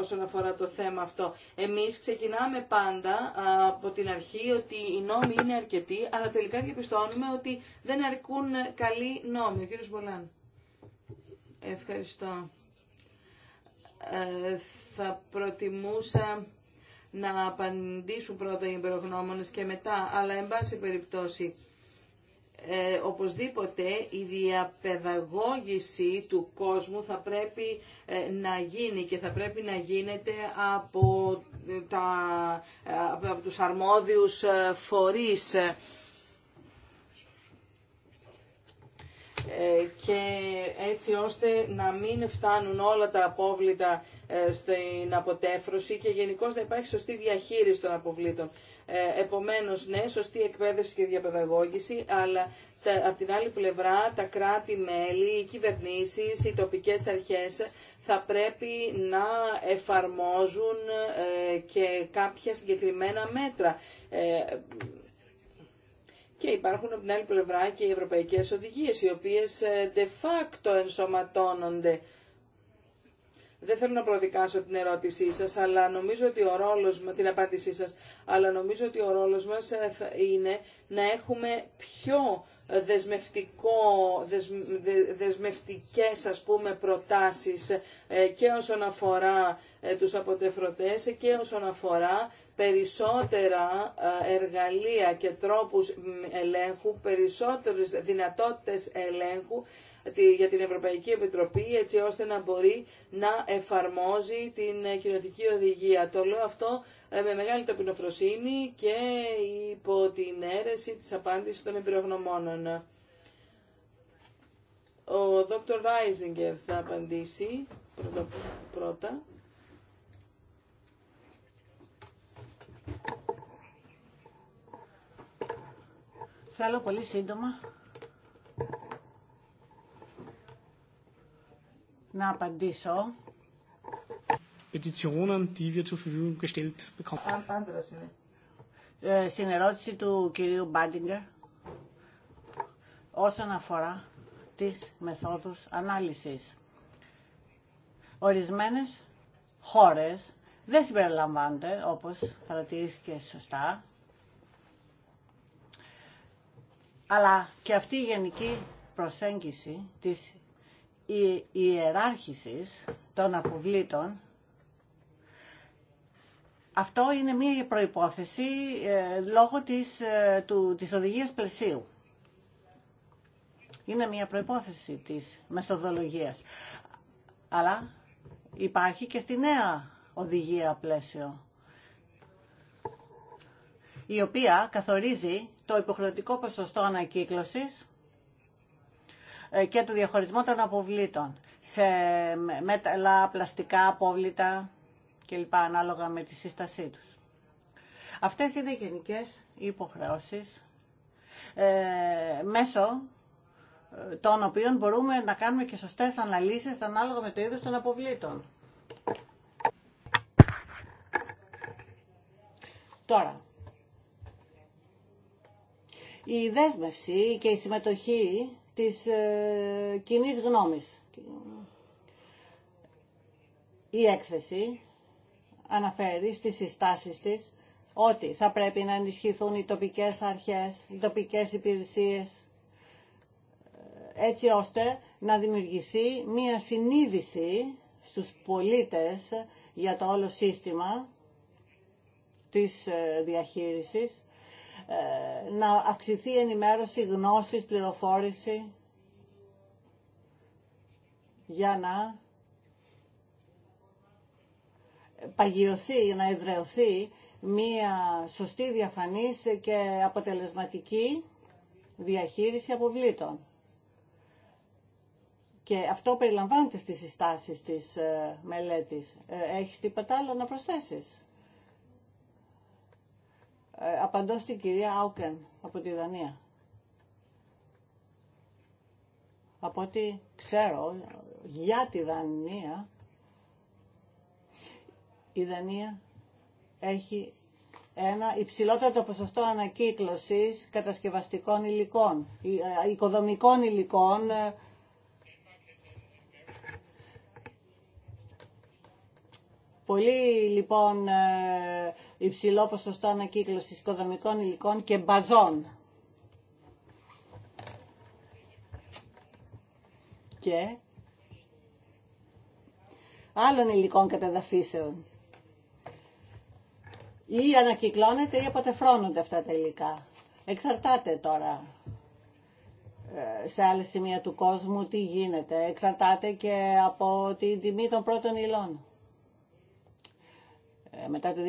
B: όσον αφορά το θέμα αυτό. Εμείς ξεκινάμε πάντα από την αρχή ότι οι νόμοι είναι αρκετοί, αλλά τελικά διαπιστώνουμε ότι δεν αρκούν καλοί νόμοι. Ο κύριος Μπολάν. Ευχαριστώ. Ε, θα προτιμούσα να απαντήσουν πρώτα οι εμπειρογνώμονες και μετά, αλλά εν πάση περιπτώσει ε, οπωσδήποτε η διαπαιδαγώγηση του κόσμου θα πρέπει ε, να γίνει και θα πρέπει να γίνεται από, ε, τα, ε, από τους αρμόδιους φορείς Ε, και έτσι ώστε να μην φτάνουν όλα τα απόβλητα ε, στην αποτέφρωση και γενικώ να υπάρχει σωστή διαχείριση των αποβλήτων. Ε, επομένως, ναι, σωστή εκπαίδευση και διαπαιδαγώγηση, αλλά από την άλλη πλευρά τα κράτη-μέλη, οι κυβερνήσεις, οι τοπικές αρχές θα πρέπει να εφαρμόζουν και κάποια συγκεκριμένα μέτρα και υπάρχουν από την άλλη πλευρά και οι ευρωπαϊκές οδηγίες, οι οποίες ε, de facto ενσωματώνονται δεν θέλω να προδικάσω την ερώτησή σας, αλλά νομίζω ότι ο ρόλος, την απάντησή σας, αλλά νομίζω ότι ο ρόλος μας ε, είναι να έχουμε πιο δεσμευτικό, δεσμε, δεσμευτικές ας πούμε προτάσεις ε, και όσον αφορά ε, τους αποτεφρωτές και όσον αφορά περισσότερα εργαλεία και τρόπους ελέγχου, περισσότερες δυνατότητες ελέγχου για την Ευρωπαϊκή Επιτροπή έτσι ώστε να μπορεί να εφαρμόζει την ε, κοινοτική οδηγία. Το λέω αυτό ε, με μεγάλη ταπεινοφροσύνη και υπό την αίρεση της απάντησης των εμπειρογνωμόνων. Ο Δόκτωρ Ράιζιγκερ θα απαντήσει πρώτα. Θέλω πολύ
A: σύντομα να απαντήσω. Ε, στην ερώτηση του κυρίου Μπάντιγκερ όσον αφορά τις μεθόδους ανάλυσης. Ορισμένες χώρες δεν συμπεριλαμβάνονται, όπως παρατηρήθηκε σωστά, αλλά και αυτή η γενική προσέγγιση της η ιεράρχηση των αποβλήτων αυτό είναι μία προϋπόθεση ε, λόγω της, ε, του, της οδηγίας πλαισίου. Είναι μία προϋπόθεση της μεσοδολογίας. Αλλά υπάρχει και στη νέα οδηγία πλαίσιο, η οποία καθορίζει το υποχρεωτικό ποσοστό ανακύκλωσης ε, και το διαχωρισμό των αποβλήτων σε μέταλλα, πλαστικά, απόβλητα κλπ. ανάλογα με τη σύστασή τους. Αυτές είναι οι γενικές υποχρεώσεις ε, μέσω ε, των οποίων μπορούμε να κάνουμε και σωστές αναλύσεις ανάλογα με το είδος των αποβλήτων. Τώρα, η δέσμευση και η συμμετοχή της ε, κοινή γνώμης. Η έκθεση αναφέρει στις συστάσεις της ότι θα πρέπει να ενισχυθούν οι τοπικές αρχές, οι τοπικές υπηρεσίες, ε, έτσι ώστε να δημιουργηθεί μία συνείδηση στους πολίτες για το όλο σύστημα της ε, διαχείρισης ε, να αυξηθεί η ενημέρωση, γνώσης, πληροφόρηση για να παγιωθεί, να εδραιωθεί μία σωστή διαφανής και αποτελεσματική διαχείριση αποβλήτων. Και αυτό περιλαμβάνεται στις συστάσεις της ε, μελέτης. Ε, έχεις τίποτα άλλο να προσθέσεις. Ε, απαντώ στην κυρία Άουκεν από τη Δανία. Από ό,τι ξέρω, για τη Δανία, η Δανία έχει ένα υψηλότερο ποσοστό ανακύκλωσης κατασκευαστικών υλικών, ε, οικοδομικών υλικών, ε, Πολύ λοιπόν ε, υψηλό ποσοστό ανακύκλωση οικοδομικών υλικών και μπαζών. Και άλλων υλικών καταδαφίσεων. Ή ανακυκλώνεται ή αποτεφρώνονται αυτά τα υλικά. Εξαρτάται τώρα ε, σε άλλα σημεία του κόσμου τι γίνεται. Εξαρτάται και από την τιμή των πρώτων υλών μετά το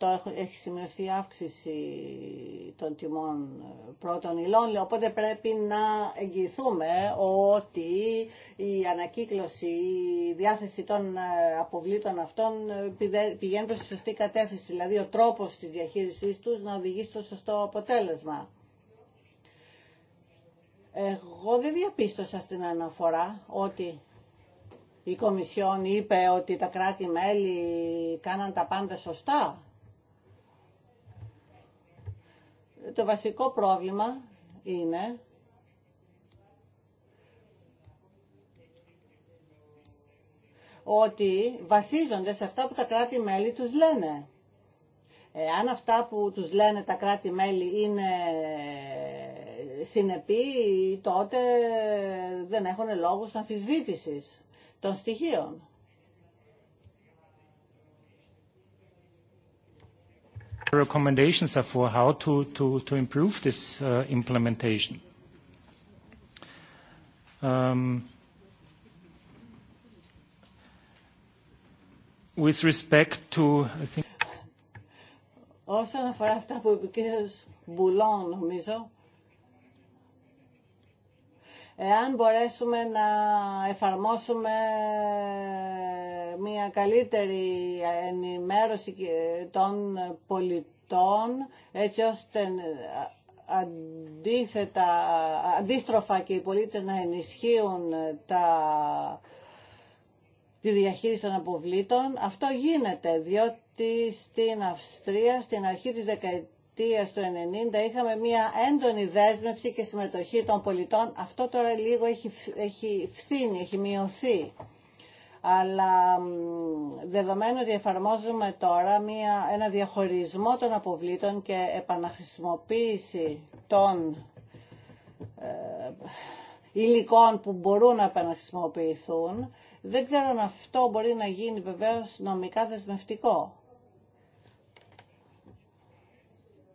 A: 2008 έχει σημειωθεί αύξηση των τιμών ε, πρώτων υλών, οπότε πρέπει να εγγυηθούμε ότι η ανακύκλωση, η διάθεση των ε, αποβλήτων αυτών ε, πηγαίνει προς τη σωστή κατεύθυνση, δηλαδή ο τρόπος της διαχείρισής τους να οδηγεί στο σωστό αποτέλεσμα. Εγώ δεν διαπίστωσα στην αναφορά ότι η Κομισιόν είπε ότι τα κράτη-μέλη κάναν τα πάντα σωστά. Το βασικό πρόβλημα είναι ότι βασίζονται σε αυτά που τα κράτη-μέλη τους λένε. Αν αυτά που τους λένε τα κράτη-μέλη είναι συνεπή, τότε δεν έχουν λόγους αμφισβήτησης των στοιχείων.
C: recommendations are for how to, to, to improve this implementation. Um, with respect to, I think...
A: Όσον αφορά αυτά που είπε ο κ. Μπουλόν, νομίζω, Εάν μπορέσουμε να εφαρμόσουμε μια καλύτερη ενημέρωση των πολιτών, έτσι ώστε αντίθετα, αντίστροφα και οι πολίτες να ενισχύουν τα, τη διαχείριση των αποβλήτων. Αυτό γίνεται, διότι στην Αυστρία, στην αρχή της δεκαετίας, δεκαετίας του 90 είχαμε μια έντονη δέσμευση και συμμετοχή των πολιτών. Αυτό τώρα λίγο έχει, έχει φθήνει, έχει μειωθεί. Αλλά δεδομένου ότι εφαρμόζουμε τώρα μια, ένα διαχωρισμό των αποβλήτων και επαναχρησιμοποίηση των ε, υλικών που μπορούν να επαναχρησιμοποιηθούν, δεν ξέρω αν αυτό μπορεί να γίνει βεβαίως νομικά δεσμευτικό.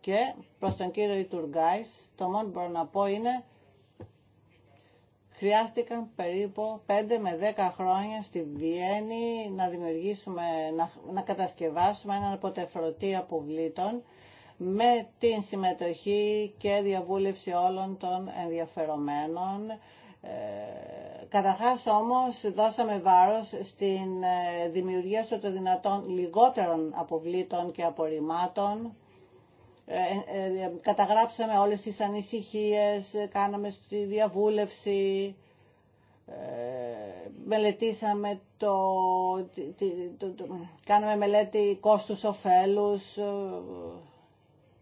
A: και προς τον κύριο Ιτουργκάης το μόνο που μπορώ να πω είναι χρειάστηκαν περίπου 5 με 10 χρόνια στη Βιέννη να δημιουργήσουμε, να, να κατασκευάσουμε έναν αποτεφρωτή αποβλήτων με την συμμετοχή και διαβούλευση όλων των ενδιαφερομένων. Ε, καταρχάς όμως δώσαμε βάρος στην ε, δημιουργία στο το δυνατόν λιγότερων αποβλήτων και απορριμμάτων ε, ε, καταγράψαμε όλες τις ανησυχίες, κάναμε στη διαβούλευση, ε, μελετήσαμε το, το, κάναμε μελέτη κόστους ωφέλους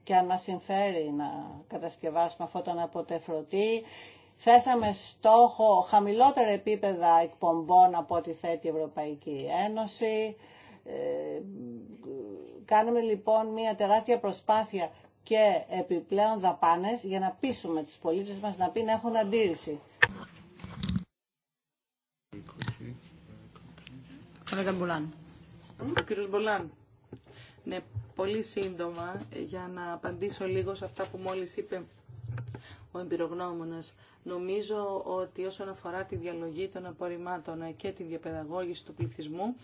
A: και αν μας συμφέρει να κατασκευάσουμε αυτό τον αποτεφρωτή. Θέσαμε στόχο χαμηλότερα επίπεδα εκπομπών από ό,τι θέτει η Ευρωπαϊκή Ένωση κάνουμε λοιπόν μια τεράστια προσπάθεια και επιπλέον δαπάνες για να πείσουμε τους πολίτες μας να πει να έχουν αντίρρηση. Ο
B: κύριος Μπολάν. Ναι, πολύ σύντομα για να απαντήσω λίγο σε αυτά που μόλις είπε ο εμπειρογνώμονας. Νομίζω ότι όσον αφορά τη διαλογή των απορριμμάτων και τη διαπαιδαγώγηση του πληθυσμού,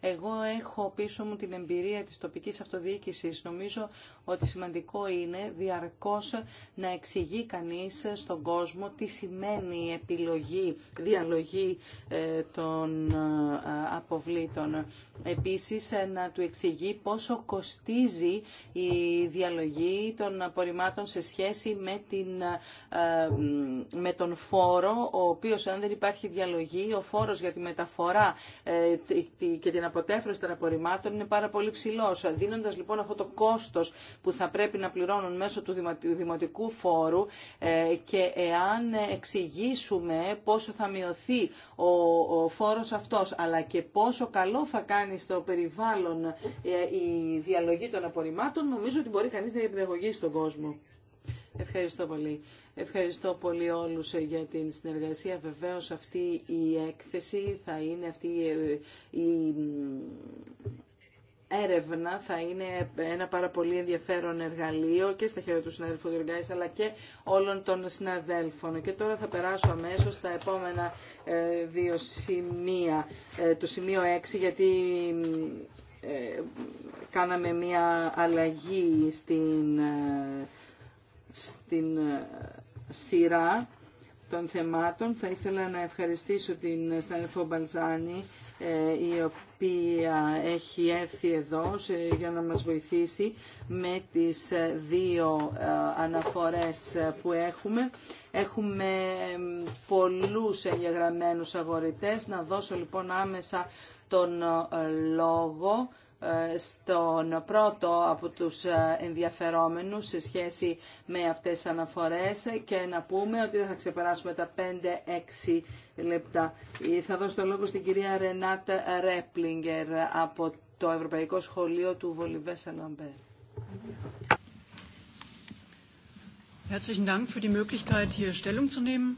B: εγώ έχω πίσω μου την εμπειρία της τοπικής αυτοδιοίκησης. Νομίζω ότι σημαντικό είναι διαρκώς να εξηγεί κανείς στον κόσμο τι σημαίνει η επιλογή, διαλογή ε, των ε, αποβλήτων. Επίσης, ε, να του εξηγεί πόσο κοστίζει η διαλογή των απορριμμάτων σε σχέση με την τον φόρο, ο οποίος αν δεν υπάρχει διαλογή, ο φόρος για τη μεταφορά ε, και την αποτέφρωση των απορριμμάτων είναι πάρα πολύ ψηλός. Δίνοντας λοιπόν αυτό το κόστος που θα πρέπει να πληρώνουν μέσω του δημοτικού φόρου ε, και εάν εξηγήσουμε πόσο θα μειωθεί ο φόρος αυτός, αλλά και πόσο καλό θα κάνει στο περιβάλλον ε, η διαλογή των απορριμμάτων, νομίζω ότι μπορεί κανείς να διαπαιδαγωγεί στον κόσμο. Ευχαριστώ πολύ. Ευχαριστώ πολύ όλους ε, για την συνεργασία. Βεβαίως αυτή η έκθεση θα είναι αυτή ε, η έρευνα θα είναι ένα πάρα πολύ ενδιαφέρον εργαλείο και στα χέρια του συναδέλφου Γεωργάης αλλά και όλων των συναδέλφων. Και τώρα θα περάσω αμέσως στα επόμενα ε, δύο σημεία. το σημείο 6 γιατί κάναμε μία αλλαγή στην, στην σειρά των θεμάτων. Θα ήθελα να ευχαριστήσω την σταλφο Μπαλζάνη, ε, η οποία έχει έρθει εδώ για να μας βοηθήσει με τις ε, δύο ε, αναφορές που έχουμε. Έχουμε πολλούς εγγεγραμμένους αγορητές. Να δώσω λοιπόν άμεσα τον λόγο στον πρώτο από τους ε, ενδιαφερόμενους σε σχέση με αυτές τις αναφορές και να πούμε ότι δεν θα ξεπεράσουμε τα 5-6 λεπτά. Ε, θα δώσω το λόγο στην κυρία Ρενάτ Ρέπλιγκερ από το Ευρωπαϊκό Σχολείο του Βολιβέ Σαλαμπέρ.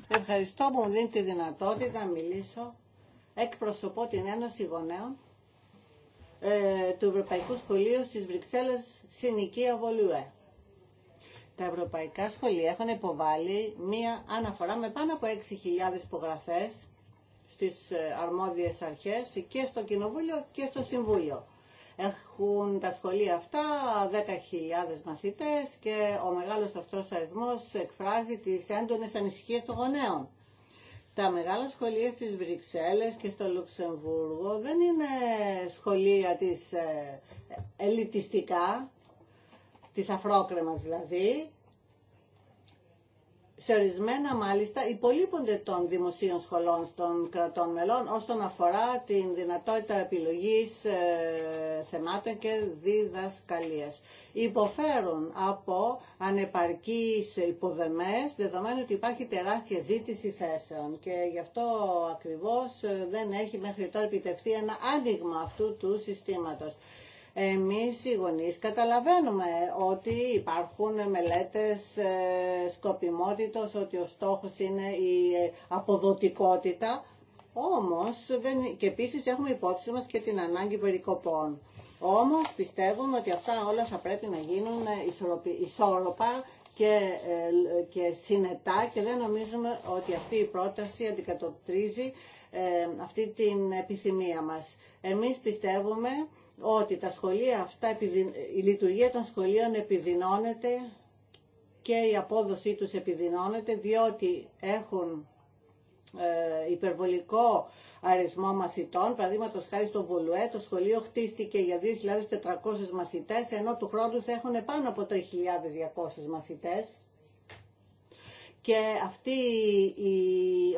A: Ευχαριστώ που μου δίνετε τη δυνατότητα να μιλήσω. Εκπροσωπώ την Ένωση Γονέων ε, του Ευρωπαϊκού Σχολείου στις Βρυξέλλες στην Βολουέ. Ε. Τα ευρωπαϊκά σχολεία έχουν υποβάλει μία αναφορά με πάνω από 6.000 υπογραφές στις ε, αρμόδιες αρχές και στο Κοινοβούλιο και στο Συμβούλιο. Έχουν τα σχολεία αυτά 10.000 μαθητές και ο μεγάλος αυτός αριθμός εκφράζει τις έντονες ανησυχίες των γονέων. Τα μεγάλα σχολεία στις Βρυξέλλες και στο Λουξεμβούργο δεν είναι σχολεία της ε, ε, ελιτιστικά, της αφρόκρεμας δηλαδή, σε ορισμένα μάλιστα υπολείπονται των δημοσίων σχολών των κρατών μελών όσον αφορά την δυνατότητα επιλογής ε, θεμάτων και διδασκαλίας. Υποφέρουν από ανεπαρκείς υποδεμές δεδομένου ότι υπάρχει τεράστια ζήτηση θέσεων και γι' αυτό ακριβώς ε, δεν έχει μέχρι τώρα επιτευχθεί ένα άνοιγμα αυτού του συστήματος. Εμείς οι γονείς καταλαβαίνουμε ότι υπάρχουν μελέτες ε, σκοπιμότητος, ότι ο στόχος είναι η ε, αποδοτικότητα, όμως δεν, και επίσης έχουμε υπόψη μας και την ανάγκη περικοπών. Όμως πιστεύουμε ότι αυτά όλα θα πρέπει να γίνουν ε, ισόρροπα και, και συνετά και δεν νομίζουμε ότι αυτή η πρόταση αντικατοπτρίζει αυτή την επιθυμία μας. Εμείς πιστεύουμε ότι τα σχολεία αυτά, η λειτουργία των σχολείων επιδεινώνεται και η απόδοσή τους επιδεινώνεται διότι έχουν ε, υπερβολικό αριθμό μαθητών. Παραδείγματο χάρη στο Βολουέ, το σχολείο χτίστηκε για 2.400 μαθητές ενώ του χρόνου θα έχουν πάνω από 3.200 μαθητές και αυτή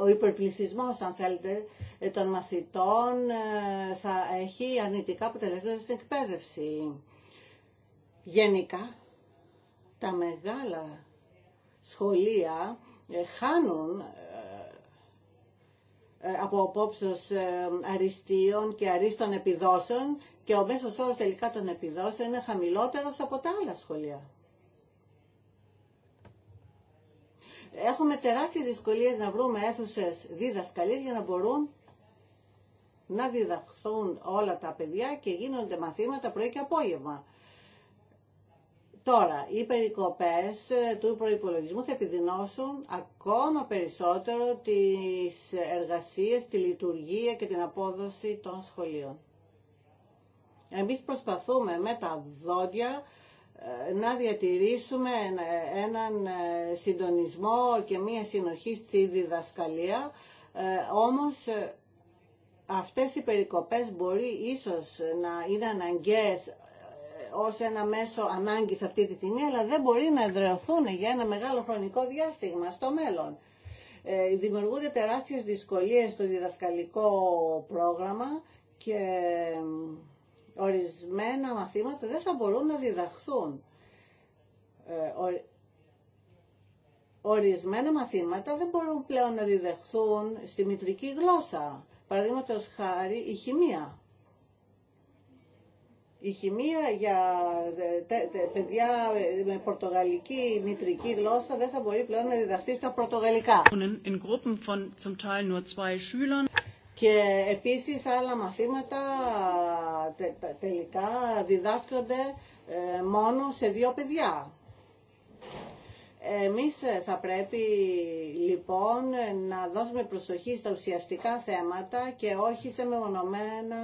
A: ο υπερπληθυσμός, αν θέλετε, ε, των μαθητών ε, θα έχει αρνητικά αποτελέσματα στην εκπαίδευση. Γενικά, τα μεγάλα σχολεία ε, χάνουν από απόψεως αριστείων και αρίστων επιδόσεων και ο μέσος όρος τελικά των επιδόσεων είναι χαμηλότερος από τα άλλα σχολεία. Έχουμε τεράστιες δυσκολίες να βρούμε αίθουσε διδασκαλίες για να μπορούν να διδαχθούν όλα τα παιδιά και γίνονται μαθήματα πρωί και απόγευμα. Τώρα, οι περικοπές ε, του προϋπολογισμού θα επιδεινώσουν ακόμα περισσότερο τις εργασίες, τη λειτουργία και την απόδοση των σχολείων. Εμείς προσπαθούμε με τα δόντια να διατηρήσουμε έναν ε, συντονισμό και μία συνοχή στη διδασκαλία, ε, όμως ε, αυτές οι περικοπές μπορεί ίσως να είναι αναγκαίες ως ένα μέσο ανάγκης αυτή τη στιγμή, αλλά δεν μπορεί να εδρεωθούν για ένα μεγάλο χρονικό διάστημα στο μέλλον. Δημιουργούνται τεράστιες δυσκολίες στο διδασκαλικό πρόγραμμα και Ορισμένα μαθήματα δεν θα μπορούν να διδαχθούν. Ε, ορισμένα μαθήματα δεν μπορούν πλέον να διδαχθούν στη μητρική γλώσσα. Παραδείγματο χάρη η χημεία. Η χημεία για παιδιά με πορτογαλική μητρική γλώσσα δεν θα μπορεί πλέον να διδαχθεί στα πορτογαλικά. Και επίσης άλλα μαθήματα τελικά διδάσκονται ε, μόνο σε δύο παιδιά. Εμείς θα πρέπει λοιπόν να δώσουμε προσοχή στα ουσιαστικά θέματα και όχι σε μεμονωμένα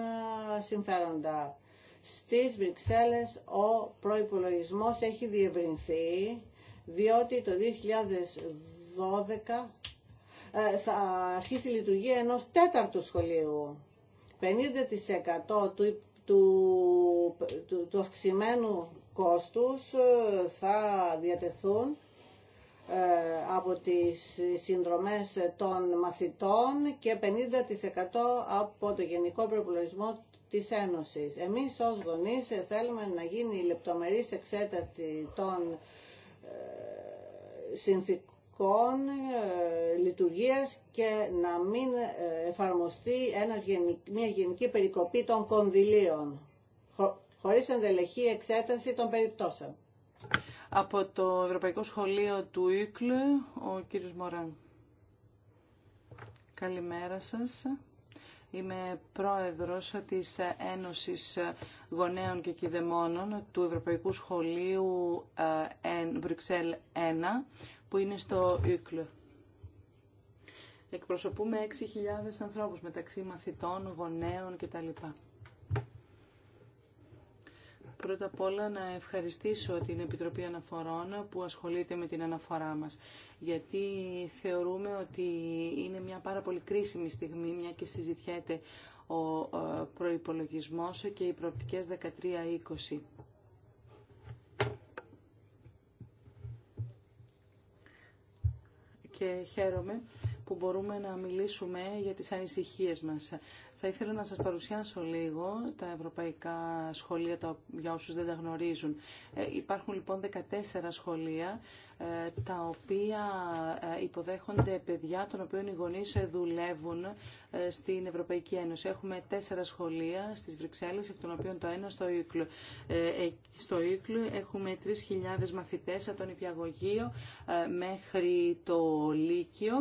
A: συμφέροντα. Στις Βρυξέλλες ο προϋπολογισμός έχει διευρυνθεί διότι το 2012 ε, θα αρχίσει η λειτουργία ενός τέταρτου σχολείου. 50% του, του, του, του αυξημένου κόστους ε, θα διατεθούν ε, από τις συνδρομές των μαθητών και 50% από το γενικό προπολογισμό της Ένωσης. Εμείς ως γονείς θέλουμε να γίνει η λεπτομερής εξέταση των συνθηκών Λειτουργία ε, λειτουργίας και να μην ε, εφαρμοστεί ένας, μια γενική περικοπή των κονδυλίων χωρίς ενδελεχή εξέταση των περιπτώσεων.
B: Από το Ευρωπαϊκό Σχολείο του Ίκλου, ο κύριος Μωράν. Καλημέρα σας. Είμαι πρόεδρος της Ένωσης Γονέων και Κυδεμόνων του Ευρωπαϊκού Σχολείου ε, Βρυξέλ 1, που είναι στο Ήκλο. Εκπροσωπούμε 6.000 ανθρώπους μεταξύ μαθητών, γονέων κτλ. Πρώτα απ' όλα να ευχαριστήσω την Επιτροπή Αναφορών που ασχολείται με την αναφορά μας, γιατί θεωρούμε ότι είναι μια πάρα πολύ κρίσιμη στιγμή, μια και συζητιέται ο ε, προϋπολογισμός και οι προοπτικές 13-20. και χαίρομαι που μπορούμε να μιλήσουμε για τις ανησυχίες μας. Θα ήθελα να σας παρουσιάσω λίγο τα ευρωπαϊκά σχολεία για όσους δεν τα γνωρίζουν. Ε, υπάρχουν λοιπόν 14 σχολεία ε, τα οποία ε, υποδέχονται παιδιά των οποίων οι γονείς δουλεύουν ε, στην Ευρωπαϊκή Ένωση. Έχουμε τέσσερα σχολεία στις Βρυξέλλες, εκ των οποίων το ένα στο Ήκλο. Στο ήκλου έχουμε 3.000 μαθητές από τον Υπηαγωγείο μέχρι το Λύκειο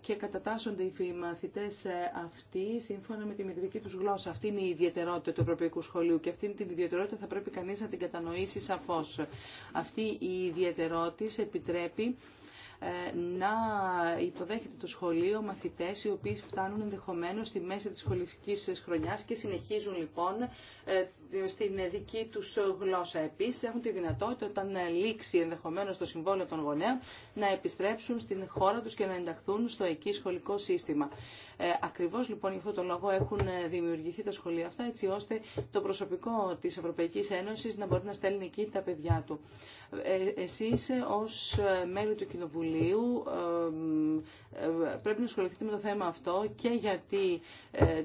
B: και κατατάσσονται οι μαθητές αυτοί σύμφωνα με τη μητρική τους γλώσσα. Αυτή είναι η ιδιαιτερότητα του Ευρωπαϊκού Σχολείου και αυτή την ιδιαιτερότητα θα πρέπει κανείς να την κατανοήσει σαφώς. Αυτή η ιδιαιτερότητα Τη επιτρέπει να υποδέχεται το σχολείο μαθητές οι οποίοι φτάνουν ενδεχομένως στη μέση της σχολικής χρονιάς και συνεχίζουν λοιπόν ε, στην δική τους γλώσσα. Επίσης έχουν τη δυνατότητα όταν λήξει ενδεχομένως το συμβόλαιο των γονέων να επιστρέψουν στην χώρα τους και να ενταχθούν στο εκεί σχολικό σύστημα. Ε, ακριβώς λοιπόν για αυτό το λόγο έχουν δημιουργηθεί τα σχολεία αυτά έτσι ώστε το προσωπικό της Ευρωπαϊκής Ένωσης να μπορεί να στέλνει εκεί τα παιδιά του. Ε, εσείς ως μέλη του Κοινοβουλίου ε, πρέπει να ασχοληθείτε με το θέμα αυτό και γιατί ε, ε,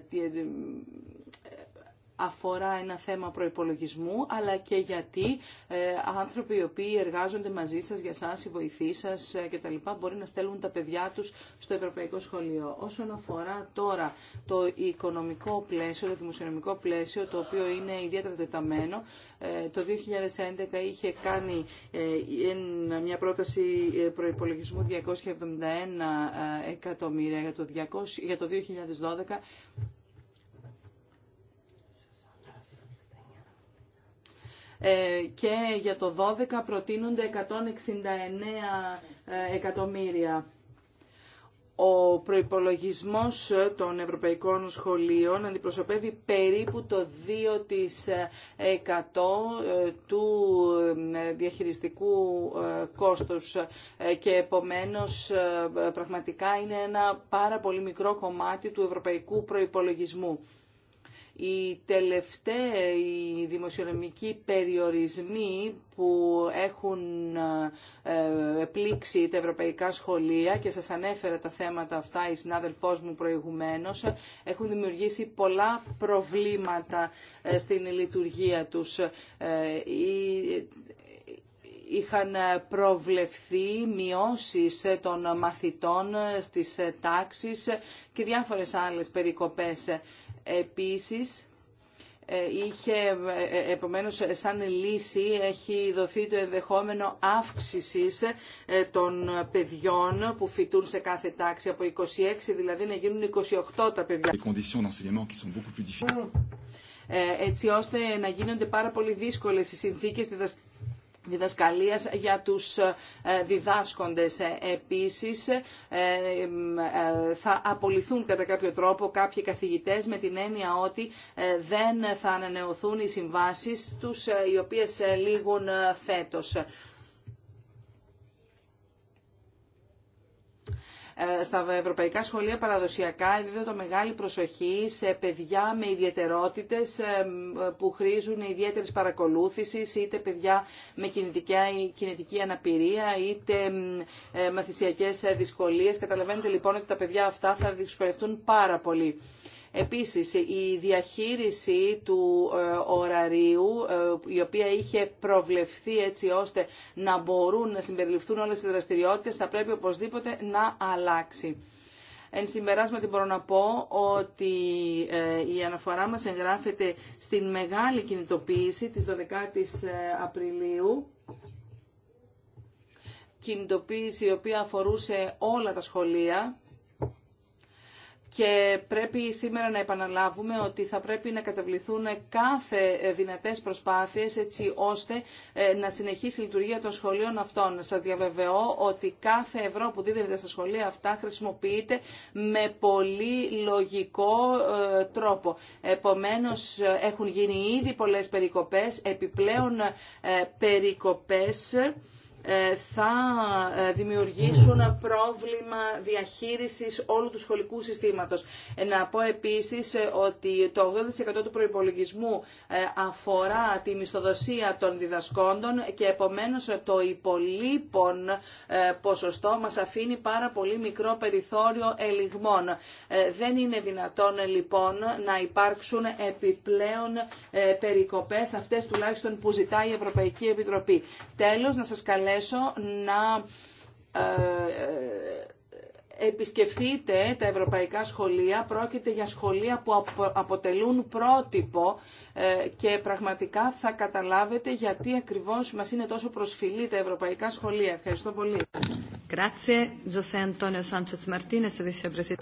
B: αφορά ένα θέμα προϋπολογισμού, αλλά και γιατί ε, άνθρωποι οι οποίοι εργάζονται μαζί σας, για σας, οι βοηθοί σας ε, και τα λοιπά, μπορεί να στέλνουν τα παιδιά τους στο Ευρωπαϊκό Σχολείο. Όσον αφορά τώρα το οικονομικό πλαίσιο, το δημοσιονομικό πλαίσιο, το οποίο είναι ιδιαίτερα δεταμένο ε, το 2011 είχε κάνει μια πρόταση προϋπολογισμού 271 εκατομμύρια για το 2012 Ε, και για το 12 προτείνονται 169 ε, εκατομμύρια. Ο προϋπολογισμός των ευρωπαϊκών σχολείων αντιπροσωπεύει περίπου το 2% ε, του διαχειριστικού κόστους και επομένως πραγματικά είναι ένα πάρα πολύ μικρό κομμάτι του ευρωπαϊκού προϋπολογισμού. Οι τελευταίοι δημοσιονομικοί περιορισμοί που έχουν ε, επλήξει τα ευρωπαϊκά σχολεία και σας ανέφερα τα θέματα αυτά η συνάδελφός μου προηγουμένως έχουν δημιουργήσει πολλά προβλήματα ε, στην λειτουργία τους ε, είχαν προβλεφθεί μειώσεις των μαθητών στις τάξεις και διάφορες άλλες περικοπές. Επίσης, ε, είχε, ε, ε, επομένως σαν λύση έχει δοθεί το ενδεχόμενο αύξησης των παιδιών που φοιτούν σε κάθε τάξη από 26 δηλαδή να γίνουν 28 τα παιδιά έτσι ώστε να γίνονται πάρα πολύ δύσκολες οι συνθήκες διδασκαλίας για τους ε, διδάσκοντες. Ε, επίσης ε, θα απολυθούν κατά κάποιο τρόπο κάποιοι καθηγητές με την έννοια ότι δεν θα ανανεωθούν οι συμβάσεις τους οι οποίες λήγουν φέτος. Στα ευρωπαϊκά σχολεία παραδοσιακά δίδεται μεγάλη προσοχή σε παιδιά με ιδιαιτερότητες ε, που χρήζουν ιδιαίτερης παρακολούθησης, είτε παιδιά με κινητική αναπηρία, είτε ε, μαθησιακές ε, δυσκολίες. Καταλαβαίνετε λοιπόν ότι τα παιδιά αυτά θα δυσκολευτούν πάρα πολύ. Επίσης, η διαχείριση του ε, ωραρίου, ε, η οποία είχε προβλεφθεί έτσι ώστε να μπορούν να συμπεριληφθούν όλες οι δραστηριότητες, θα πρέπει οπωσδήποτε να αλλάξει. Εν συμπεράσματι μπορώ να πω ότι ε, η αναφορά μας εγγράφεται στην μεγάλη κινητοποίηση της 12ης Απριλίου κινητοποίηση η οποία αφορούσε όλα τα σχολεία και πρέπει σήμερα να επαναλάβουμε ότι θα πρέπει να καταβληθούν κάθε δυνατές προσπάθειες έτσι ώστε ε, να συνεχίσει η λειτουργία των σχολείων αυτών. Σας διαβεβαιώ ότι κάθε ευρώ που δίδεται στα σχολεία αυτά χρησιμοποιείται με πολύ λογικό ε, τρόπο. Επομένως έχουν γίνει ήδη πολλές περικοπές, επιπλέον ε, περικοπές ε, θα ε, δημιουργήσουν πρόβλημα διαχείρισης όλου του σχολικού συστήματος. Ε, να πω επίσης ότι το 80% του προϋπολογισμού αφορά τη μισθοδοσία των διδασκόντων και επομένως το υπολείπον ποσοστό μας αφήνει πάρα πολύ μικρό περιθώριο ελιγμών. Δεν είναι δυνατόν λοιπόν να υπάρξουν επιπλέον περικοπές αυτές τουλάχιστον που ζητάει η Ευρωπαϊκή Επιτροπή. Τέλος, να σας καλέσω καλέσω να ε, ε, επισκεφθείτε τα ευρωπαϊκά σχολεία. Πρόκειται για σχολεία που αποτελούν πρότυπο ε, και πραγματικά θα καταλάβετε γιατί ακριβώς μας είναι τόσο προσφυλή τα ευρωπαϊκά σχολεία. Ευχαριστώ πολύ.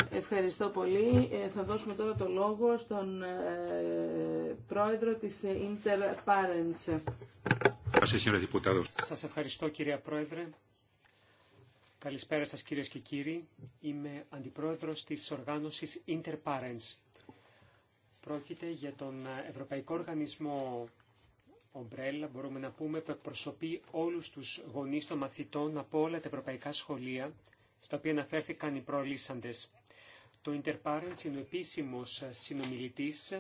B: Ευχαριστώ πολύ. Θα δώσουμε τώρα το λόγο στον
C: πρόεδρο της Interparents. Σας ευχαριστώ κυρία Πρόεδρε. Καλησπέρα σας κυρίες και κύριοι. Είμαι αντιπρόεδρος της οργάνωσης Interparents. Πρόκειται για τον Ευρωπαϊκό Οργανισμό Ομπρέλα, μπορούμε να πούμε, που εκπροσωπεί όλους τους γονείς των μαθητών από όλα τα ευρωπαϊκά σχολεία, στα οποία αναφέρθηκαν οι προλύσαντες. Το Interparents είναι ο επίσημος συνομιλητής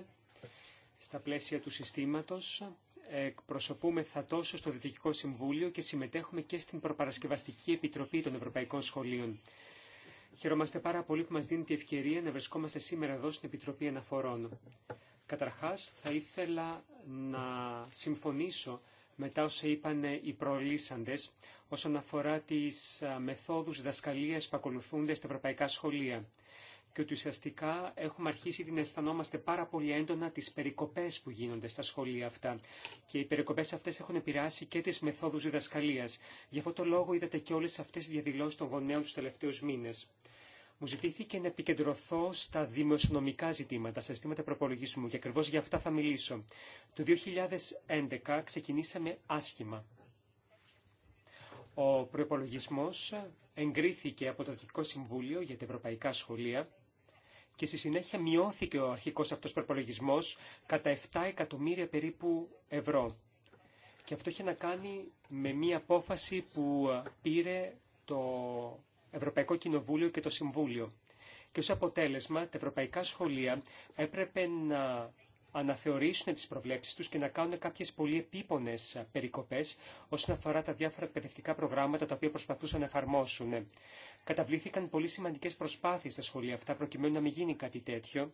C: στα πλαίσια του συστήματος θα τόσο στο Δυτικό Συμβούλιο και συμμετέχουμε και στην Προπαρασκευαστική Επιτροπή των Ευρωπαϊκών Σχολείων. Χαιρόμαστε πάρα πολύ που μας δίνει τη ευκαιρία να βρισκόμαστε σήμερα εδώ στην Επιτροπή Αναφορών. Καταρχάς, θα ήθελα να συμφωνήσω μετά όσα είπαν οι προλύσαντες όσον αφορά τις μεθόδους διδασκαλίας που ακολουθούνται στα ευρωπαϊκά σχολεία και ότι ουσιαστικά έχουμε αρχίσει να αισθανόμαστε πάρα πολύ έντονα τις περικοπές που γίνονται στα σχολεία αυτά. Και οι περικοπές αυτές έχουν επηρεάσει και τις μεθόδους διδασκαλίας. Γι' αυτό το λόγο είδατε και όλες αυτές τις διαδηλώσεις των γονέων τους τελευταίους μήνες. Μου ζητήθηκε να επικεντρωθώ στα δημοσιονομικά ζητήματα, στα ζητήματα προπολογισμού και ακριβώ για αυτά θα μιλήσω. Το 2011 ξεκινήσαμε άσχημα. Ο προπολογισμό εγκρίθηκε από το Δυτικό Συμβούλιο για τα Ευρωπαϊκά Σχολεία και στη συνέχεια μειώθηκε ο αρχικός αυτός προπολογισμός κατά 7 εκατομμύρια περίπου ευρώ. Και αυτό είχε να κάνει με μία απόφαση που πήρε το Ευρωπαϊκό Κοινοβούλιο και το Συμβούλιο. Και ως αποτέλεσμα τα ευρωπαϊκά σχολεία έπρεπε να αναθεωρήσουν τις προβλέψεις τους και να κάνουν κάποιες πολύ επίπονες περικοπές όσον αφορά τα διάφορα εκπαιδευτικά προγράμματα τα οποία προσπαθούσαν να εφαρμόσουν. Καταβλήθηκαν πολύ σημαντικέ προσπάθειε στα σχολεία αυτά προκειμένου να μην γίνει κάτι τέτοιο.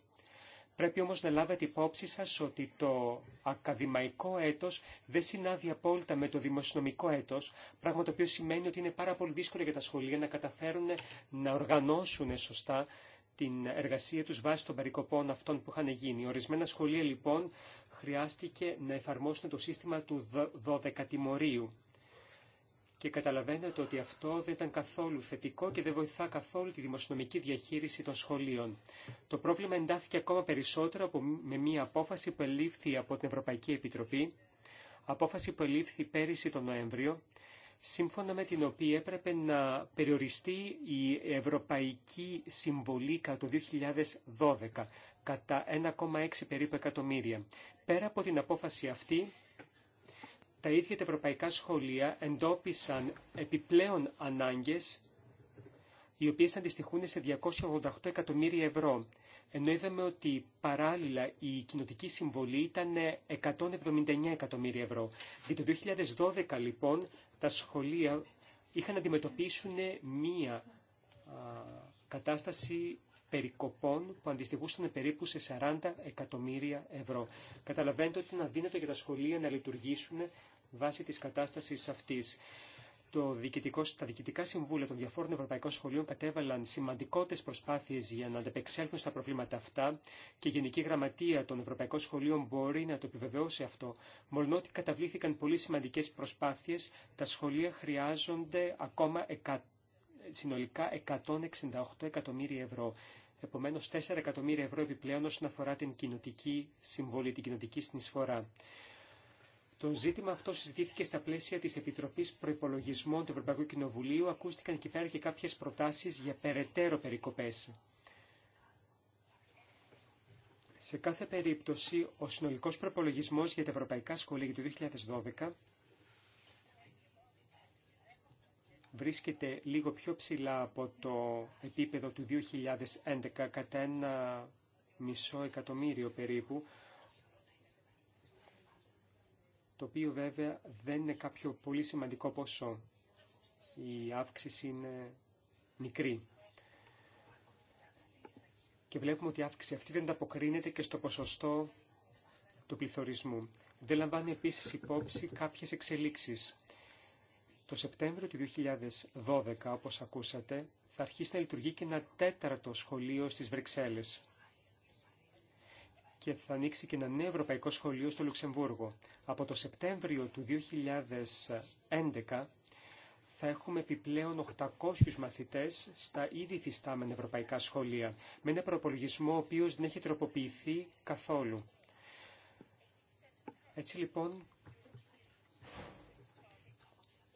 C: Πρέπει όμως να λάβετε υπόψη σας ότι το ακαδημαϊκό έτος δεν συνάδει απόλυτα με το δημοσιονομικό έτος, πράγμα το οποίο σημαίνει ότι είναι πάρα πολύ δύσκολο για τα σχολεία να καταφέρουν να οργανώσουν σωστά την εργασία τους βάσει των περικοπών αυτών που είχαν γίνει. Ορισμένα σχολεία λοιπόν χρειάστηκε να εφαρμόσουν το σύστημα του 12 τιμωρίου και καταλαβαίνετε ότι αυτό δεν ήταν καθόλου θετικό και δεν βοηθά καθόλου τη δημοσιονομική διαχείριση των σχολείων. Το πρόβλημα εντάθηκε ακόμα περισσότερο με μια απόφαση που ελήφθη από την Ευρωπαϊκή Επιτροπή, απόφαση που ελήφθη πέρυσι τον Νοέμβριο, σύμφωνα με την οποία έπρεπε να περιοριστεί η ευρωπαϊκή συμβολή κατά το 2012, κατά 1,6 περίπου εκατομμύρια. Πέρα από την απόφαση αυτή, τα ίδια τα ευρωπαϊκά σχολεία εντόπισαν επιπλέον ανάγκες οι οποίες αντιστοιχούν σε 288 εκατομμύρια ευρώ, ενώ είδαμε ότι παράλληλα η κοινοτική συμβολή ήταν 179 εκατομμύρια ευρώ. Για το 2012 λοιπόν τα σχολεία είχαν να αντιμετωπίσουν μία κατάσταση περικοπών που αντιστοιχούσαν περίπου σε 40 εκατομμύρια ευρώ. Καταλαβαίνετε ότι είναι αδύνατο για τα σχολεία να λειτουργήσουν βάσει της κατάστασης αυτής. Το τα διοικητικά συμβούλια των διαφόρων ευρωπαϊκών σχολείων κατέβαλαν σημαντικότερε προσπάθειε για να ανταπεξέλθουν στα προβλήματα αυτά και η Γενική Γραμματεία των Ευρωπαϊκών Σχολείων μπορεί να το επιβεβαιώσει αυτό. Μόνο ότι καταβλήθηκαν πολύ σημαντικέ προσπάθειε, τα σχολεία χρειάζονται ακόμα εκα... συνολικά 168 εκατομμύρια ευρώ επομένως 4 εκατομμύρια ευρώ επιπλέον όσον αφορά την κοινοτική συμβολή, την κοινοτική συνεισφορά. Το ζήτημα αυτό συζητήθηκε στα πλαίσια της Επιτροπής Προϋπολογισμών του Ευρωπαϊκού Κοινοβουλίου. Ακούστηκαν εκεί πέρα και κάποιες προτάσεις για περαιτέρω περικοπές. Σε κάθε περίπτωση, ο συνολικός προπολογισμός για τα ευρωπαϊκά σχολεία για το 2012 βρίσκεται λίγο πιο ψηλά από το επίπεδο του 2011 κατά ένα μισό εκατομμύριο περίπου, το οποίο βέβαια δεν είναι κάποιο πολύ σημαντικό ποσό. Η αύξηση είναι μικρή. Και βλέπουμε ότι η αύξηση αυτή δεν ανταποκρίνεται και στο ποσοστό του πληθωρισμού. Δεν λαμβάνει επίσης υπόψη κάποιες εξελίξεις το Σεπτέμβριο του 2012, όπως ακούσατε, θα αρχίσει να λειτουργεί και ένα τέταρτο σχολείο στις Βρυξέλλες και θα ανοίξει και ένα νέο ευρωπαϊκό σχολείο στο Λουξεμβούργο. Από το Σεπτέμβριο του 2011 θα έχουμε επιπλέον 800 μαθητές στα ήδη φυστάμενα ευρωπαϊκά σχολεία, με ένα προπολογισμό ο οποίος δεν έχει τροποποιηθεί καθόλου. Έτσι λοιπόν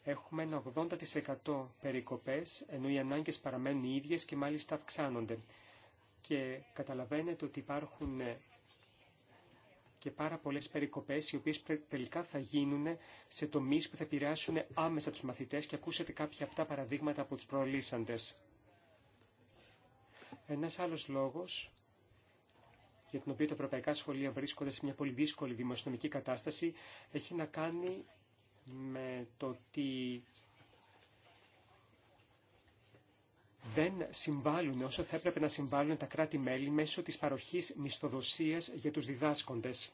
C: έχουμε ένα 80% περικοπές, ενώ οι ανάγκες παραμένουν οι ίδιες και μάλιστα αυξάνονται. Και καταλαβαίνετε ότι υπάρχουν ε, και πάρα πολλές περικοπές, οι οποίες τελικά θα γίνουν σε τομείς που θα επηρεάσουν άμεσα τους μαθητές και ακούσατε κάποια από τα παραδείγματα από τους προλύσαντες. Ένας άλλος λόγος για τον οποίο τα ευρωπαϊκά σχολεία βρίσκονται σε μια πολύ δύσκολη δημοσιονομική κατάσταση, έχει να κάνει με το ότι δεν συμβάλλουν όσο θα έπρεπε να συμβάλλουν τα κράτη-μέλη μέσω της παροχής μισθοδοσίας για τους διδάσκοντες.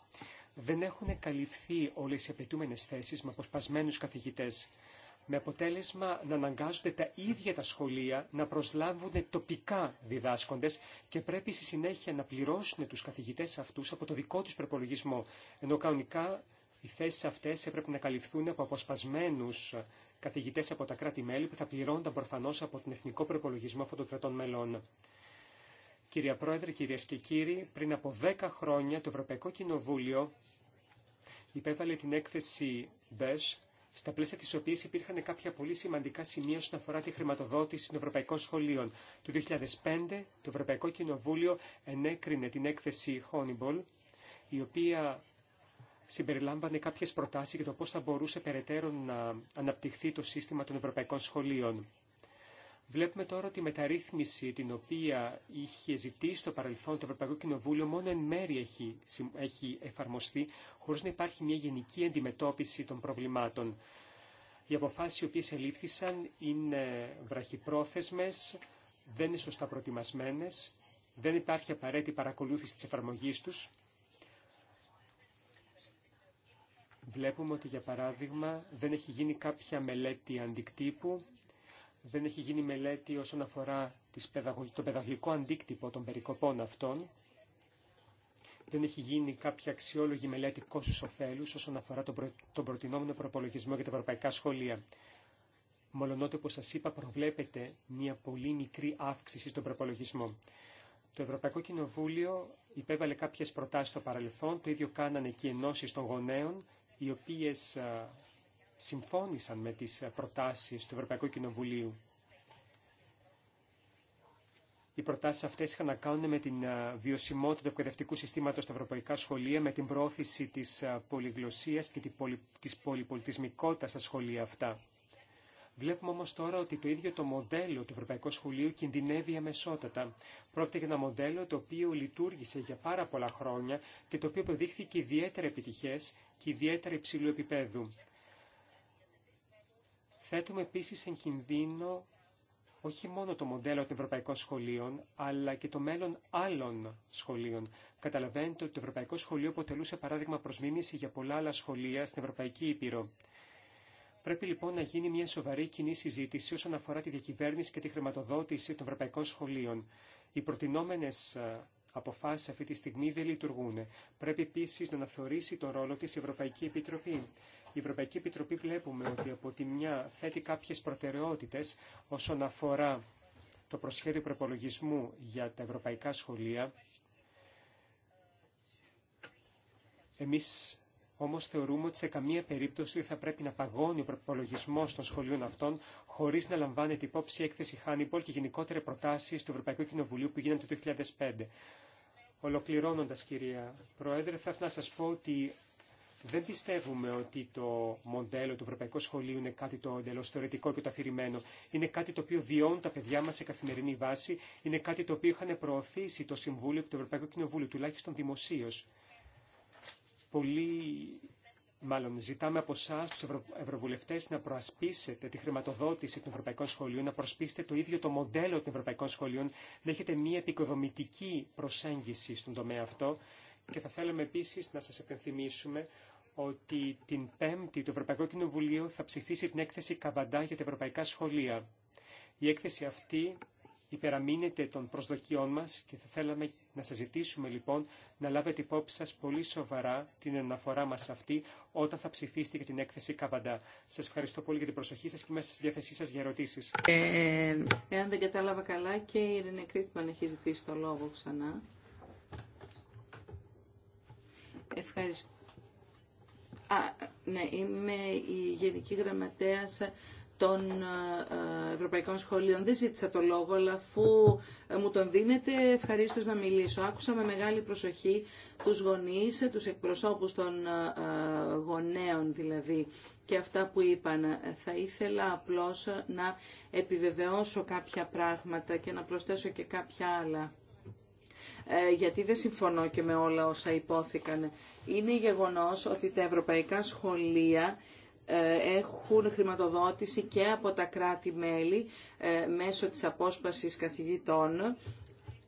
C: Δεν έχουν καλυφθεί όλες οι απαιτούμενες θέσεις με αποσπασμένους καθηγητές, με αποτέλεσμα να αναγκάζονται τα ίδια τα σχολεία να προσλάβουν τοπικά διδάσκοντες και πρέπει στη συνέχεια να πληρώσουν τους καθηγητές αυτούς από το δικό τους προπολογισμό, ενώ κανονικά οι θέσει αυτέ έπρεπε να καλυφθούν από αποσπασμένου καθηγητέ από τα κράτη-μέλη που θα πληρώνονταν προφανώ από τον Εθνικό Προπολογισμό αυτών των κρατών μελών. Κυρία Πρόεδρε, κύριε και κύριοι, πριν από 10 χρόνια το Ευρωπαϊκό Κοινοβούλιο υπέβαλε την έκθεση BES, στα πλαίσια τη οποία υπήρχαν κάποια πολύ σημαντικά σημεία όσον αφορά τη χρηματοδότηση των Ευρωπαϊκών Σχολείων. Το 2005 το Ευρωπαϊκό Κοινοβούλιο ενέκρινε την έκθεση Honeyball, η οποία συμπεριλάμβανε κάποιες προτάσεις για το πώς θα μπορούσε περαιτέρω να αναπτυχθεί το σύστημα των ευρωπαϊκών σχολείων. Βλέπουμε τώρα ότι η μεταρρύθμιση την οποία είχε ζητήσει στο παρελθόν το Ευρωπαϊκό Κοινοβούλιο μόνο εν μέρη έχει, έχει εφαρμοστεί, χωρίς να υπάρχει μια γενική αντιμετώπιση των προβλημάτων. Οι αποφάσεις οι οποίες ελήφθησαν είναι βραχυπρόθεσμες, δεν είναι σωστά προετοιμασμένες, δεν υπάρχει απαραίτητη παρακολούθηση της εφαρμογής τους Βλέπουμε ότι, για παράδειγμα, δεν έχει γίνει κάποια μελέτη αντικτύπου, δεν έχει γίνει μελέτη όσον αφορά το παιδαγωγικό αντίκτυπο των περικοπών αυτών, δεν έχει γίνει κάποια αξιόλογη μελέτη κόστου ωφέλου όσον αφορά τον, τον προτινόμενο προπολογισμό για τα ευρωπαϊκά σχολεία. Μολονότι, όπω σα είπα, προβλέπεται μια πολύ μικρή αύξηση στον προπολογισμό. Το Ευρωπαϊκό Κοινοβούλιο υπέβαλε κάποιε προτάσει στο παρελθόν, το ίδιο κάνανε και οι ενώσει των γονέων οι οποίες ε, συμφώνησαν με τις ε, προτάσεις του Ευρωπαϊκού Κοινοβουλίου. Οι προτάσεις αυτές είχαν να κάνουν με την ε, βιωσιμότητα του εκπαιδευτικού συστήματος στα ευρωπαϊκά σχολεία, με την πρόθεση της πολυγλωσσίας και της πολυπολιτισμικότητας στα σχολεία αυτά. Βλέπουμε όμως τώρα ότι το ίδιο το μοντέλο του Ευρωπαϊκού Σχολείου κινδυνεύει αμεσότατα. Πρόκειται για ένα μοντέλο το οποίο λειτουργήσε για πάρα πολλά χρόνια και το οποίο αποδείχθηκε ιδιαίτερα επιτυχές και ιδιαίτερα υψηλού επίπεδου. Θέτουμε επίσης εν κινδύνο όχι μόνο το μοντέλο των Ευρωπαϊκών Σχολείων, αλλά και το μέλλον άλλων σχολείων. Καταλαβαίνετε ότι το Ευρωπαϊκό Σχολείο αποτελούσε παράδειγμα προς για πολλά άλλα σχολεία στην Ευρωπαϊκή Ήπειρο. Πρέπει λοιπόν να γίνει μια σοβαρή κοινή συζήτηση όσον αφορά τη διακυβέρνηση και τη χρηματοδότηση των Ευρωπαϊκών Σχολείων. Οι αποφάσει αυτή τη στιγμή δεν λειτουργούν. Πρέπει επίση να αναθεωρήσει τον ρόλο τη Ευρωπαϊκή Επιτροπή. Η Ευρωπαϊκή Επιτροπή βλέπουμε ότι από τη μια θέτει κάποιε προτεραιότητε όσον αφορά το προσχέδιο προπολογισμού για τα ευρωπαϊκά σχολεία. Εμείς όμως θεωρούμε ότι σε καμία περίπτωση θα πρέπει να παγώνει ο προπολογισμό των σχολείων αυτών χωρίς να λαμβάνεται υπόψη η έκθεση Hannibal και γενικότερα προτάσεις του Ευρωπαϊκού Κοινοβουλίου που γίνανε το 2005. Ολοκληρώνοντας, κυρία Πρόεδρε, θα ήθελα να σας πω ότι δεν πιστεύουμε ότι το μοντέλο του Ευρωπαϊκού Σχολείου είναι κάτι το εντελώ θεωρητικό και το αφηρημένο. Είναι κάτι το οποίο βιώνουν τα παιδιά μα σε καθημερινή βάση. Είναι κάτι το οποίο είχαν προωθήσει το Συμβούλιο και το Ευρωπαϊκό Κοινοβούλιο, τουλάχιστον δημοσίω. Μάλλον ζητάμε από εσά, του Ευρωβουλευτέ, να προασπίσετε τη χρηματοδότηση των Ευρωπαϊκών Σχολείων, να προσπίσετε το ίδιο το μοντέλο των Ευρωπαϊκών Σχολείων, να έχετε μια επικοδομητική προσέγγιση στον τομέα αυτό. Και θα θέλαμε επίση να σα επενθυμίσουμε ότι την Πέμπτη του Ευρωπαϊκό Κοινοβουλίο θα ψηφίσει την έκθεση Καβαντά για τα Ευρωπαϊκά Σχολεία. Η έκθεση αυτή υπεραμείνετε των προσδοκιών μας και θα θέλαμε να σας ζητήσουμε λοιπόν να λάβετε υπόψη σας πολύ σοβαρά την αναφορά μας αυτή όταν θα ψηφίσετε για την έκθεση Καβαντά. Σας ευχαριστώ πολύ για την προσοχή σας και μέσα στη διάθεσή σας για ερωτήσεις. Ε,
B: εάν δεν κατάλαβα καλά και η Ρενε έχει ζητήσει το λόγο ξανά. Ευχαριστώ. Α, ναι, είμαι η Γενική των ε, Ευρωπαϊκών Σχολείων. Δεν ζήτησα το λόγο, αλλά αφού ε, μου τον δίνετε, ευχαρίστως να μιλήσω. Άκουσα με μεγάλη προσοχή τους γονείς, ε, τους εκπροσώπους των γονέων δηλαδή και αυτά που είπαν. Θα ήθελα απλώς να επιβεβαιώσω κάποια πράγματα και να προσθέσω και κάποια άλλα γιατί δεν συμφωνώ και με όλα όσα υπόθηκαν. Είναι γεγονός ότι τα ευρωπαϊκά σχολεία ε, έχουν χρηματοδότηση και από τα κράτη-μέλη ε, μέσω της απόσπασης καθηγητών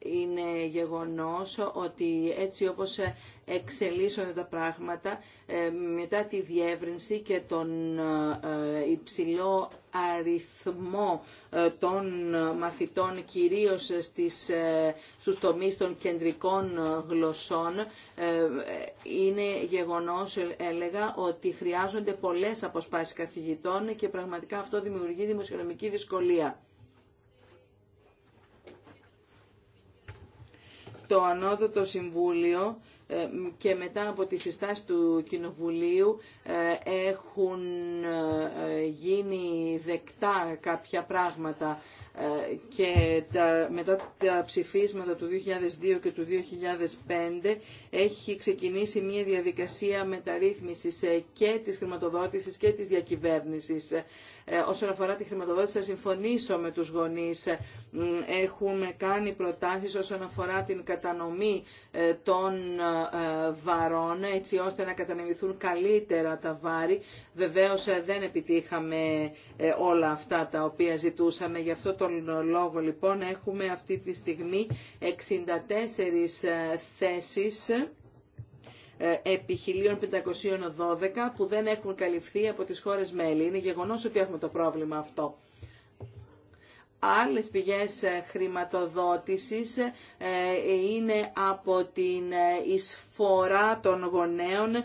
B: είναι γεγονός ότι έτσι όπως εξελίσσονται τα πράγματα ε, μετά τη διεύρυνση και τον ε, υψηλό αριθμό ε, των μαθητών κυρίως στις, στους τομείς των κεντρικών γλωσσών είναι γεγονός έλεγα ότι χρειάζονται πολλές αποσπάσεις καθηγητών και πραγματικά αυτό δημιουργεί δημοσιονομική δυσκολία. το Ανώτατο Συμβούλιο ε, και μετά από τη συστάση του Κοινοβουλίου ε, έχουν ε, γίνει δεκτά κάποια πράγματα και μετά τα ψηφίσματα του 2002 και του 2005 έχει ξεκινήσει μια διαδικασία μεταρρύθμισης και της χρηματοδότησης και της διακυβέρνησης ε, όσον αφορά τη χρηματοδότηση, θα συμφωνήσω με τους γονείς. Ε, έχουμε κάνει προτάσεις όσον αφορά την κατανομή ε, των βαρών, έτσι ώστε να κατανεμηθούν καλύτερα τα βάρη. Βεβαίως δεν επιτύχαμε όλα αυτά τα οποία ζητούσαμε. Γι' αυτό τον λόγο λοιπόν έχουμε αυτή τη στιγμή 64 θέσεις ε, επί 1512 που δεν έχουν καλυφθεί από τις χώρες μέλη. Είναι γεγονός ότι έχουμε το πρόβλημα αυτό. Άλλες πηγές ε, χρηματοδότησης ε, είναι από την ε, εισφορά των γονέων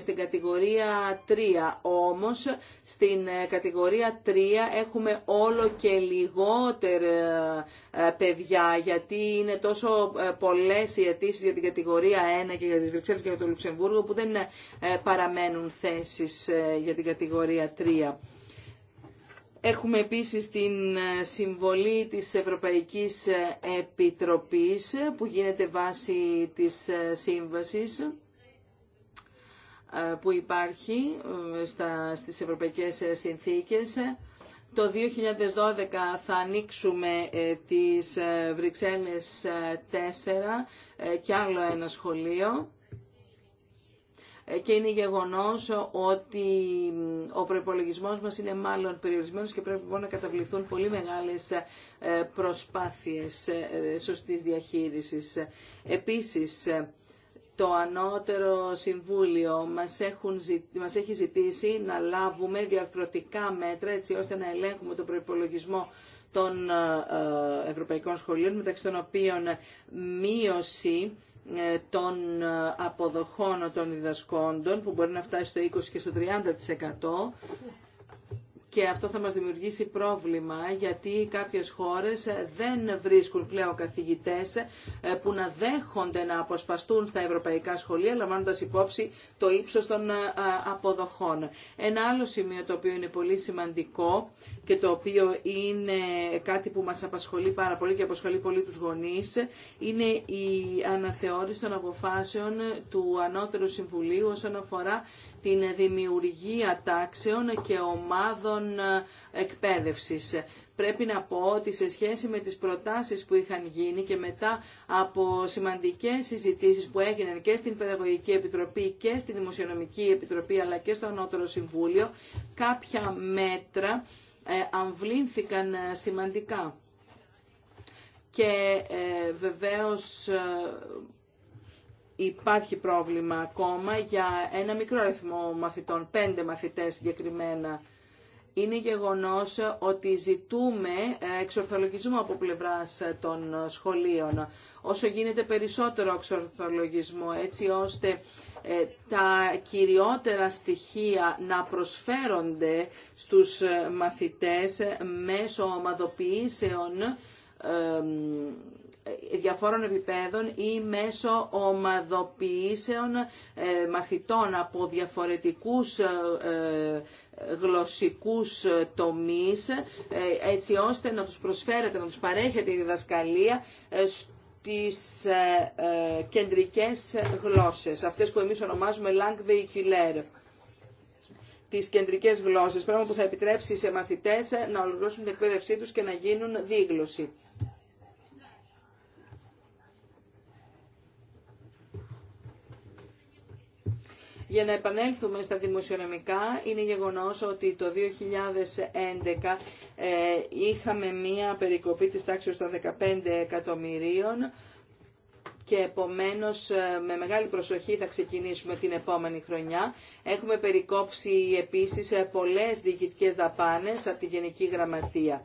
B: στην κατηγορία 3. Όμως στην κατηγορία 3 έχουμε όλο και λιγότερα παιδιά γιατί είναι τόσο πολλές οι αιτήσει για την κατηγορία 1 και για τις Βρυξέλλες και για το Λουξεμβούργο που δεν παραμένουν θέσεις για την κατηγορία 3. Έχουμε επίσης την ε, συμβολή της Ευρωπαϊκής ε, Επιτροπής ε, που γίνεται βάση της σύμβασης που υπάρχει στα, στις ευρωπαϊκές συνθήκες. Το 2012 θα ανοίξουμε τις Βρυξέλλες 4 και άλλο ένα σχολείο. Ε, και είναι γεγονός ότι ο προϋπολογισμός μας είναι μάλλον περιορισμένος και πρέπει να καταβληθούν πολύ μεγάλες ε, προσπάθειες ε, σωστής διαχείρισης. Επίσης, το ανώτερο συμβούλιο μας, έχουν, μας έχει ζητήσει να λάβουμε διαρθρωτικά μέτρα έτσι ώστε να ελέγχουμε τον προϋπολογισμό των ευρωπαϊκών σχολείων μεταξύ των οποίων μείωση ε, των ε, αποδοχών των διδασκόντων που μπορεί να φτάσει στο 20 και στο 30% και αυτό θα μας δημιουργήσει πρόβλημα γιατί κάποιες χώρες δεν βρίσκουν πλέον καθηγητές ε, που να δέχονται να αποσπαστούν στα ευρωπαϊκά σχολεία λαμβάνοντας υπόψη το ύψος των ε, ε, αποδοχών. Ένα άλλο σημείο το οποίο είναι πολύ σημαντικό και το οποίο είναι κάτι που μας απασχολεί πάρα πολύ και απασχολεί πολύ τους γονείς είναι η αναθεώρηση των αποφάσεων του Ανώτερου Συμβουλίου όσον αφορά την δημιουργία τάξεων και ομάδων ε, εκπαίδευσης. Πρέπει να πω ότι σε σχέση με τις προτάσεις που είχαν γίνει και μετά από σημαντικές συζητήσεις που έγιναν και στην Παιδαγωγική Επιτροπή και στη Δημοσιονομική Επιτροπή αλλά και στο Ανώτερο Συμβούλιο, κάποια μέτρα ε, αμβλήνθηκαν ε, σημαντικά. Και ε, υπάρχει πρόβλημα ακόμα για ένα μικρό αριθμό μαθητών, πέντε μαθητές συγκεκριμένα. Είναι γεγονός ότι ζητούμε ε, εξορθολογισμό από πλευράς ε, των σχολείων. Όσο γίνεται περισσότερο εξορθολογισμό, έτσι ώστε ε, τα κυριότερα στοιχεία να προσφέρονται στους μαθητές μέσω ομαδοποιήσεων διαφόρων επιπέδων ή μέσω ομαδοποιήσεων ε, μαθητών από διαφορετικούς ε, ε, γλωσσικούς τομείς έτσι ώστε να τους προσφέρετε, να τους παρέχετε η διδασκαλία στις κεντρικές γλώσσες, αυτές που εμείς ονομάζουμε Lang véhiculaire τις κεντρικές γλώσσες πράγμα που θα επιτρέψει σε μαθητές να ολοκληρώσουν την εκπαίδευσή τους και να γίνουν δίγλωση. Για να επανέλθουμε στα δημοσιονομικά, είναι γεγονός ότι το 2011 ε, είχαμε μία περικοπή της τάξης των 15 εκατομμυρίων και επομένως ε, με μεγάλη προσοχή θα ξεκινήσουμε την επόμενη χρονιά. Έχουμε περικόψει επίσης ε, πολλές διοικητικές δαπάνες από τη Γενική Γραμματεία.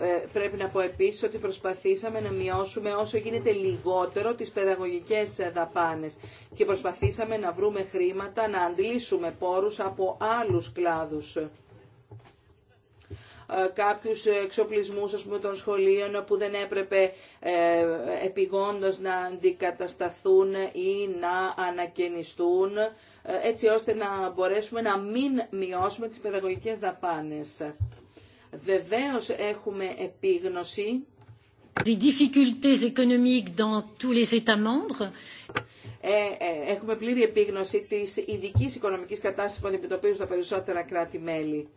B: Ε, πρέπει να πω επίση ότι προσπαθήσαμε να μειώσουμε όσο γίνεται λιγότερο τις παιδαγωγικέ δαπάνες και προσπαθήσαμε να βρούμε χρήματα, να αντλήσουμε πόρους από άλλους κλάδους ε, κάποιους εξοπλισμούς ας πούμε, των σχολείων που δεν έπρεπε ε, επιγόντως να αντικατασταθούν ή να ανακαινιστούν ε, έτσι ώστε να μπορέσουμε να μην μειώσουμε τις παιδαγωγικές δαπάνες. Βεβαίως έχουμε επίγνωση des
A: difficultés économiques dans tous les États membres.
B: Ε, ε, έχουμε πλήρη επίγνωση της ειδική οικονομικής κατάστασης που αντιμετωπίζουν τα περισσότερα κράτη-μέλη.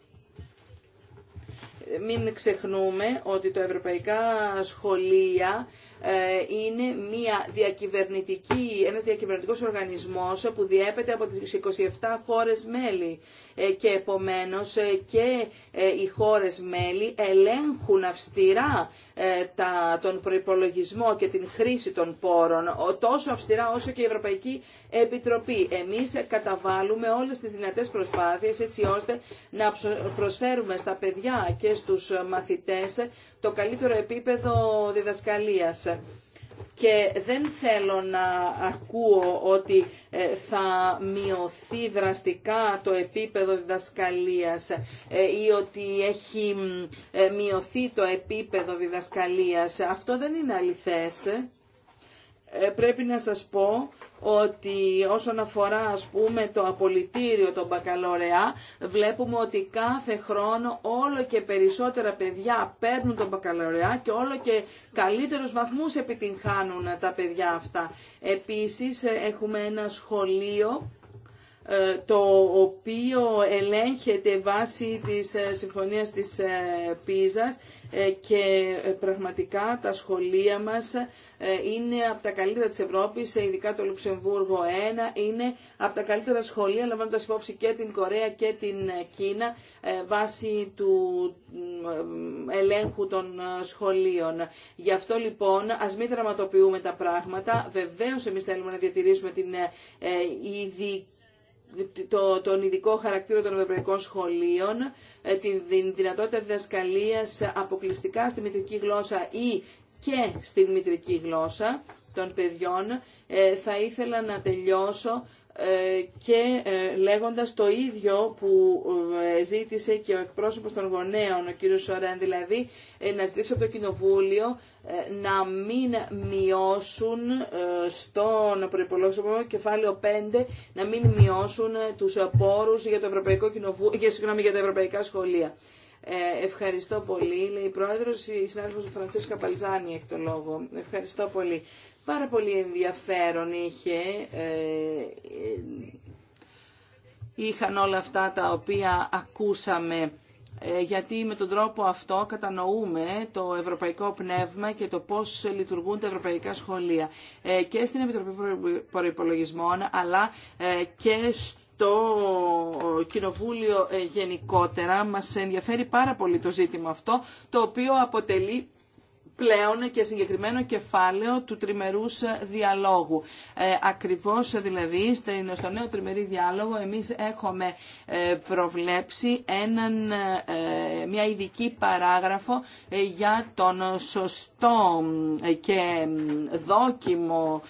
B: Μην ξεχνούμε ότι τα ευρωπαϊκά σχολεία ε, είναι μια διακυβερνητική, ένας διακυβερνητικός οργανισμός που διέπεται από τις 27 χώρες μέλη ε, και επομένως ε, και οι χώρες μέλη ελέγχουν αυστηρά τα, τον προϋπολογισμό και την χρήση των πόρων τόσο αυστηρά όσο και η Ευρωπαϊκή Επιτροπή. Εμείς καταβάλουμε όλες τις δυνατές προσπάθειες έτσι ώστε να προσφέρουμε στα παιδιά και στους μαθητές το καλύτερο επίπεδο διδασκαλίας και δεν θέλω να ακούω ότι ε, θα μειωθεί δραστικά το επίπεδο διδασκαλίας ε, ή ότι έχει ε, μειωθεί το επίπεδο διδασκαλίας. Αυτό δεν είναι αληθές. Πρέπει να σας πω ότι όσον αφορά ας πούμε το απολυτήριο των μπακαλωρεά βλέπουμε ότι κάθε χρόνο όλο και περισσότερα παιδιά παίρνουν τον μπακαλωρεά και όλο και καλύτερους βαθμούς επιτυγχάνουν τα παιδιά αυτά. Επίσης έχουμε ένα σχολείο ε, το οποίο ελέγχεται βάσει της ε, συμφωνίας της ε, Πίζας και πραγματικά τα σχολεία μας είναι από τα καλύτερα της Ευρώπης, ειδικά το Λουξεμβούργο 1, είναι από τα καλύτερα σχολεία, λαμβάνοντας υπόψη και την Κορέα και την Κίνα, βάσει του ελέγχου των σχολείων. Γι' αυτό λοιπόν ας μην δραματοποιούμε τα πράγματα. Βεβαίως εμείς θέλουμε να διατηρήσουμε την ειδική το, τον ειδικό χαρακτήρα των ευρωπαϊκών σχολείων, ε, την, δυνατότητα διδασκαλίας αποκλειστικά στη μητρική γλώσσα ή και στη μητρική γλώσσα των παιδιών. Ε, θα ήθελα να τελειώσω ε, και ε, λέγοντας το ίδιο που ε, ζήτησε και ο εκπρόσωπος των γονέων, ο κύριος Σορέν, δηλαδή να ζητήσει από το Κοινοβούλιο να μην μειώσουν στον προϋπολογισμό κεφάλαιο 5, να μην μειώσουν τους πόρους για, το Ευρωπαϊκό Κοινοβούλιο, για, συγγνώμη, για τα ευρωπαϊκά σχολεία. ευχαριστώ πολύ. η πρόεδρος η συνάδελφος Φρανσίσκα Παλτζάνη έχει το λόγο. Ευχαριστώ πολύ. Πάρα πολύ ενδιαφέρον είχε, ε, ε, είχαν όλα αυτά τα οποία ακούσαμε ε, γιατί με τον τρόπο αυτό κατανοούμε το ευρωπαϊκό πνεύμα και το πώς λειτουργούν τα ευρωπαϊκά σχολεία και στην Επιτροπή Προϋπολογισμών αλλά και στο Κοινοβούλιο γενικότερα μας ενδιαφέρει πάρα πολύ το ζήτημα αυτό το οποίο αποτελεί πλέον και συγκεκριμένο κεφάλαιο του τριμερούς διαλόγου. Ε, ακριβώς δηλαδή στο νέο τριμερή διάλογο εμείς έχουμε ε, προβλέψει έναν, ε, μια ειδική παράγραφο για τον σωστό και δόκιμο,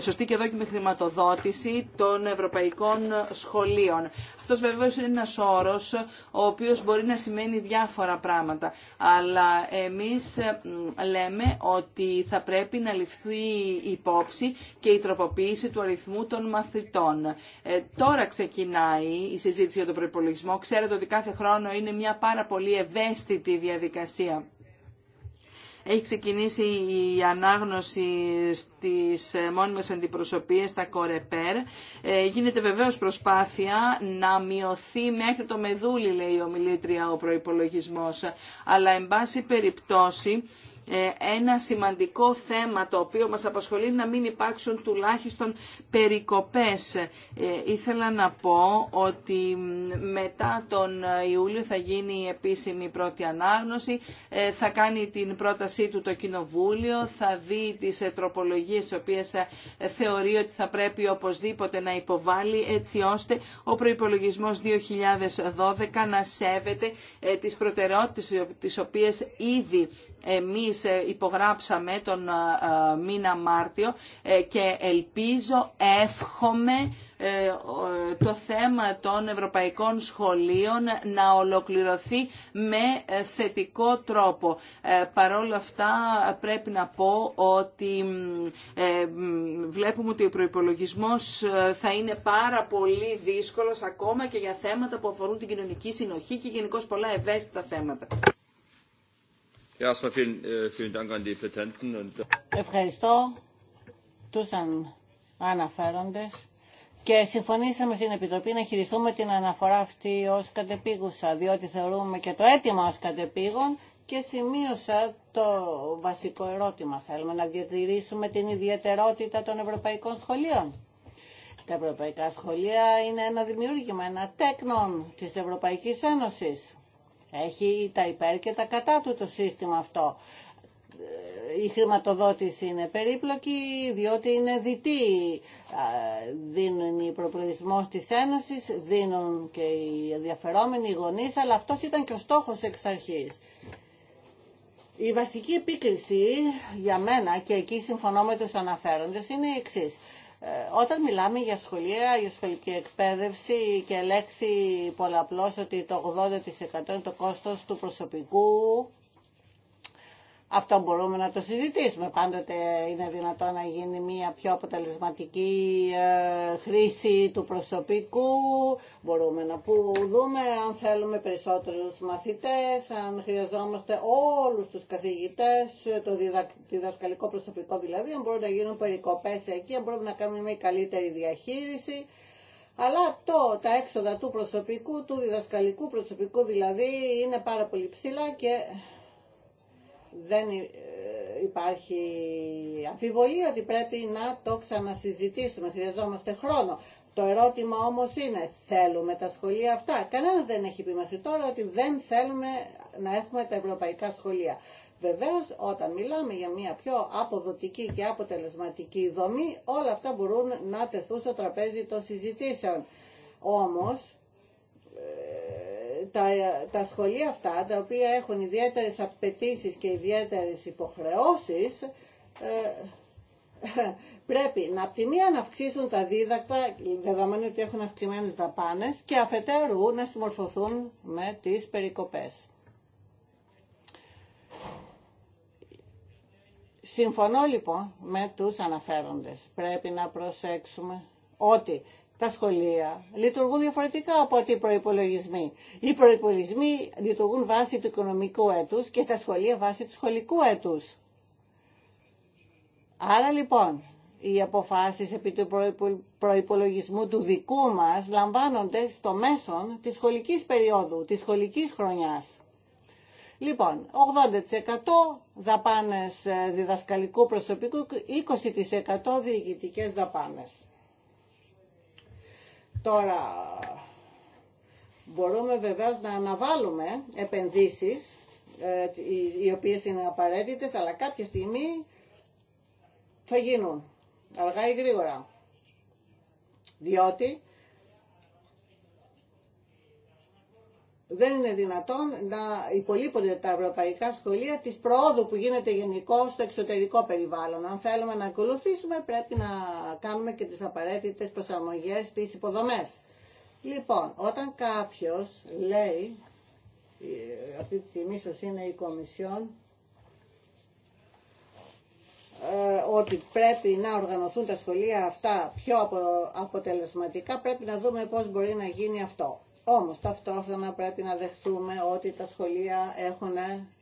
B: σωστή και δόκιμη χρηματοδότηση των ευρωπαϊκών σχολείων. Αυτό βεβαίω είναι ένα όρο ο οποίος μπορεί να σημαίνει διάφορα πράγματα. Αλλά εμείς ε, λέμε ότι θα πρέπει να ληφθεί υπόψη και η τροποποίηση του αριθμού των μαθητών. Ε, τώρα ξεκινάει η συζήτηση για τον προπολογισμό. Ξέρετε ότι κάθε χρόνο είναι μια πάρα πολύ ευαίσθητη διαδικασία. Έχει ξεκινήσει η ανάγνωση στις μόνιμες αντιπροσωπείες, τα κορεπέρ. Ε, γίνεται βεβαίως προσπάθεια να μειωθεί μέχρι το μεδούλι, λέει η ομιλήτρια, ο προϋπολογισμός. Αλλά, εν πάση περιπτώσει, ε, ένα σημαντικό θέμα το οποίο μας απασχολεί να μην υπάρξουν τουλάχιστον περικοπές. Ε, ήθελα να πω ότι μετά τον Ιούλιο θα γίνει η επίσημη πρώτη ανάγνωση, ε, θα κάνει την πρότασή του το Κοινοβούλιο, θα δει τις τροπολογίες οι οποίες θεωρεί ότι θα πρέπει οπωσδήποτε να υποβάλει έτσι ώστε ο προϋπολογισμός 2012 να σέβεται τις προτεραιότητες τις οποίες ήδη εμείς ε, υπογράψαμε τον ε, ε, μήνα Μάρτιο και ελπίζω, εύχομαι το θέμα των ευρωπαϊκών σχολείων να ολοκληρωθεί με θετικό τρόπο. Παρόλα αυτά πρέπει να πω ότι βλέπουμε ότι ο προϋπολογισμός θα είναι πάρα πολύ δύσκολος ακόμα και για θέματα που αφορούν την κοινωνική συνοχή και γενικώ πολλά ευαίσθητα θέματα.
C: Äh, äh,
A: Ευχαριστώ τους αναφέροντες και συμφωνήσαμε στην Επιτροπή να χειριστούμε την αναφορά αυτή ως κατεπίγουσα, διότι θεωρούμε και το αίτημα ως κατεπήγον και σημείωσα το βασικό ερώτημα. Θέλουμε να διατηρήσουμε την ιδιαιτερότητα των ευρωπαϊκών σχολείων. Τα ευρωπαϊκά σχολεία είναι ένα δημιούργημα, ένα τέκνον της Ευρωπαϊκής Ένωσης έχει τα υπέρ και τα κατά του το σύστημα αυτό. Η χρηματοδότηση είναι περίπλοκη διότι είναι διτή. Δίνουν οι προπολογισμό της Ένωση, δίνουν και οι ενδιαφερόμενοι γονεί, αλλά αυτό ήταν και ο στόχο εξ αρχή. Η βασική επίκριση για μένα και εκεί συμφωνώ με τους αναφέροντες είναι η εξής. Ε, όταν μιλάμε για σχολεία, για σχολική εκπαίδευση και λέξη πολλαπλώς ότι το 80% είναι το κόστος του προσωπικού αυτό μπορούμε να το συζητήσουμε. Πάντοτε είναι δυνατό να γίνει μια πιο αποτελεσματική ε, χρήση του προσωπικού. Μπορούμε να που δούμε αν θέλουμε περισσότερους μαθητές, αν χρειαζόμαστε όλους τους καθηγητές, το διδασκαλικό προσωπικό δηλαδή, αν μπορούν να γίνουν περικοπές εκεί, αν μπορούμε να κάνουμε μια καλύτερη διαχείριση. Αλλά το, τα έξοδα του προσωπικού, του διδασκαλικού προσωπικού δηλαδή είναι πάρα πολύ ψηλά και δεν ε, υπάρχει αμφιβολία ότι πρέπει να το ξανασυζητήσουμε. Χρειαζόμαστε χρόνο. Το ερώτημα όμως είναι, θέλουμε τα σχολεία αυτά. Κανένας δεν έχει πει μέχρι τώρα ότι δεν θέλουμε να έχουμε τα ευρωπαϊκά σχολεία. Βεβαίως, όταν μιλάμε για μια πιο αποδοτική και αποτελεσματική δομή, όλα αυτά μπορούν να τεθούν στο τραπέζι των συζητήσεων. Όμως, ε, τα, σχολεία αυτά, τα οποία έχουν ιδιαίτερες απαιτήσει και ιδιαίτερες υποχρεώσεις, ε, πρέπει να απ' τη μία να αυξήσουν τα δίδακτα, δεδομένου ότι έχουν αυξημένες δαπάνες, και αφετέρου να συμμορφωθούν με τις περικοπές. Συμφωνώ λοιπόν με τους αναφέροντες. Πρέπει να προσέξουμε ότι τα σχολεία λειτουργούν διαφορετικά από ότι οι προπολογισμοί. Οι προπολογισμοί λειτουργούν βάσει του οικονομικού έτου και τα σχολεία βάσει του σχολικού έτου. Άρα λοιπόν, οι αποφάσεις επί του προϋπολογισμού του δικού μας λαμβάνονται στο μέσον της σχολικής περίοδου, της σχολικής χρονιάς. Λοιπόν, 80% δαπάνες ε, διδασκαλικού προσωπικού, 20% διοικητικές δαπάνες. Τώρα, μπορούμε βεβαίω να αναβάλουμε επενδύσεις ε, οι οποίες είναι απαραίτητες, αλλά κάποια στιγμή θα γίνουν αργά ή γρήγορα. Διότι δεν είναι δυνατόν να υπολείπονται τα ευρωπαϊκά σχολεία της προόδου που γίνεται γενικώ στο εξωτερικό περιβάλλον. Αν θέλουμε να ακολουθήσουμε πρέπει να κάνουμε και τις απαραίτητες προσαρμογές στι υποδομέ. Λοιπόν, όταν κάποιο λέει, ε, αυτή τη στιγμή ίσω είναι η Κομισιόν, ε, ότι πρέπει να οργανωθούν τα σχολεία αυτά πιο αποτελεσματικά, πρέπει να δούμε πώς μπορεί να γίνει αυτό. Όμως ταυτόχρονα πρέπει να δεχθούμε ότι τα σχολεία έχουν,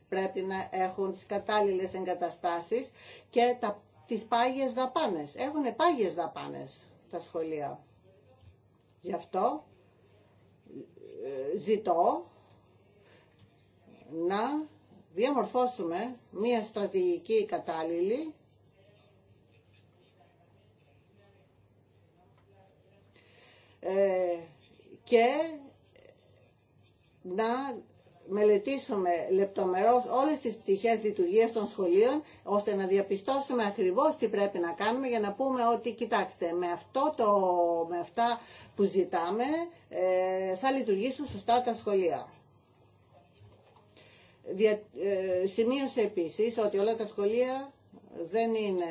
A: πρέπει να έχουν τις κατάλληλες εγκαταστάσεις και τα, τις πάγιες δαπάνες. Έχουν πάγιες δαπάνες τα σχολεία. Γι' αυτό ε, ζητώ να διαμορφώσουμε μία στρατηγική κατάλληλη ε, και να μελετήσουμε λεπτομερώς όλες τις πτυχές λειτουργίας των σχολείων ώστε να διαπιστώσουμε ακριβώς τι πρέπει να κάνουμε για να πούμε ότι κοιτάξτε με, αυτό το, με αυτά που ζητάμε ε, θα λειτουργήσουν σωστά τα σχολεία. Δια, ε, σημείωσε επίσης ότι όλα τα σχολεία δεν είναι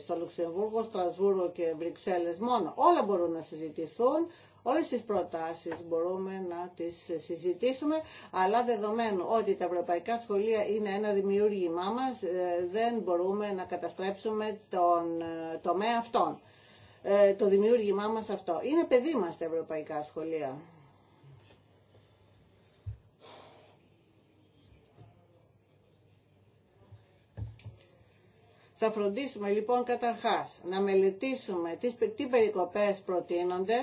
A: στο Λουξεμβούργο, Στρασβούργο και Βρυξέλλες μόνο. Όλα μπορούν να συζητηθούν, Όλες τις προτάσεις μπορούμε να τις συζητήσουμε, αλλά δεδομένου ότι τα ευρωπαϊκά σχολεία είναι ένα δημιούργημά μας, ε, δεν μπορούμε να καταστρέψουμε τον ε, τομέα αυτόν. Ε, το δημιούργημά μας αυτό. Είναι παιδί μας τα ευρωπαϊκά σχολεία. Θα φροντίσουμε λοιπόν καταρχάς να μελετήσουμε τι περικοπές προτείνονται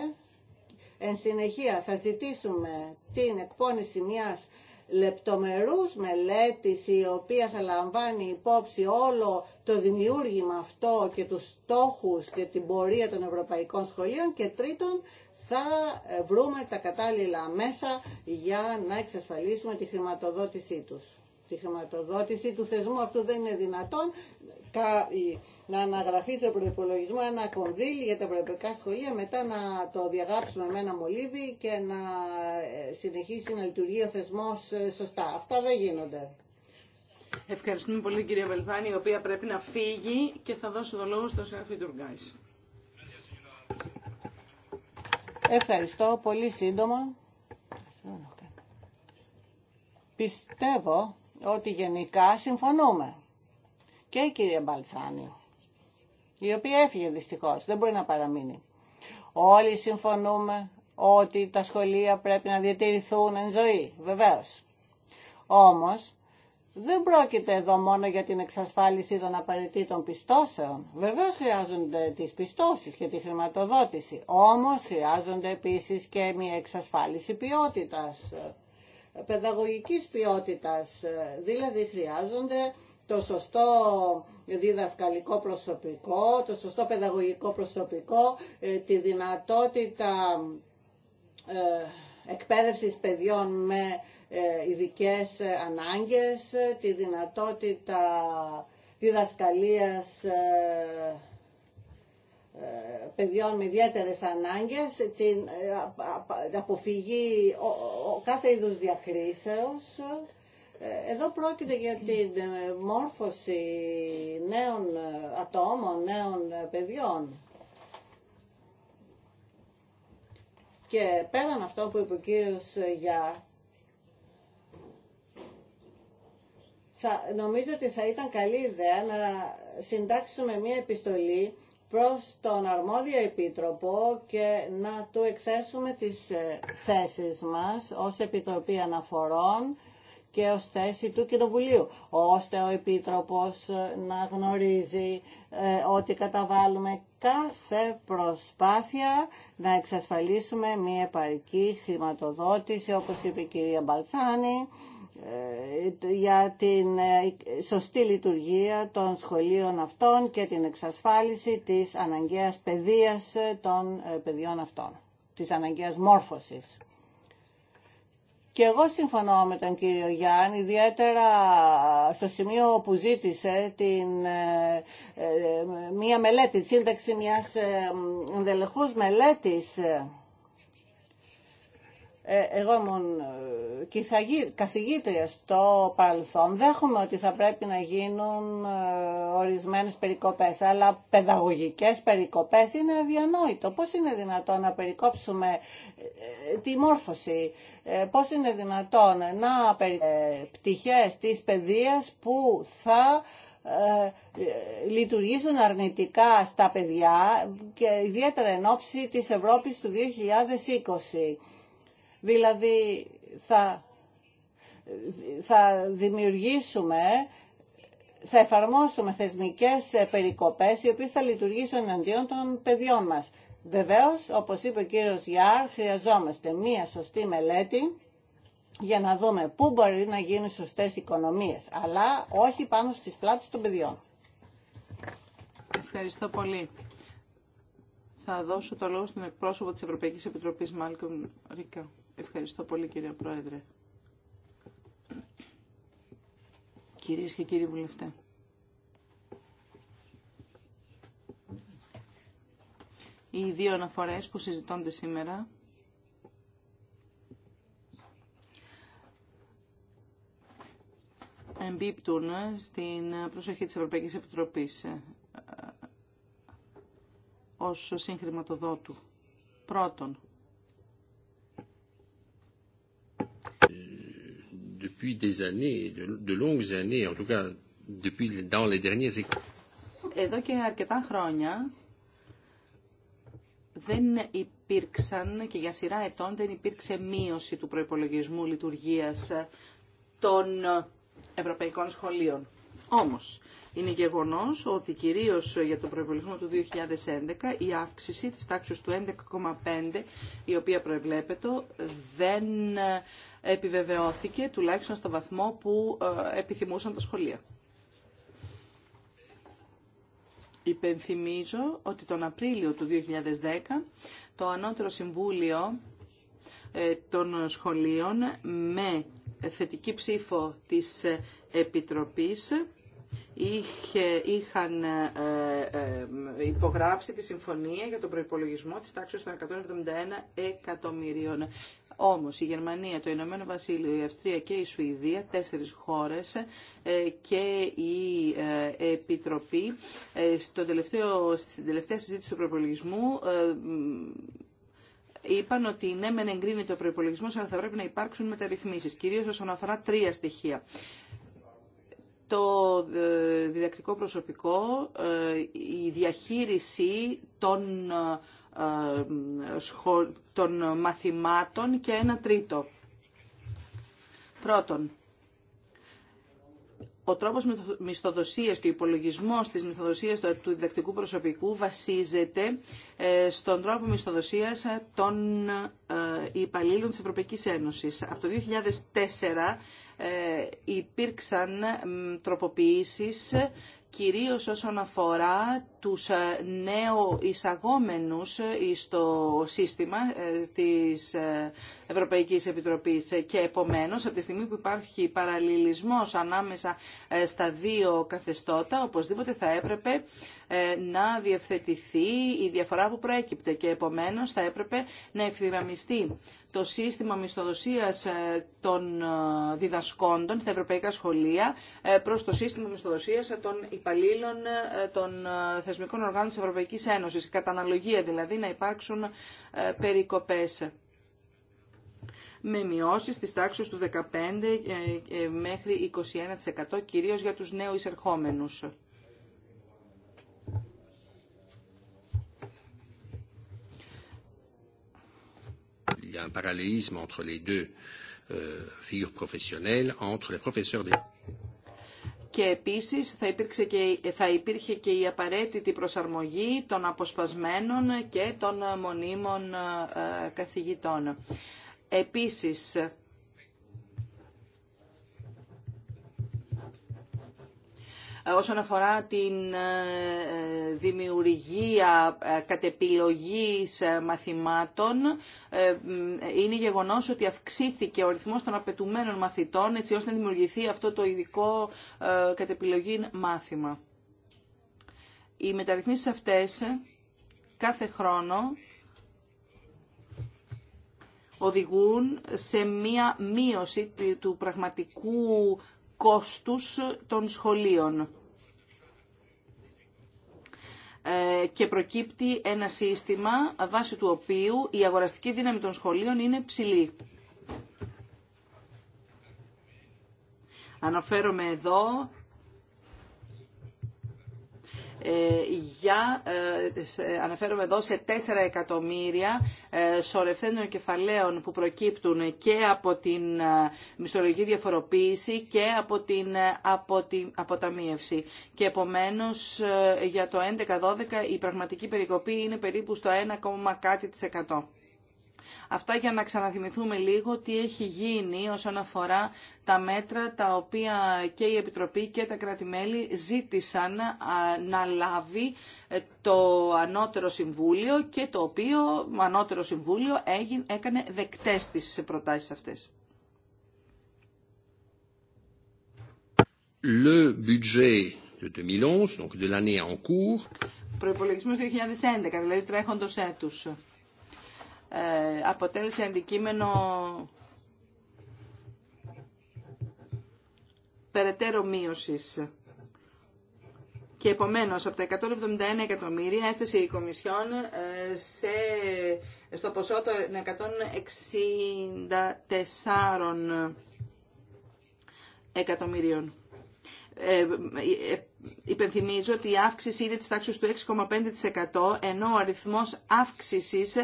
A: Εν συνεχεία θα ζητήσουμε την εκπόνηση μιας λεπτομερούς μελέτης η οποία θα λαμβάνει υπόψη όλο το δημιούργημα αυτό και τους στόχους και την πορεία των ευρωπαϊκών σχολείων και τρίτον θα βρούμε τα κατάλληλα μέσα για να εξασφαλίσουμε τη χρηματοδότησή τους. Τη χρηματοδότηση του θεσμού αυτού δεν είναι δυνατόν να αναγραφεί στο προπολογισμό ένα κονδύλι για τα ευρωπαϊκά σχολεία, μετά να το διαγράψουμε με ένα μολύβι και να ε, συνεχίσει να λειτουργεί ο θεσμός ε,
B: σωστά. Αυτά δεν γίνονται. Ευχαριστούμε πολύ κυρία Βελτζάνη, η οποία πρέπει να φύγει και θα δώσω το λόγο στον Σεραφή Τουργκάης.
A: Ευχαριστώ πολύ σύντομα. Πιστεύω ότι γενικά συμφωνούμε. Και η κυρία Μπαλτσάνη η οποία έφυγε δυστυχώς, δεν μπορεί να παραμείνει. Όλοι συμφωνούμε ότι τα σχολεία πρέπει να διατηρηθούν εν ζωή, βεβαίως. Όμως, δεν πρόκειται εδώ μόνο για την εξασφάλιση των απαραίτητων πιστώσεων. Βεβαίως χρειάζονται τις πιστώσεις και τη χρηματοδότηση. Όμως χρειάζονται επίσης και μια εξασφάλιση ποιότητας, ε, παιδαγωγικής ποιότητας. Ε, δηλαδή χρειάζονται το σωστό διδασκαλικό προσωπικό, το σωστό παιδαγωγικό προσωπικό, ε, τη δυνατότητα ε, εκπαίδευσης παιδιών με ε, ειδικέ ανάγκες, τη δυνατότητα διδασκαλίας παιδιών με ιδιαίτερες ανάγκες, την αποφυγή κάθε είδους διακρίσεως, εδώ πρόκειται για την ε, μόρφωση νέων ε, ατόμων, νέων ε, παιδιών. Και πέραν αυτό που είπε ο κύριος Γιά, νομίζω ότι θα ήταν καλή ιδέα να συντάξουμε μία επιστολή προς τον αρμόδιο επίτροπο και να του εξέσουμε τις θέσεις μας ως Επιτροπή Αναφορών και ως θέση του Κοινοβουλίου, ώστε ο Επίτροπος ε, να γνωρίζει ε, ότι καταβάλουμε κάθε προσπάθεια να εξασφαλίσουμε μια επαρκή χρηματοδότηση, όπως είπε η κυρία Μπαλτσάνη, ε, για την σωστή λειτουργία των σχολείων αυτών και την εξασφάλιση της αναγκαίας παιδείας των παιδιών αυτών, της αναγκαίας μόρφωσης. Και εγώ συμφωνώ με τον κύριο Γιάννη, ιδιαίτερα στο σημείο που ζήτησε την, ε, ε, ε, μία μελέτη, σύνταξη μιας ενδελεχούς μελέτης ε, εγώ ήμουν ε, καθηγήτρια στο παρελθόν. Δέχομαι ότι θα πρέπει να γίνουν ε, ορισμένες περικοπές, αλλά παιδαγωγικές περικοπές είναι αδιανόητο. Πώς είναι δυνατόν να περικόψουμε τη μόρφωση, πώς είναι δυνατόν να περικόψουμε πτυχές της παιδείας που θα λειτουργήσουν αρνητικά στα παιδιά και ιδιαίτερα εν ώψη της Ευρώπης του 2020. Δηλαδή θα, θα δημιουργήσουμε θα εφαρμόσουμε θεσμικές περικοπές οι οποίες θα λειτουργήσουν εναντίον των παιδιών μας. Βεβαίως, όπως είπε ο κύριος Γιάρ, χρειαζόμαστε μία σωστή μελέτη για να δούμε πού μπορεί να γίνουν σωστές οικονομίες, αλλά όχι πάνω στις πλάτες των παιδιών.
B: Ευχαριστώ πολύ. Θα δώσω το λόγο στον εκπρόσωπο της Ευρωπαϊκής Επιτροπής, Μάλκομ Ρίκα. Ευχαριστώ πολύ κύριε Πρόεδρε. Κυρίες και κύριοι βουλευτέ. Οι δύο αναφορές που συζητώνται σήμερα εμπίπτουν στην προσοχή της Ευρωπαϊκής Επιτροπής ε, ε, ως σύγχρηματοδότου. Πρώτον, Εδώ και αρκετά χρόνια δεν υπήρξαν και για σειρά ετών δεν υπήρξε μείωση του προϋπολογισμού λειτουργίας των ευρωπαϊκών σχολείων. Όμως, είναι γεγονός ότι κυρίως για το προϋπολογισμό του 2011 η αύξηση της τάξης του 11,5 η οποία προεβλέπεται δεν επιβεβαιώθηκε τουλάχιστον στο βαθμό που ε, επιθυμούσαν τα σχολεία. Υπενθυμίζω ότι τον Απρίλιο του 2010 το Ανώτερο Συμβούλιο ε, των Σχολείων με θετική ψήφο της Επιτροπής είχε, είχαν ε, υπογράψει τη συμφωνία για τον προϋπολογισμό της τάξης των 171 εκατομμυρίων όμως η Γερμανία, το Ηνωμένο Βασίλειο, η Αυστρία και η Σουηδία, τέσσερις χώρες ε, και η ε, Επιτροπή ε, στο τελευταίο, στην τελευταία συζήτηση του προπολογισμού είπαν ότι ναι, μεν εγκρίνεται ο προπολογισμό, αλλά θα πρέπει να υπάρξουν μεταρρυθμίσει, κυρίω όσον αφορά τρία στοιχεία. Το διδακτικό προσωπικό, η διαχείριση των ε, των μαθημάτων και ένα τρίτο. Πρώτον, ο τρόπος μισθοδοσίας και ο υπολογισμός της μισθοδοσίας του διδακτικού προσωπικού βασίζεται ε, στον τρόπο μισθοδοσίας των ε, υπαλλήλων της Ευρωπαϊκής Ένωσης. Από το 2004 υπήρξαν τροποποιήσεις κυρίως όσον αφορά τους ε, νέο εισαγόμενους ε, στο σύστημα ε, της Ευρωπαϊκής Επιτροπής και επομένως από τη στιγμή που υπάρχει παραλληλισμός ανάμεσα στα δύο καθεστώτα οπωσδήποτε θα έπρεπε να διευθετηθεί η διαφορά που προέκυπτε και επομένως θα έπρεπε να ευθυγραμμιστεί το σύστημα μισθοδοσίας ε, των ε, διδασκόντων στα ευρωπαϊκά σχολεία ε, προς το σύστημα μισθοδοσίας των υπαλλήλων των θεσμικών οργάνων της Ευρωπαϊκής Ένωσης. Κατά αναλογία δηλαδή να υπάρξουν περικοπές με μειώσεις της τάξης του 15 μέχρι 21% κυρίως για τους νέους εισερχόμενου.
A: y a un parallélisme entre les deux euh, figures professionnelles,
C: entre les professeurs des
B: και επίσης θα, υπήρξε και, θα υπήρχε και η απαραίτητη προσαρμογή των αποσπασμένων και των μονίμων ε, καθηγητών. Επίσης, όσον αφορά την ε, ε, δημιουργία ε, κατεπιλογής μαθημάτων είναι γεγονός ότι αυξήθηκε ο ρυθμός των απαιτουμένων μαθητών έτσι ώστε να δημιουργηθεί αυτό το ειδικό κατεπιλογή μάθημα. Οι μεταρρυθμίσεις αυτές κάθε χρόνο οδηγούν σε μία μείωση του πραγματικού κόστους των σχολείων. Ε, και προκύπτει ένα σύστημα βάσει του οποίου η αγοραστική δύναμη των σχολείων είναι ψηλή. Αναφέρομαι εδώ ε, για, ε, αναφέρομαι εδώ σε 4 εκατομμύρια ε, σωρευθέντων κεφαλαίων που προκύπτουν και από την μισθολογική διαφοροποίηση και από την αποταμίευση. Και επομένως για το 11-12 η πραγματική περικοπή είναι περίπου στο 1, Αυτά για να ξαναθυμηθούμε λίγο τι έχει γίνει όσον αφορά τα μέτρα τα οποία και η Επιτροπή και τα κράτη-μέλη ζήτησαν ε, να λάβει ε, το Ανώτερο Συμβούλιο και το οποίο Ανώτερο Συμβούλιο έκανε δεκτές τις προτάσεις αυτές.
A: Le budget de 2011, donc de l'année
C: en cours.
B: Προϋπολογισμός 2011, δηλαδή τρέχοντος έτους. Ε, αποτέλεσε αντικείμενο περαιτέρω μείωσης. Και επομένως από τα 171 εκατομμύρια έφτασε η Κομισιόν ε, στο ποσό των 164 εκατομμυρίων. Ε, ε υπενθυμίζω ότι η αύξηση είναι της τάξης του 6,5% ενώ ο αριθμός αύξησης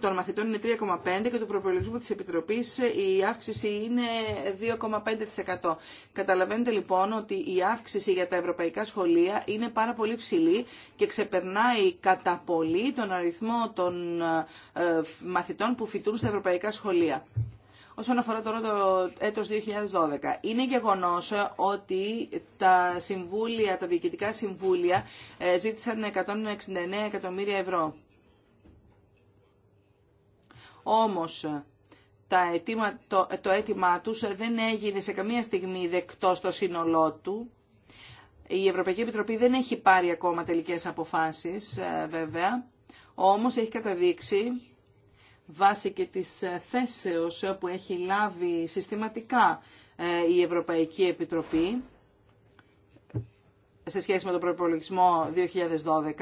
B: των μαθητών είναι 3,5% και του προπολογισμού της Επιτροπής η αύξηση είναι 2,5%. Καταλαβαίνετε λοιπόν ότι η αύξηση για τα ευρωπαϊκά σχολεία είναι πάρα πολύ ψηλή και ξεπερνάει κατά πολύ τον αριθμό των ε, μαθητών που φοιτούν στα ευρωπαϊκά σχολεία όσον αφορά τώρα το έτος 2012. Είναι γεγονός ότι τα συμβούλια, τα διοικητικά συμβούλια ε, ζήτησαν 169 εκατομμύρια ευρώ. Όμως, το, το αίτημά τους δεν έγινε σε καμία στιγμή δεκτό στο σύνολό του. Η Ευρωπαϊκή Επιτροπή δεν έχει πάρει ακόμα τελικές αποφάσεις, ε, βέβαια, όμως έχει καταδείξει βάσει και της ε, θέσεως που έχει λάβει συστηματικά ε, η Ευρωπαϊκή Επιτροπή σε σχέση με τον προπολογισμό 2012,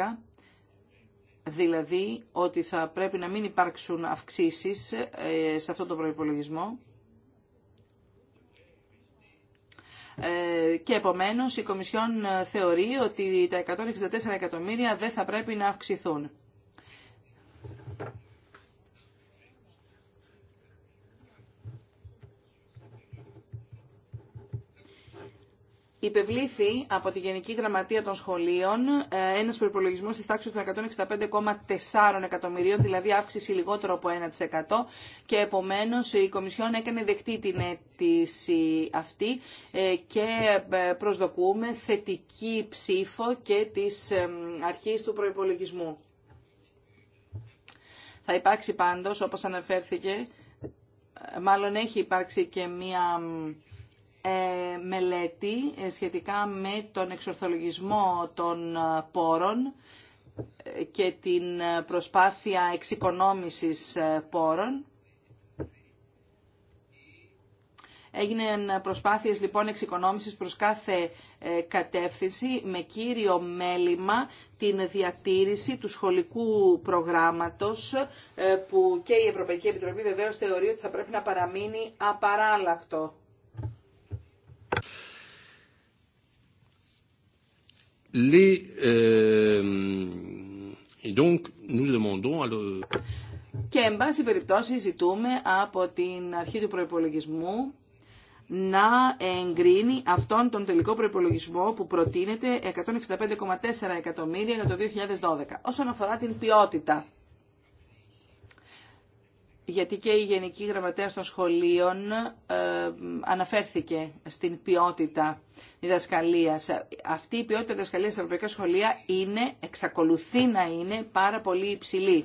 B: δηλαδή ότι θα πρέπει να μην υπάρξουν αυξήσεις ε, σε αυτό το προϋπολογισμό. και επομένως η Κομισιόν θεωρεί ότι τα 164 εκατομμύρια δεν θα πρέπει να αυξηθούν. υπευλήθη από τη Γενική Γραμματεία των Σχολείων ε, ένας προπολογισμό της τάξης των 165,4 εκατομμυρίων, δηλαδή αύξηση λιγότερο από 1% και επομένως η Κομισιόν έκανε δεκτή την αίτηση αυτή ε, και ε, προσδοκούμε θετική ψήφο και της αρχής του προϋπολογισμού. Θα υπάρξει πάντως, όπως αναφέρθηκε, μάλλον έχει υπάρξει και μία ε, μελέτη ε, σχετικά με τον εξορθολογισμό των ε, πόρων και την προσπάθεια εξοικονόμησης πόρων. Έγινε προσπάθειες λοιπόν εξοικονόμησης προς κάθε κατεύθυνση με κύριο μέλημα την διατήρηση του σχολικού προγράμματος που και η Ευρωπαϊκή Επιτροπή βεβαίως θεωρεί ότι θα πρέπει να παραμείνει απαράλλαχτο.
A: Les, euh, et donc, nous demandons à le...
B: Και εν πάση περιπτώσει ζητούμε από την αρχή του προϋπολογισμού να εγκρίνει αυτόν τον τελικό προϋπολογισμό που προτείνεται 165,4 εκατομμύρια για το 2012. Όσον αφορά την ποιότητα, γιατί και η Γενική Γραμματέα των Σχολείων ε, αναφέρθηκε στην ποιότητα διδασκαλίας. Αυτή η ποιότητα διδασκαλίας στα ευρωπαϊκά σχολεία είναι, εξακολουθεί να είναι πάρα πολύ υψηλή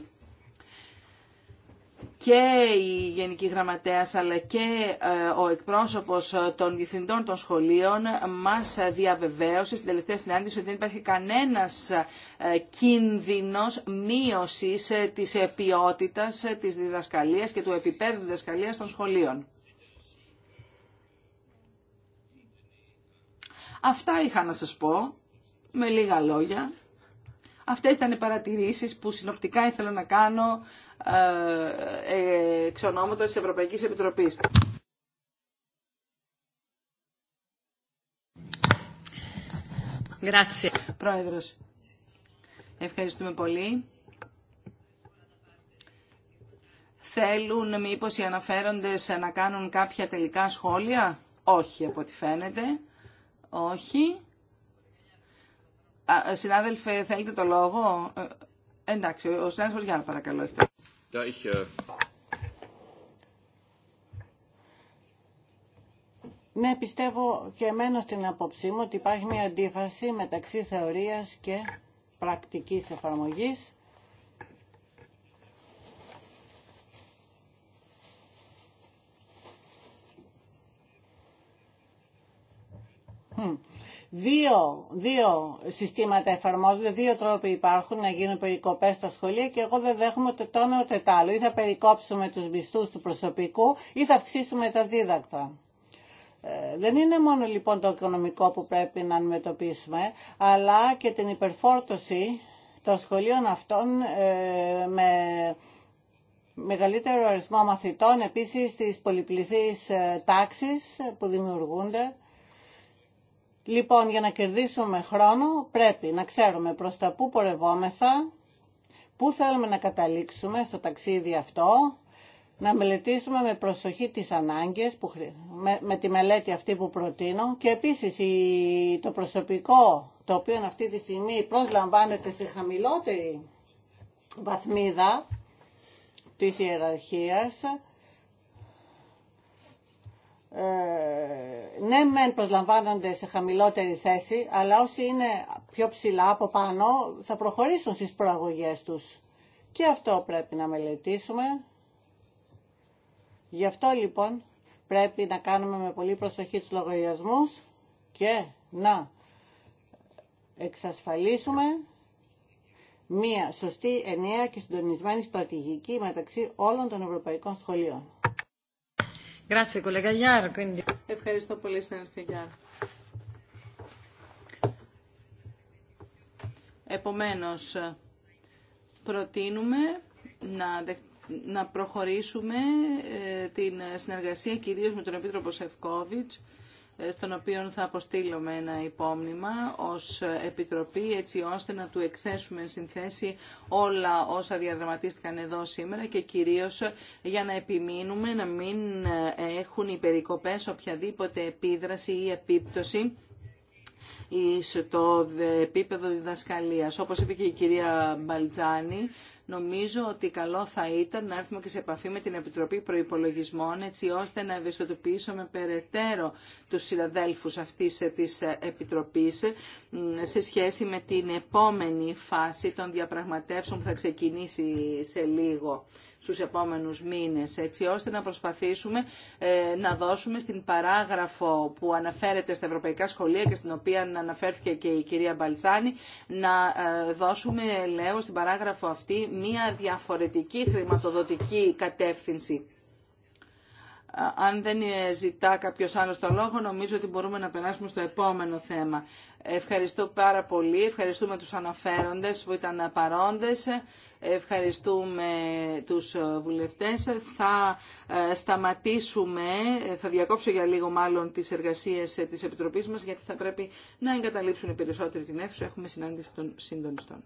B: και η Γενική Γραμματέας αλλά και ε, ο εκπρόσωπος ε, των διευθυντών των σχολείων μας διαβεβαίωσε στην τελευταία συνάντηση ότι δεν υπάρχει κανένας ε, κίνδυνος μείωσης της ποιότητας της διδασκαλίας και του επίπεδου διδασκαλίας των σχολείων. Αυτά είχα να σας πω, με λίγα λόγια. Αυτές ήταν οι παρατηρήσεις που συνοπτικά ήθελα να κάνω ε, εξ ονόματος της Ευρωπαϊκής Επιτροπής. Πρόεδρος, ευχαριστούμε πολύ. Θέλουν μήπως οι αναφέροντες να κάνουν κάποια τελικά σχόλια. Όχι από ό,τι φαίνεται. Όχι. συνάδελφε, θέλετε το λόγο. Ε, εντάξει, ο συνάδελφος Γιάννα παρακαλώ. Da äh, Ναι,
A: πιστεύω και εμένα στην απόψή μου ότι υπάρχει μια αντίφαση μεταξύ θεωρίας και πρακτικής εφαρμογής Δύο, δύο συστήματα εφαρμόζονται, δύο τρόποι υπάρχουν να γίνουν περικοπές στα σχολεία και εγώ δεν δέχομαι το τόνο ούτε Ή θα περικόψουμε τους μισθούς του προσωπικού ή θα αυξήσουμε τα δίδακτα. Ε, δεν είναι μόνο λοιπόν το οικονομικό που πρέπει να αντιμετωπίσουμε, αλλά και την υπερφόρτωση των σχολείων αυτών ε, με μεγαλύτερο αριθμό μαθητών, επίσης τις πολυπληθείς τάξεις που δημιουργούνται Λοιπόν, για να κερδίσουμε χρόνο πρέπει να ξέρουμε προς τα πού πορευόμεσα, πού θέλουμε να καταλήξουμε στο ταξίδι αυτό, να μελετήσουμε με προσοχή τις ανάγκες που, με, τη μελέτη αυτή που προτείνω και επίσης το προσωπικό το οποίο αυτή τη στιγμή προσλαμβάνεται σε χαμηλότερη βαθμίδα της ιεραρχίας ε, ναι μεν προσλαμβάνονται σε χαμηλότερη θέση, αλλά όσοι είναι πιο ψηλά από πάνω θα προχωρήσουν στις προαγωγές τους. Και αυτό πρέπει να μελετήσουμε. Γι' αυτό λοιπόν πρέπει να κάνουμε με πολύ προσοχή τους λογαριασμούς και να εξασφαλίσουμε μία σωστή, ενιαία και συντονισμένη στρατηγική μεταξύ όλων των ευρωπαϊκών σχολείων. Ευχαριστώ πολύ,
B: συνάδελφε Γιάρ. Επομένως, προτείνουμε να, να προχωρήσουμε ε, την συνεργασία κυρίως με τον Επίτροπο Σεφκόβιτς στον οποίο θα αποστείλουμε ένα υπόμνημα ως Επιτροπή έτσι ώστε να του εκθέσουμε στην θέση όλα όσα διαδραματίστηκαν εδώ σήμερα και κυρίως για να επιμείνουμε να μην έχουν οι περικοπές οποιαδήποτε επίδραση ή επίπτωση στο επίπεδο διδασκαλίας. Όπως είπε και η κυρία Μπαλτζάνη, νομίζω ότι καλό θα ήταν να έρθουμε και σε επαφή με την Επιτροπή Προϋπολογισμών έτσι ώστε να ευαισθητοποιήσουμε περαιτέρω τους συναδέλφους αυτής της Επιτροπής σε σχέση με την επόμενη φάση των διαπραγματεύσεων που θα ξεκινήσει σε λίγο στους επόμενους μήνες, έτσι ώστε να προσπαθήσουμε ε, να δώσουμε στην παράγραφο που αναφέρεται στα ευρωπαϊκά σχολεία και στην οποία αναφέρθηκε και η κυρία Μπαλτσάνη, να ε, δώσουμε, λέω, στην παράγραφο αυτή μία διαφορετική χρηματοδοτική κατεύθυνση. Αν δεν ε, ζητά κάποιος άλλος το λόγο, νομίζω ότι μπορούμε να περάσουμε στο επόμενο θέμα. Ευχαριστώ πάρα πολύ. Ευχαριστούμε τους αναφέροντες που ήταν παρόντες. Ευχαριστούμε τους ε, βουλευτές. Θα ε, σταματήσουμε, θα διακόψω για λίγο μάλλον τις εργασίες της Επιτροπής μας, γιατί θα πρέπει να εγκαταλείψουν οι την αίθουσα. Έχουμε συνάντηση των συντονιστών.